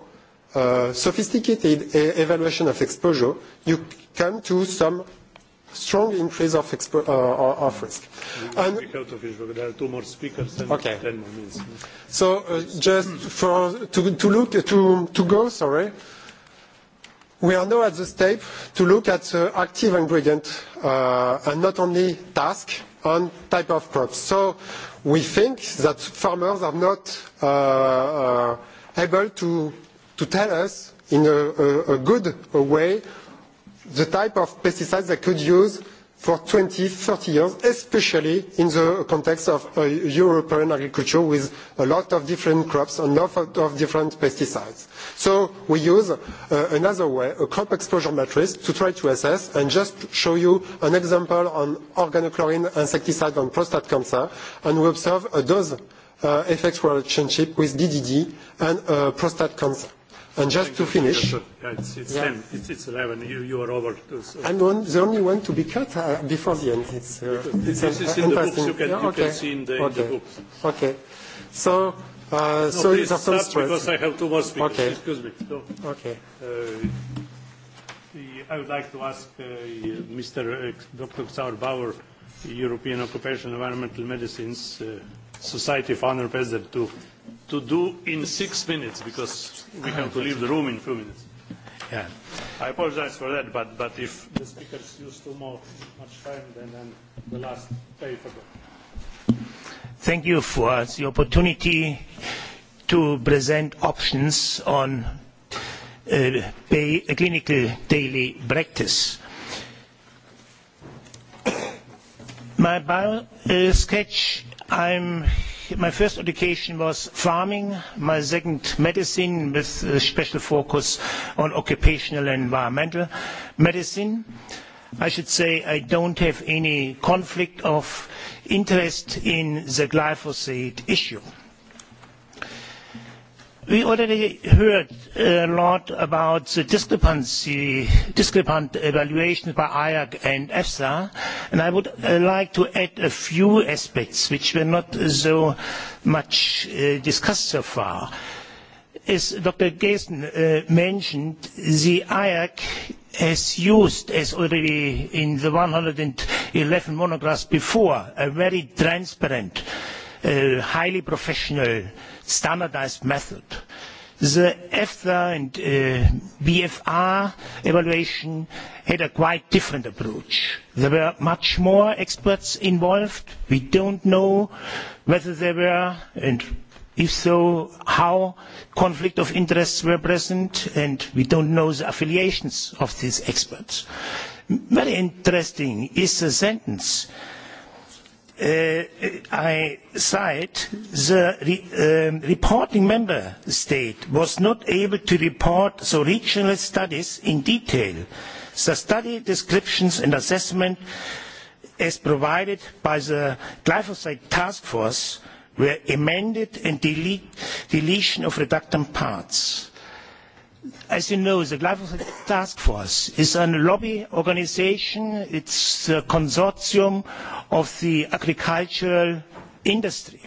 uh, sophisticated e, evaluation of exposure, you come to some strong increase of, expo- uh, of risk. And there are two more speakers and okay. 10 more minutes. So uh, just for, to, to look to, to go, sorry, we are now at the step to look at the uh, active ingredient uh, and not only task on type of crops. So we think that farmers are not uh, uh, able to, to tell us in a, a, a good way the type of pesticides they could use for 20, 30 years, especially in the context of uh, European agriculture with a lot of different crops and a lot of, of different pesticides. So we use uh, another way, a crop exposure matrix, to try to assess and just show you an example on organochlorine insecticide on prostate cancer, and we observe a dose uh, effect relationship with DDD and uh, prostate cancer. And just Thank to finish, you, yeah, it's, it's, yeah. 10, it's, it's 11. You, you are over. To, so. I'm on, the only one to be cut uh, before the end. It's, uh, it's this an, is in the books. You can, yeah, okay. you can see in the, okay. in the books. Okay. So, uh, no, so please stop spread. because I have two more speakers. Okay. Excuse me. No. Okay. Uh, I would like to ask uh, Mr. Uh, Dr. Sauerbauer, European Occupational Environmental Medicines uh, Society of Honor President, to, to do in six minutes because we have to leave the room in a few minutes. Yeah. I apologize for that, but, but if the speakers use too more, much time, then, then the last pay for that. Thank you for the opportunity to present options on uh, pay, uh, clinical daily practice. My bio uh, sketch, I'm my first education was farming, my second medicine with a special focus on occupational and environmental medicine. I should say I don't have any conflict of interest in the glyphosate issue We already heard a lot about the discrepancy, discrepant evaluation by IAC and EFSA, and I would uh, like to add a few aspects which were not so much uh, discussed so far. As Dr. Gersten uh, mentioned, the IAC has used, as already in the 111 monographs before, a very transparent a uh, highly professional standardized method. The EFTA and uh, BFR evaluation had a quite different approach. There were much more experts involved. We don't know whether there were, and if so, how conflict of interests were present, and we don't know the affiliations of these experts. Very interesting is the sentence uh, Uh, uh, I cite the re, um, reporting member state was not able to report the regional studies in detail. The study descriptions and assessment as provided by the glyphosate task force were amended and delete, deletion of redundant parts as you know, the glyphosate task force is a lobby organization. it's a consortium of the agricultural industry.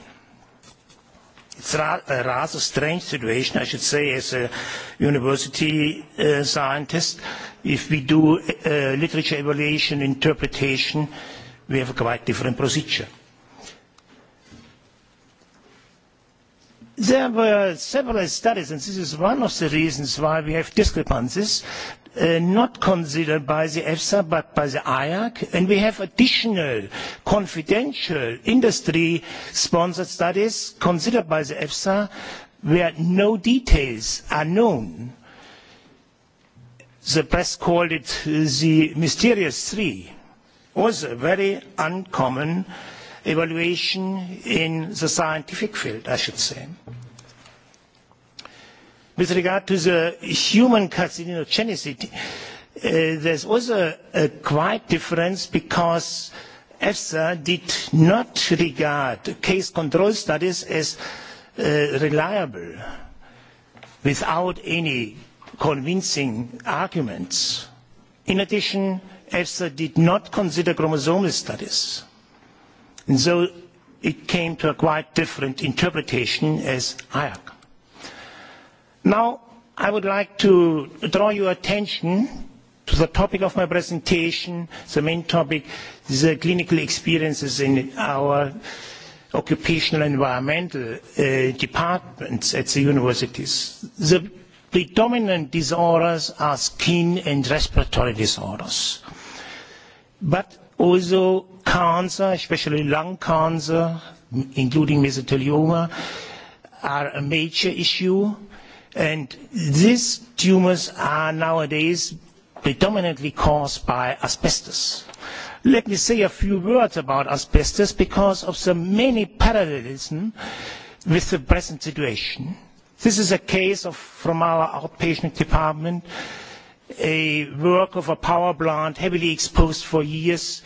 it's ra- a rather strange situation, i should say, as a university uh, scientist. if we do uh, literature evaluation interpretation, we have a quite different procedure. There were several studies, and this is one of the reasons why we have discrepancies, uh, not considered by the EFSA but by the IAC, and we have additional confidential industry-sponsored studies considered by the EFSA where no details are known. The press called it the mysterious three, also a very uncommon uh, evaluation in the scientific field, I should say. With regard to the human carcinogenicity, uh, there's also a quite difference because EFSA did not regard case control studies as uh, reliable without any convincing arguments. In addition, EFSA did not consider chromosomal studies. Uh, And so it came to a quite different interpretation as IAC. Now, I would like to draw your attention to the topic of my presentation, the main topic, the clinical experiences in our occupational and environmental uh, departments at the universities. The predominant disorders are skin and respiratory disorders, but also cancer, especially lung cancer, including mesothelioma, are a major issue. And these tumors are nowadays predominantly caused by asbestos. Let me say a few words about asbestos because of the many parallelism with the present situation. This is a case of, from our outpatient department, a work of a power plant heavily exposed for years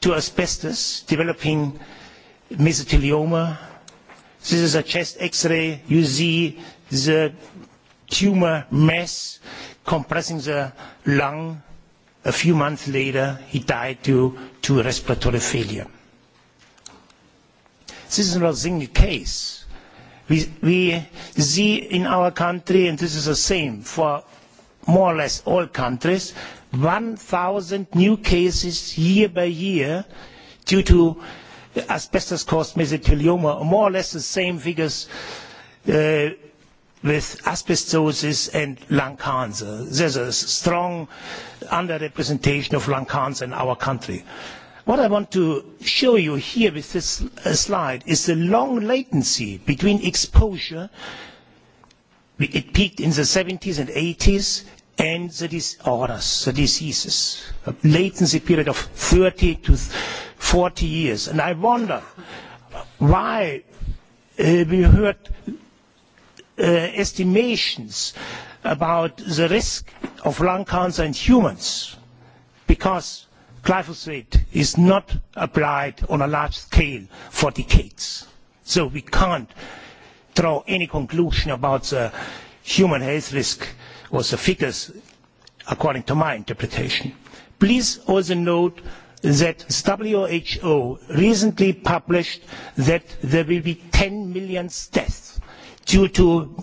to asbestos, developing mesothelioma. This is a chest x-ray. You see the tumor mass compressing the lung. A few months later, he died due to respiratory failure. This is not a single case. We, we see in our country, and this is the same for more or less all countries, 1,000 new cases year by year due to asbestos-caused mesothelioma, more or less the same figures uh, with asbestosis and lung cancer. There's a strong underrepresentation of lung cancer in our country. What I want to show you here with this uh, slide is the long latency between exposure, it peaked in the 70s and 80s, and the disorders, the diseases, a latency period of 30 to 40 years. And I wonder why uh, we heard uh, estimations about the risk of lung cancer in humans because glyphosate is not applied on a large scale for decades. So we can't draw any conclusion about the human health risk was the figures according to my interpretation. Please also note that WHO recently published that there will be 10 million deaths due to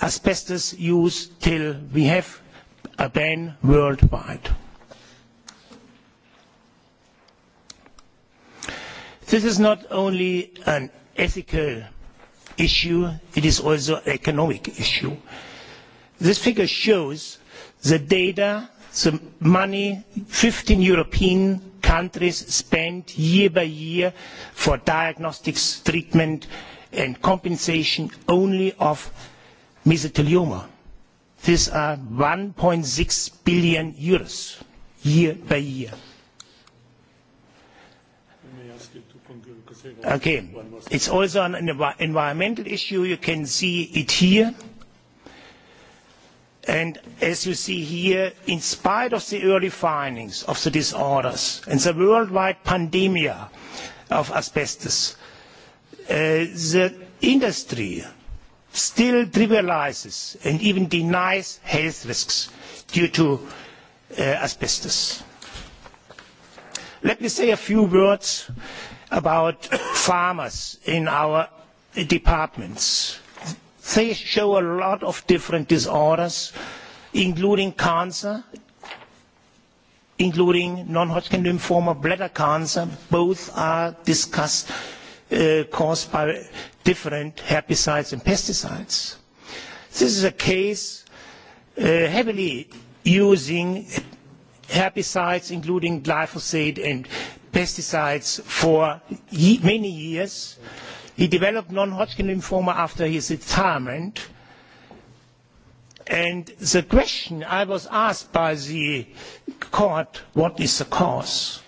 asbestos use till we have a ban worldwide. This is not only an ethical issue, it is also an economic issue. Uh, This figure shows the data, the money 15 European countries spend year by year for diagnostics, treatment and compensation only of mesothelioma. These are 1.6 billion euros year by year. Okay. It's also an envi environmental issue. You can see it here. And as you see here, in spite of the early findings of the disorders and the worldwide pandemic of asbestos, uh, the industry still trivializes and even denies health risks due to uh, asbestos. Let me say a few words about farmers in our departments They show a lot of different disorders, including cancer, including non-Hodgkin lymphoma, bladder cancer. Both are discussed uh, caused by different herbicides and pesticides. This is a case uh, heavily using herbicides, including glyphosate and pesticides, for ye many years. Uh, He developed non-Hodgkin lymphoma after his retirement. And the question I was asked by the court, what is the cause?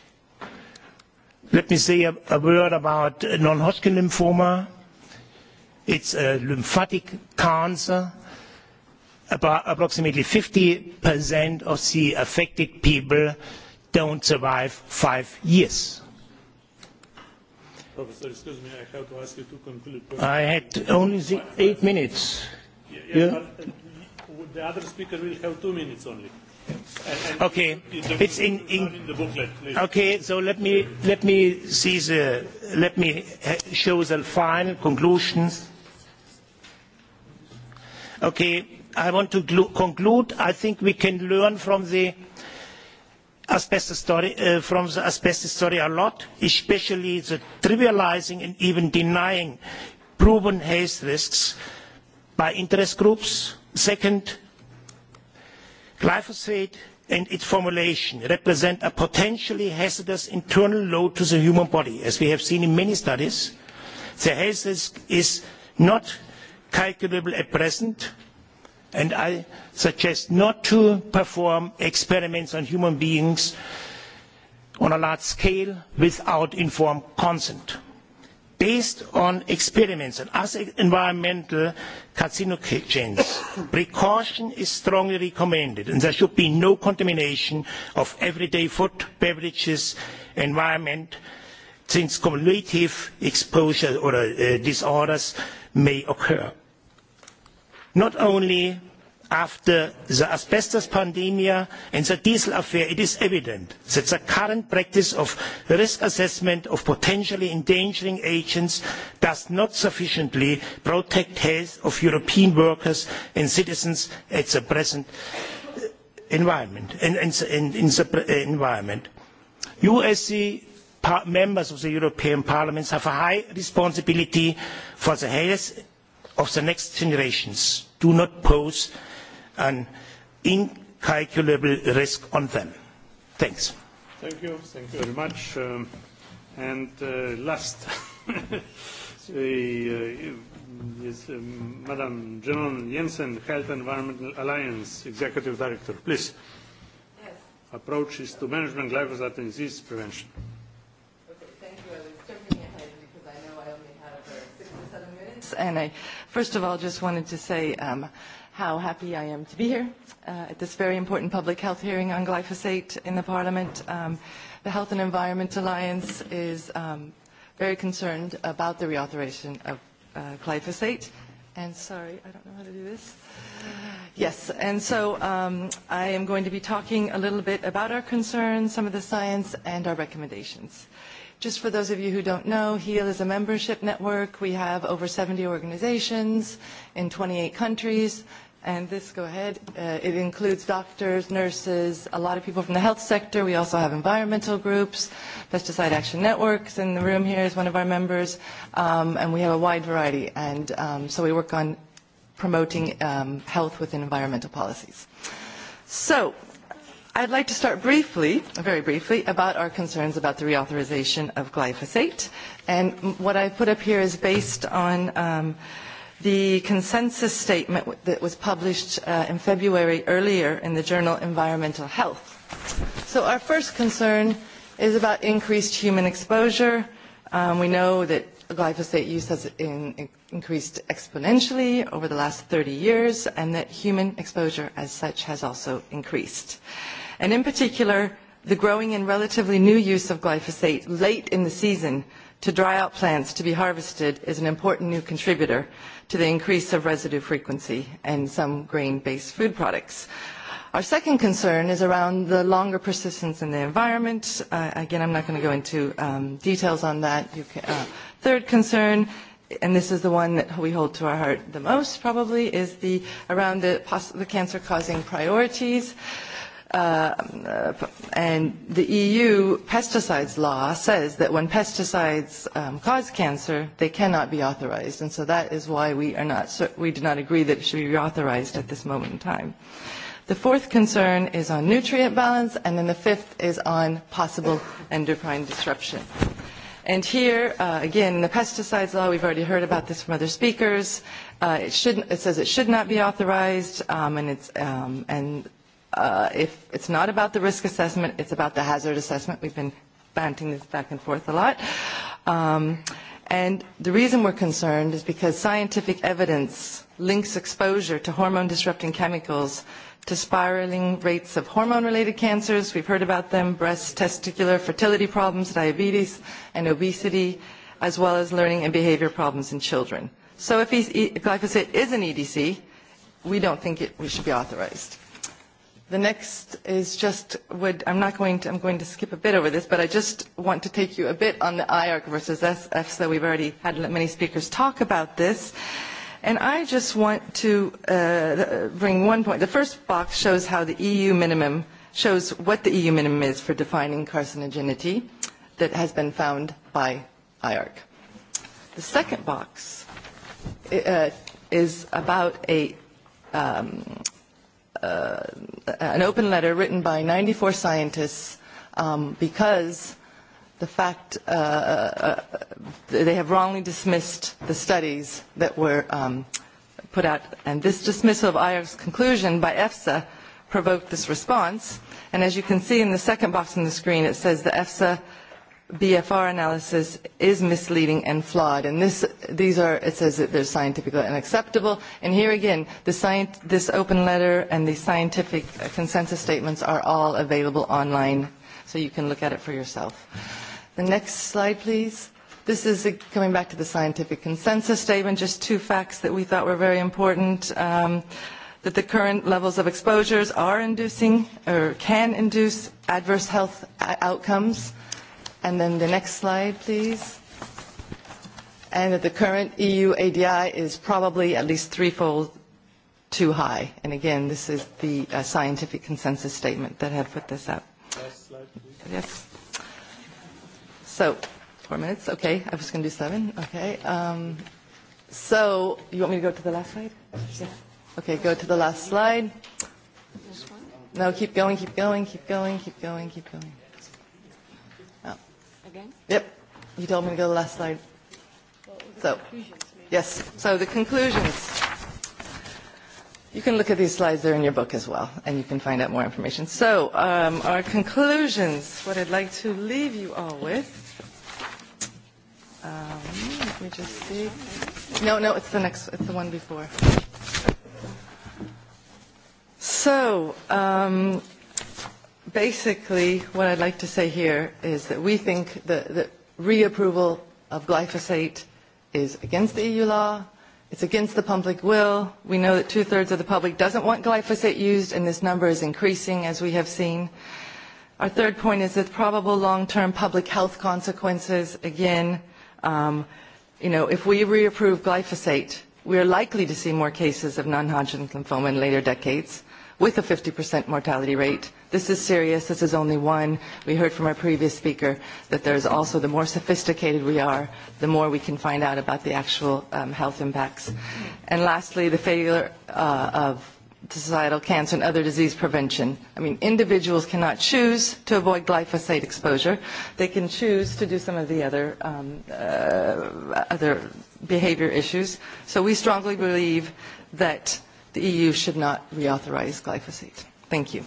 Let me say a, a word about non-Hodgkin lymphoma. It's a lymphatic cancer. About approximately 50% of the affected people don't survive five years. Professor, excuse me, I have to ask you to conclude. Professor. I had only the eight minutes. Yeah, yeah, yeah. But the other speaker will have two minutes only. And, and okay, it's in, in, in the booklet. Please. Okay, so let me let me see the let me show the final conclusions. Okay, I want to conclude. I think we can learn from the asbestos story, uh, from the asbestos story a lot, especially the trivializing and even denying proven health risks by interest groups. Second, glyphosate and its formulation represent a potentially hazardous internal load to the human body, as we have seen in many studies. The health risk is not calculable at present, and i suggest not to perform experiments on human beings on a large scale without informed consent. based on experiments and other environmental carcinogens precaution is strongly recommended and there should be no contamination of everyday food beverages and environment since cumulative exposure or uh, disorders may occur not only after the asbestos pandemia and the diesel affair it is evident that the current practice of risk assessment of potentially endangering agents does not sufficiently protect the health of european workers and citizens in the present uh, environment. In, in, in the uh, environment. you as the members of the european parliament have a high responsibility for the health of the next generations do not pose an incalculable risk on them. Thanks. Thank you. Thank you very much. Um, and uh, last, uh, is, um, Madam Jenon Jensen, Health Environmental Alliance Executive Director. Please. Yes. Approaches to management glyphosate and disease prevention. Uh, NA. First of all, just wanted to say um, how happy I am to be here uh, at this very important public health hearing on glyphosate in the Parliament. Um, the Health and Environment Alliance is um, very concerned about the reauthorization of uh, glyphosate. And sorry, I don't know how to do this. Yes, and so um, I am going to be talking a little bit about our concerns, some of the science, and our recommendations. Uh, Just for those of you who don't know, HEAL is a membership network. We have over 70 organizations in 28 countries. And this, go ahead, uh, it includes doctors, nurses, a lot of people from the health sector. We also have environmental groups. Pesticide Action Networks in the room here is one of our members. Um, and we have a wide variety. And um, so we work on promoting um, health within environmental policies. So I'd like to start briefly, very briefly, about our concerns about the reauthorization of glyphosate. And what I've put up here is based on um, the consensus statement that was published uh, in February earlier in the journal Environmental Health. So our first concern is about increased human exposure. Um, we know that glyphosate use has in, in, increased exponentially over the last 30 years, and that human exposure as such has also increased. Uh, and in particular, the growing and relatively new use of glyphosate late in the season to dry out plants to be harvested is an important new contributor to the increase of residue frequency in some grain-based food products. Our second concern is around the longer persistence in the environment. Uh, again, I'm not going to go into um, details on that. You can, uh, third concern, and this is the one that we hold to our heart the most probably, is the around the, poss- the cancer-causing priorities. Uh, uh, and the EU pesticides law says that when pesticides um, cause cancer, they cannot be authorized, and so that is why we are not we do not agree that it should be authorized at this moment in time. The fourth concern is on nutrient balance, and then the fifth is on possible endocrine disruption. And here, uh, again, the pesticides law, we've already heard about this from other speakers. Uh, it, should, it says it should not be authorized, um, and, it's, um, and uh, if it's not about the risk assessment, it's about the hazard assessment. We've been banting this back and forth a lot. Um, and the reason we're concerned is because scientific evidence links exposure to hormone disrupting chemicals to spiraling rates of hormone related cancers. We've heard about them breast, testicular, fertility problems, diabetes, and obesity, as well as learning and behavior problems in children. So if, if e, glyphosate is an EDC, we don't think it, we should be authorized. The next is just would I'm not going to I'm going to skip a bit over this, but I just want to take you a bit on the IARC versus SF, so we've already had many speakers talk about this. And I just want to uh, bring one point. The first box shows how the EU minimum shows what the EU minimum is for defining carcinogenity that has been found by IARC. The second box uh, is about a um, uh, an open letter written by 94 scientists um, because the fact uh, uh, they have wrongly dismissed the studies that were um, put out. And this dismissal of IARC's conclusion by EFSA provoked this response. And as you can see in the second box on the screen, it says the EFSA BFR analysis is misleading and flawed. And this, these are, it says that they're scientifically unacceptable. And here again, the science, this open letter and the scientific consensus statements are all available online, so you can look at it for yourself. The next slide, please. This is a, coming back to the scientific consensus statement, just two facts that we thought were very important. Um, that the current levels of exposures are inducing or can induce adverse health uh, outcomes And then the next slide, please. And that the current EU ADI is probably at least threefold too high. And again, this is the uh, scientific consensus statement that had put this up. Last slide, please. Yes. So, four minutes. Okay, I was going to do seven. Okay. Um, so, you want me to go to the last slide? Yeah. Okay, go to the last slide. No, keep going, keep going, keep going, keep going, keep going again? Yep. You told me to go to the last slide. Well, the so, yes. So the conclusions. You can look at these slides. They're in your book as well, and you can find out more information. So um, our conclusions, what I'd like to leave you all with. Um, let me just see. No, no, it's the next, it's the one before. So, um, basically, what I'd like to say here is that we think that, that reapproval of glyphosate is against the EU law. It's against the public will. We know that two-thirds of the public doesn't want glyphosate used, and this number is increasing, as we have seen. Our third point is that probable long-term public health consequences, again, um, you know, if we reapprove glyphosate, we are likely to see more cases of non-Hodgkin lymphoma in later decades with a 50% mortality rate This is serious. This is only one. We heard from our previous speaker that there's also the more sophisticated we are, the more we can find out about the actual um, health impacts. And lastly, the failure uh, of societal cancer and other disease prevention. I mean, individuals cannot choose to avoid glyphosate exposure. They can choose to do some of the other, um, uh, other behavior issues. So we strongly believe that the EU should not reauthorize glyphosate. Thank you.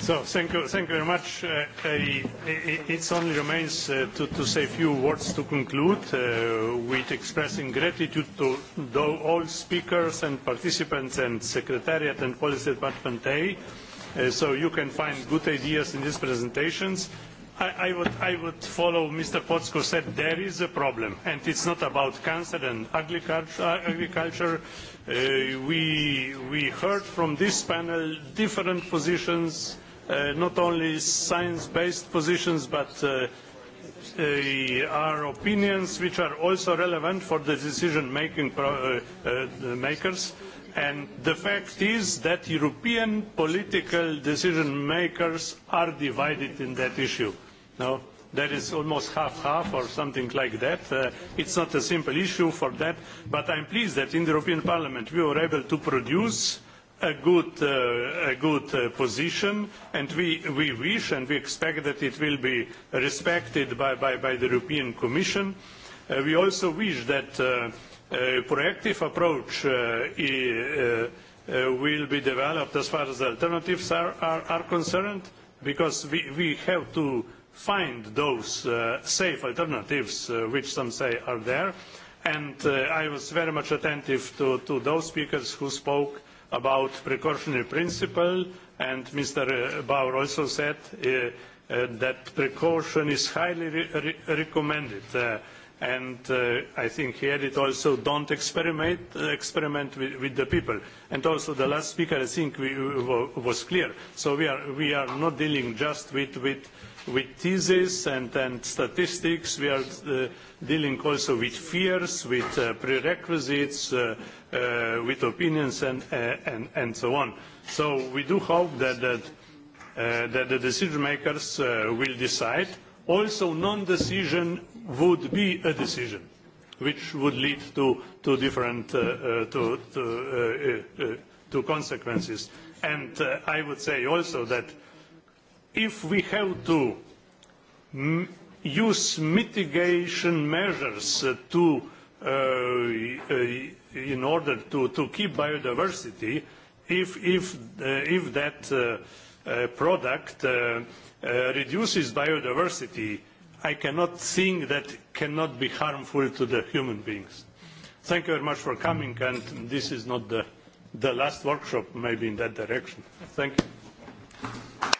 So, thank you, thank you very much. Uh, uh, it only remains uh, to, to say a few words to conclude uh, with expressing gratitude to all speakers and participants and secretariat and policy department A. Uh, so you can find good ideas in these presentations. I, I, would, I would follow Mr. Potts who said there is a problem and it's not about cancer and agriculture. agriculture Uh, we, we heard from this panel different positions, uh, not only science-based positions, but uh, uh, are opinions which are also relevant for the decision-making pro- uh, uh, makers. And the fact is that European political decision makers are divided in that issue. No? There is almost half-half or something like that. Uh, it's not a simple issue for that, but I'm pleased that in the European Parliament we were able to produce a good, uh, a good uh, position, and we, we wish and we expect that it will be respected by, by, by the European Commission. Uh, we also wish that uh, a proactive approach uh, uh, Uh, will be developed as far as alternatives are, are, are concerned, because we, we have to find those uh, safe alternatives, uh, which some say are there. And uh, I was very much attentive to, to those speakers who spoke about precautionary principle, and Mr. Uh, Bauer also said uh, uh, that precaution is highly re re recommended. Uh, and uh, I think he added also, don't experiment, uh, experiment with, with the people. And also the last speaker, I think, we, uh, was clear. So we are, we are not dealing just with, with uh, with thesis and, and statistics. We are uh, dealing also with fears, with uh, prerequisites, uh, uh, with opinions, and, uh, and, and so on. So we do hope that, that, uh, that the decision makers uh, will decide. Also, non-decision would be a decision, which would lead to, to different uh, uh, to, to, uh, uh, uh to consequences. And uh, I would say also that uh, if we have to m- mm, use mitigation measures uh, to uh, uh, in order to, to keep biodiversity, if if uh, if that uh, uh, product uh, uh, reduces biodiversity, I cannot think that cannot be harmful to the human beings. Thank you very much for coming, and this is not the the last workshop, maybe in that direction. Thank you.